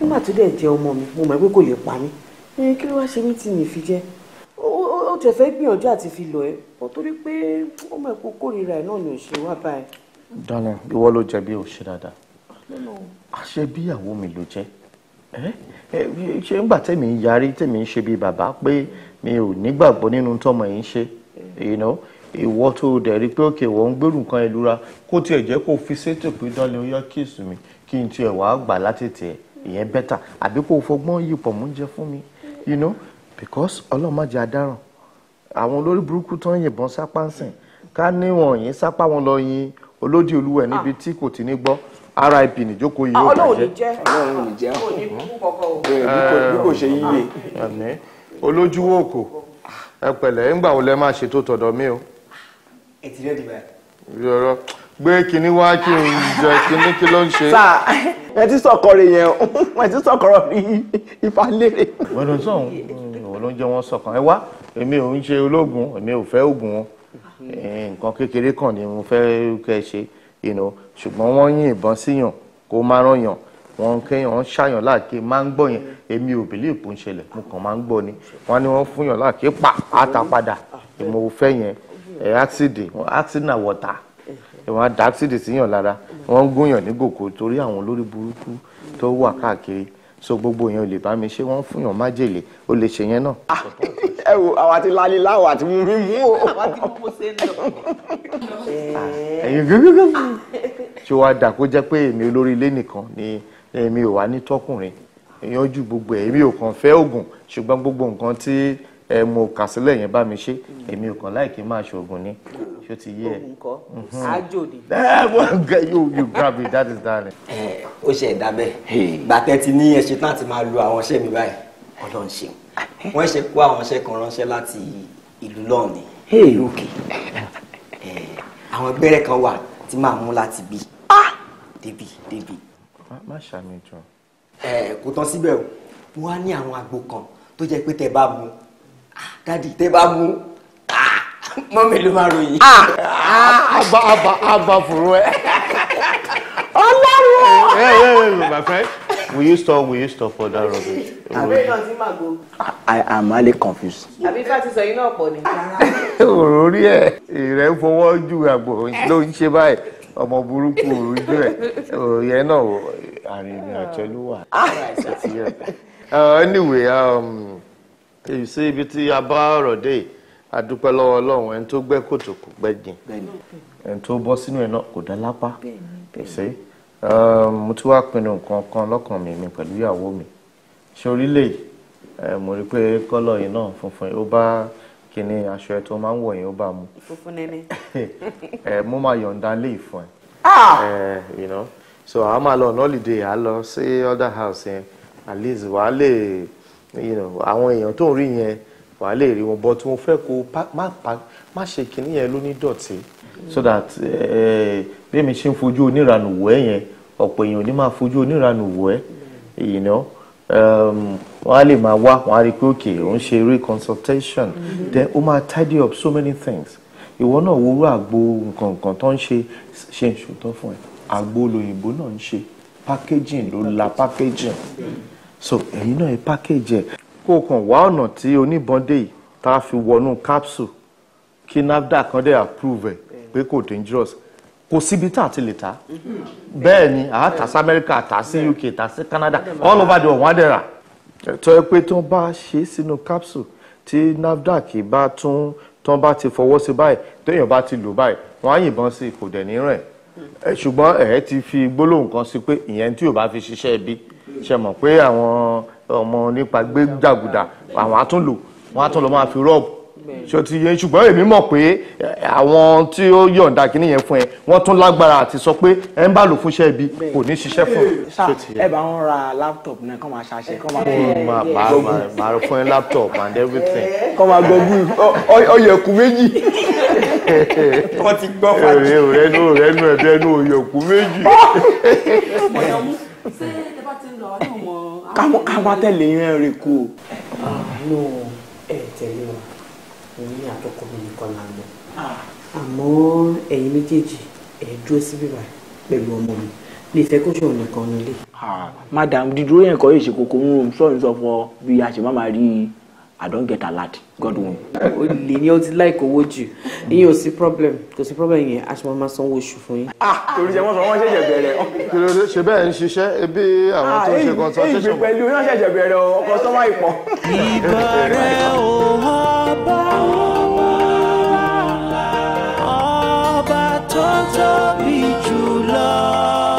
nígbà tó dẹ̀ jẹ́ ọmọ mi mo mọ̀ pé kò lè pa mí kí ló wá ṣe mí tí mi fi jẹ́ ó tẹ̀ fẹ́ gbìyànjú àti fi lọ ẹ́ bọ́ torí pé ó mọ̀ pé kórìíra ẹ̀ náà ni ò ṣe wá báyìí. dana ìwọ ló jẹ bí o ṣe dáadáa àṣẹ bíyàwó mi ló jẹ ṣé ńgbà tẹ̀mí ń yarí tẹ̀mí ń ṣe bí bàbá pé mi ò nígbàgbọ́ nínú tọ́mọ yìí ń ṣe ìwọ tó dẹ̀ rí pé òkè wọ́n ń gbèrú nǹkan ìlúra kó tiẹ̀ jẹ́ kó fi sétò pé dánlẹ̀ ó yá kíìsù mi kí n tiẹ̀ wàá gbà látètè ẹ̀ ìyẹn bẹ́tà àbí kò fọgbọ́n yí pọ̀ mú jẹ fún mi you know because ọlọ́mọdé adaràn àwọn olórí burúkú tán yìnbọn sápá ń sìn ká níwọ̀n yín sápá wọn lọ yin olódì olúwẹ̀ níbi tí kò ti ní gbọ́ rip nìjókòó yìí ó ah, bàjẹ́ ọlọ́run ò ní jẹ́ ọlọ́run ò ní jẹ́ ò ní kú kọ̀kọ̀ o bí kò ṣe yíyẹ. olójú wo kò ẹ pẹ̀lẹ́ ńgbà wo lẹ máa ṣètò tọ̀dọ̀ mi o. ẹ ti rẹ́ dìbà. yọrọ gbé kinní wá kí n jẹ kinní kí ló ń ṣe. sáà ẹ ti sọkọrọ yẹn ẹ ti sọkọrọ ifá lérè. wọ́n ló ń sọ mm, òun ló ń jẹ́ wọ́n sọkàn ẹ wá èmi ò ń ṣe ológun èmi ò fẹ́ oògùn wọn eh, nǹkan kékeré kan ni mo fẹ́ kẹ́ ṣe ṣùgbọ́n wọ́n yín ìbọn síyàn kó má ràn yàn wọn kéèyàn ń ṣàyàn láàké máa ń gbọ́ yẹn èmi ò bìlí ìpò ń ṣẹlẹ̀ mo kàn máa ń gbọ́ ni wọ́n ní wọ́n fún yàn láàké pa àtàpadà èmi ò fẹ́ yẹn eh, accident accident na water wọ́n á dáksídì síyàn lára wọ́n ń gúnyàn ní gòkó torí àwọn olórí burúkú tó wà káàkiri so gbogbo yẹn ò lè bá mi ṣe wọ́n fún yàn májèlé ó lè ṣe yẹn náà. Ah, ẹ wo àwa ti lálẹ́ láwọ̀ àti mú mi mú o. àwa ti mú mo ṣe ń lọ. Eh. ẹyin gbẹgbẹgbẹ ṣé wàá dà kó jẹ́ pé èmi olórí ilé nìkan ni èmi ò wá ní tọkùnrin èèyàn gbogbo ẹ̀ èmi ò kàn fẹ́ oògùn ṣùgbọ́n gbogbo nǹkan tí ẹ mo kà sílẹ̀ yẹn bá mi ṣe èmi ò kàn láì kí n máa ṣoògùn ni ṣó ti yé ẹ. nǹkan àjò mhm. ni. you you grab me that is darling. ó ṣe ẹ̀dá bẹ́ẹ̀ gbàtẹ́ ti ní ẹṣin náà ti máa lo àwọn iṣẹ́ mi báyìí ọlọ́run ṣeun wọ́n ṣe kó àwọn iṣẹ́ kan ránṣẹ́ láti ìlú lọ́ọ̀nì ìlú òkè àwọn gbẹ́rẹ́ kan wà tí màá mú láti bí ah! débi débi. má ṣàmì jọ. ẹ kò tán síbẹ̀ o mo wá ní àwọn àgbo kan tó jẹ́ pé tẹ bá mu dadi tẹ bá mú mọ́mí ló máa ròyìn. àbá àbá àbá fòrò ẹ. ọlọ́run. ẹ ẹ ẹ my friend will you stop will you stop for that rubbish. àbẹ náà ti máa go. i am really confused. àbí fati sọ yín náà pọ̀ ni. òrò rí ẹ ìrẹ́ fọwọ́ ju àgbò ló ń ṣe báyìí ọmọ burúkú ojú ẹ òye náà àrìnrìn àjọlú uh, anyway. Um, èyí sí ibi tí a bá ọ̀rọ̀ dé adúpẹ́ lọ́wọ́ ọlọ́run ẹni tó gbẹ́ kòtò kò gbẹ́ jìn ẹni tó bọ́ sínú ẹ̀ náà kò dá lápá ṣe mo tún wá pinnu nǹkan kan lọ́kàn mi mi pẹ̀lú ìyàwó mi ṣe orílẹ̀ yìí mo rí i pé kọ́lọ̀ yìí náà funfun ó bá kíní aṣọ ẹ tó máa ń wọ̀ yẹn ó bá mu funfun nẹ́ni mo máa yọ̀ǹda lé ìfún ẹ ah! so àwọn máa lọ on holiday à lọ sí other house yẹn at least wàá lè you know àwọn èèyàn tó ń rí yẹn wàá lè rí wọn bọ́ tí wọ́n fẹ́ kó má ṣe kinní yẹn ló dọ̀tí so that eh, bí mi ṣe ń fojú oníranù wò ẹ́ yẹn ọ̀pọ̀ èèyàn ní máa fojú oníranù wò ẹ́ you know um, wọ́n á lè máa wá wọ́n á rí pé òkè ò ń ṣe eré consultation mm-hmm. then ó máa tidy up so many things ìwọ náà wo orú àgbo nǹkan nǹkan tó ń ṣe ṣe ń ṣòótọ́ fún ẹ àgbo olóyìnbó náà ń ṣe packaging ló la packaging so ẹ̀yin náà ẹ package ẹ̀ kó o kàn wá ọ̀nà tí oníbọn dé yìí tá a fi wọnú capsule kí NAFDAC kan dé approve ẹ̀ pé kò dangerous kò síbi tá a ti lè ta bẹ́ẹ̀ ni a ta sí America ta sí UK ta sí Canada all over the world wọ́n á dẹ̀ rà tó yẹ pé tó ń bá ṣe sínú capsule tí NAFDAC bá tún tó ń bá ti fọwọ́ sí báyìí téèyàn bá ti lò báyìí wọ́n á yìnbọn sí kò dẹ̀ ní rẹ̀ ṣùgbọ́n ẹ̀ ti fi gbólóhùn kan sí pé ìyẹn tí ò bá fi ṣiṣẹ́ bíi ṣe mọ̀ pé àwọn ọmọ nípa gbé jàgùdà àwọn àtúnlò wọn àtúnlò máa fi rọ́ọ̀bù ṣó ti yẹ ṣùgbọ́n èmi mọ̀ pé àwọn tí ó yọ̀ǹda kínní yẹn fún ẹ wọ́n tún lágbára àti sọ pé ẹ ń bá lò fúnṣẹ́ ibi kò ní ṣiṣẹ́ fún ẹ. ẹ bá wọn ra laptop náà kọ́ máa ṣàṣẹ kọ́ máa gbogbo máa fún ẹ laptop and everything. kọ́ máa gbogbo ọyẹ̀kú méjì. wọ́n ti gbọ́ fàájì. rẹ́nu rẹ́nu ẹ̀bí ẹnu ọyẹ̀kú méjì káwọn káwọn tẹ̀lé yẹn rè kú o. àlọ́ ah, ẹ tẹ̀lé wa òun ní àtọkọ mi nìkan là ń lọ àmọ́ ẹ̀yin méjèèjì ẹ̀ dúró síbí báyìí pẹ̀lú ọmọ mi lè fẹ́ kó ṣòro nìkan nílé. Ah, madam dídúró yẹn kọ́ yìí ṣe kókó ń rò ń sọ̀rọ̀ sọ bí a ṣe má máa rí i. I don't get alert. God won. O lè ní o ti láìkó owó jù. Ìyẹn ò sí problem. Kò sí problem yẹn. Aṣọ máa sanwó oṣù fún yín. Ah! Oríṣi wọn sọ wọ́n ṣẹ̀ṣẹ̀ bẹ̀rẹ̀. Kìlódé ṣe bẹ́ẹ̀ ń ṣiṣẹ́ ebi àwọn tó ń ṣe ah, consultation. Ìgbè pẹ̀lú iná ṣẹ̀ṣẹ̀ bẹ̀rẹ̀ o, customer ìpọ̀. Ìbẹ̀rẹ̀ ò ọba ọba tó tóbi jùlọ.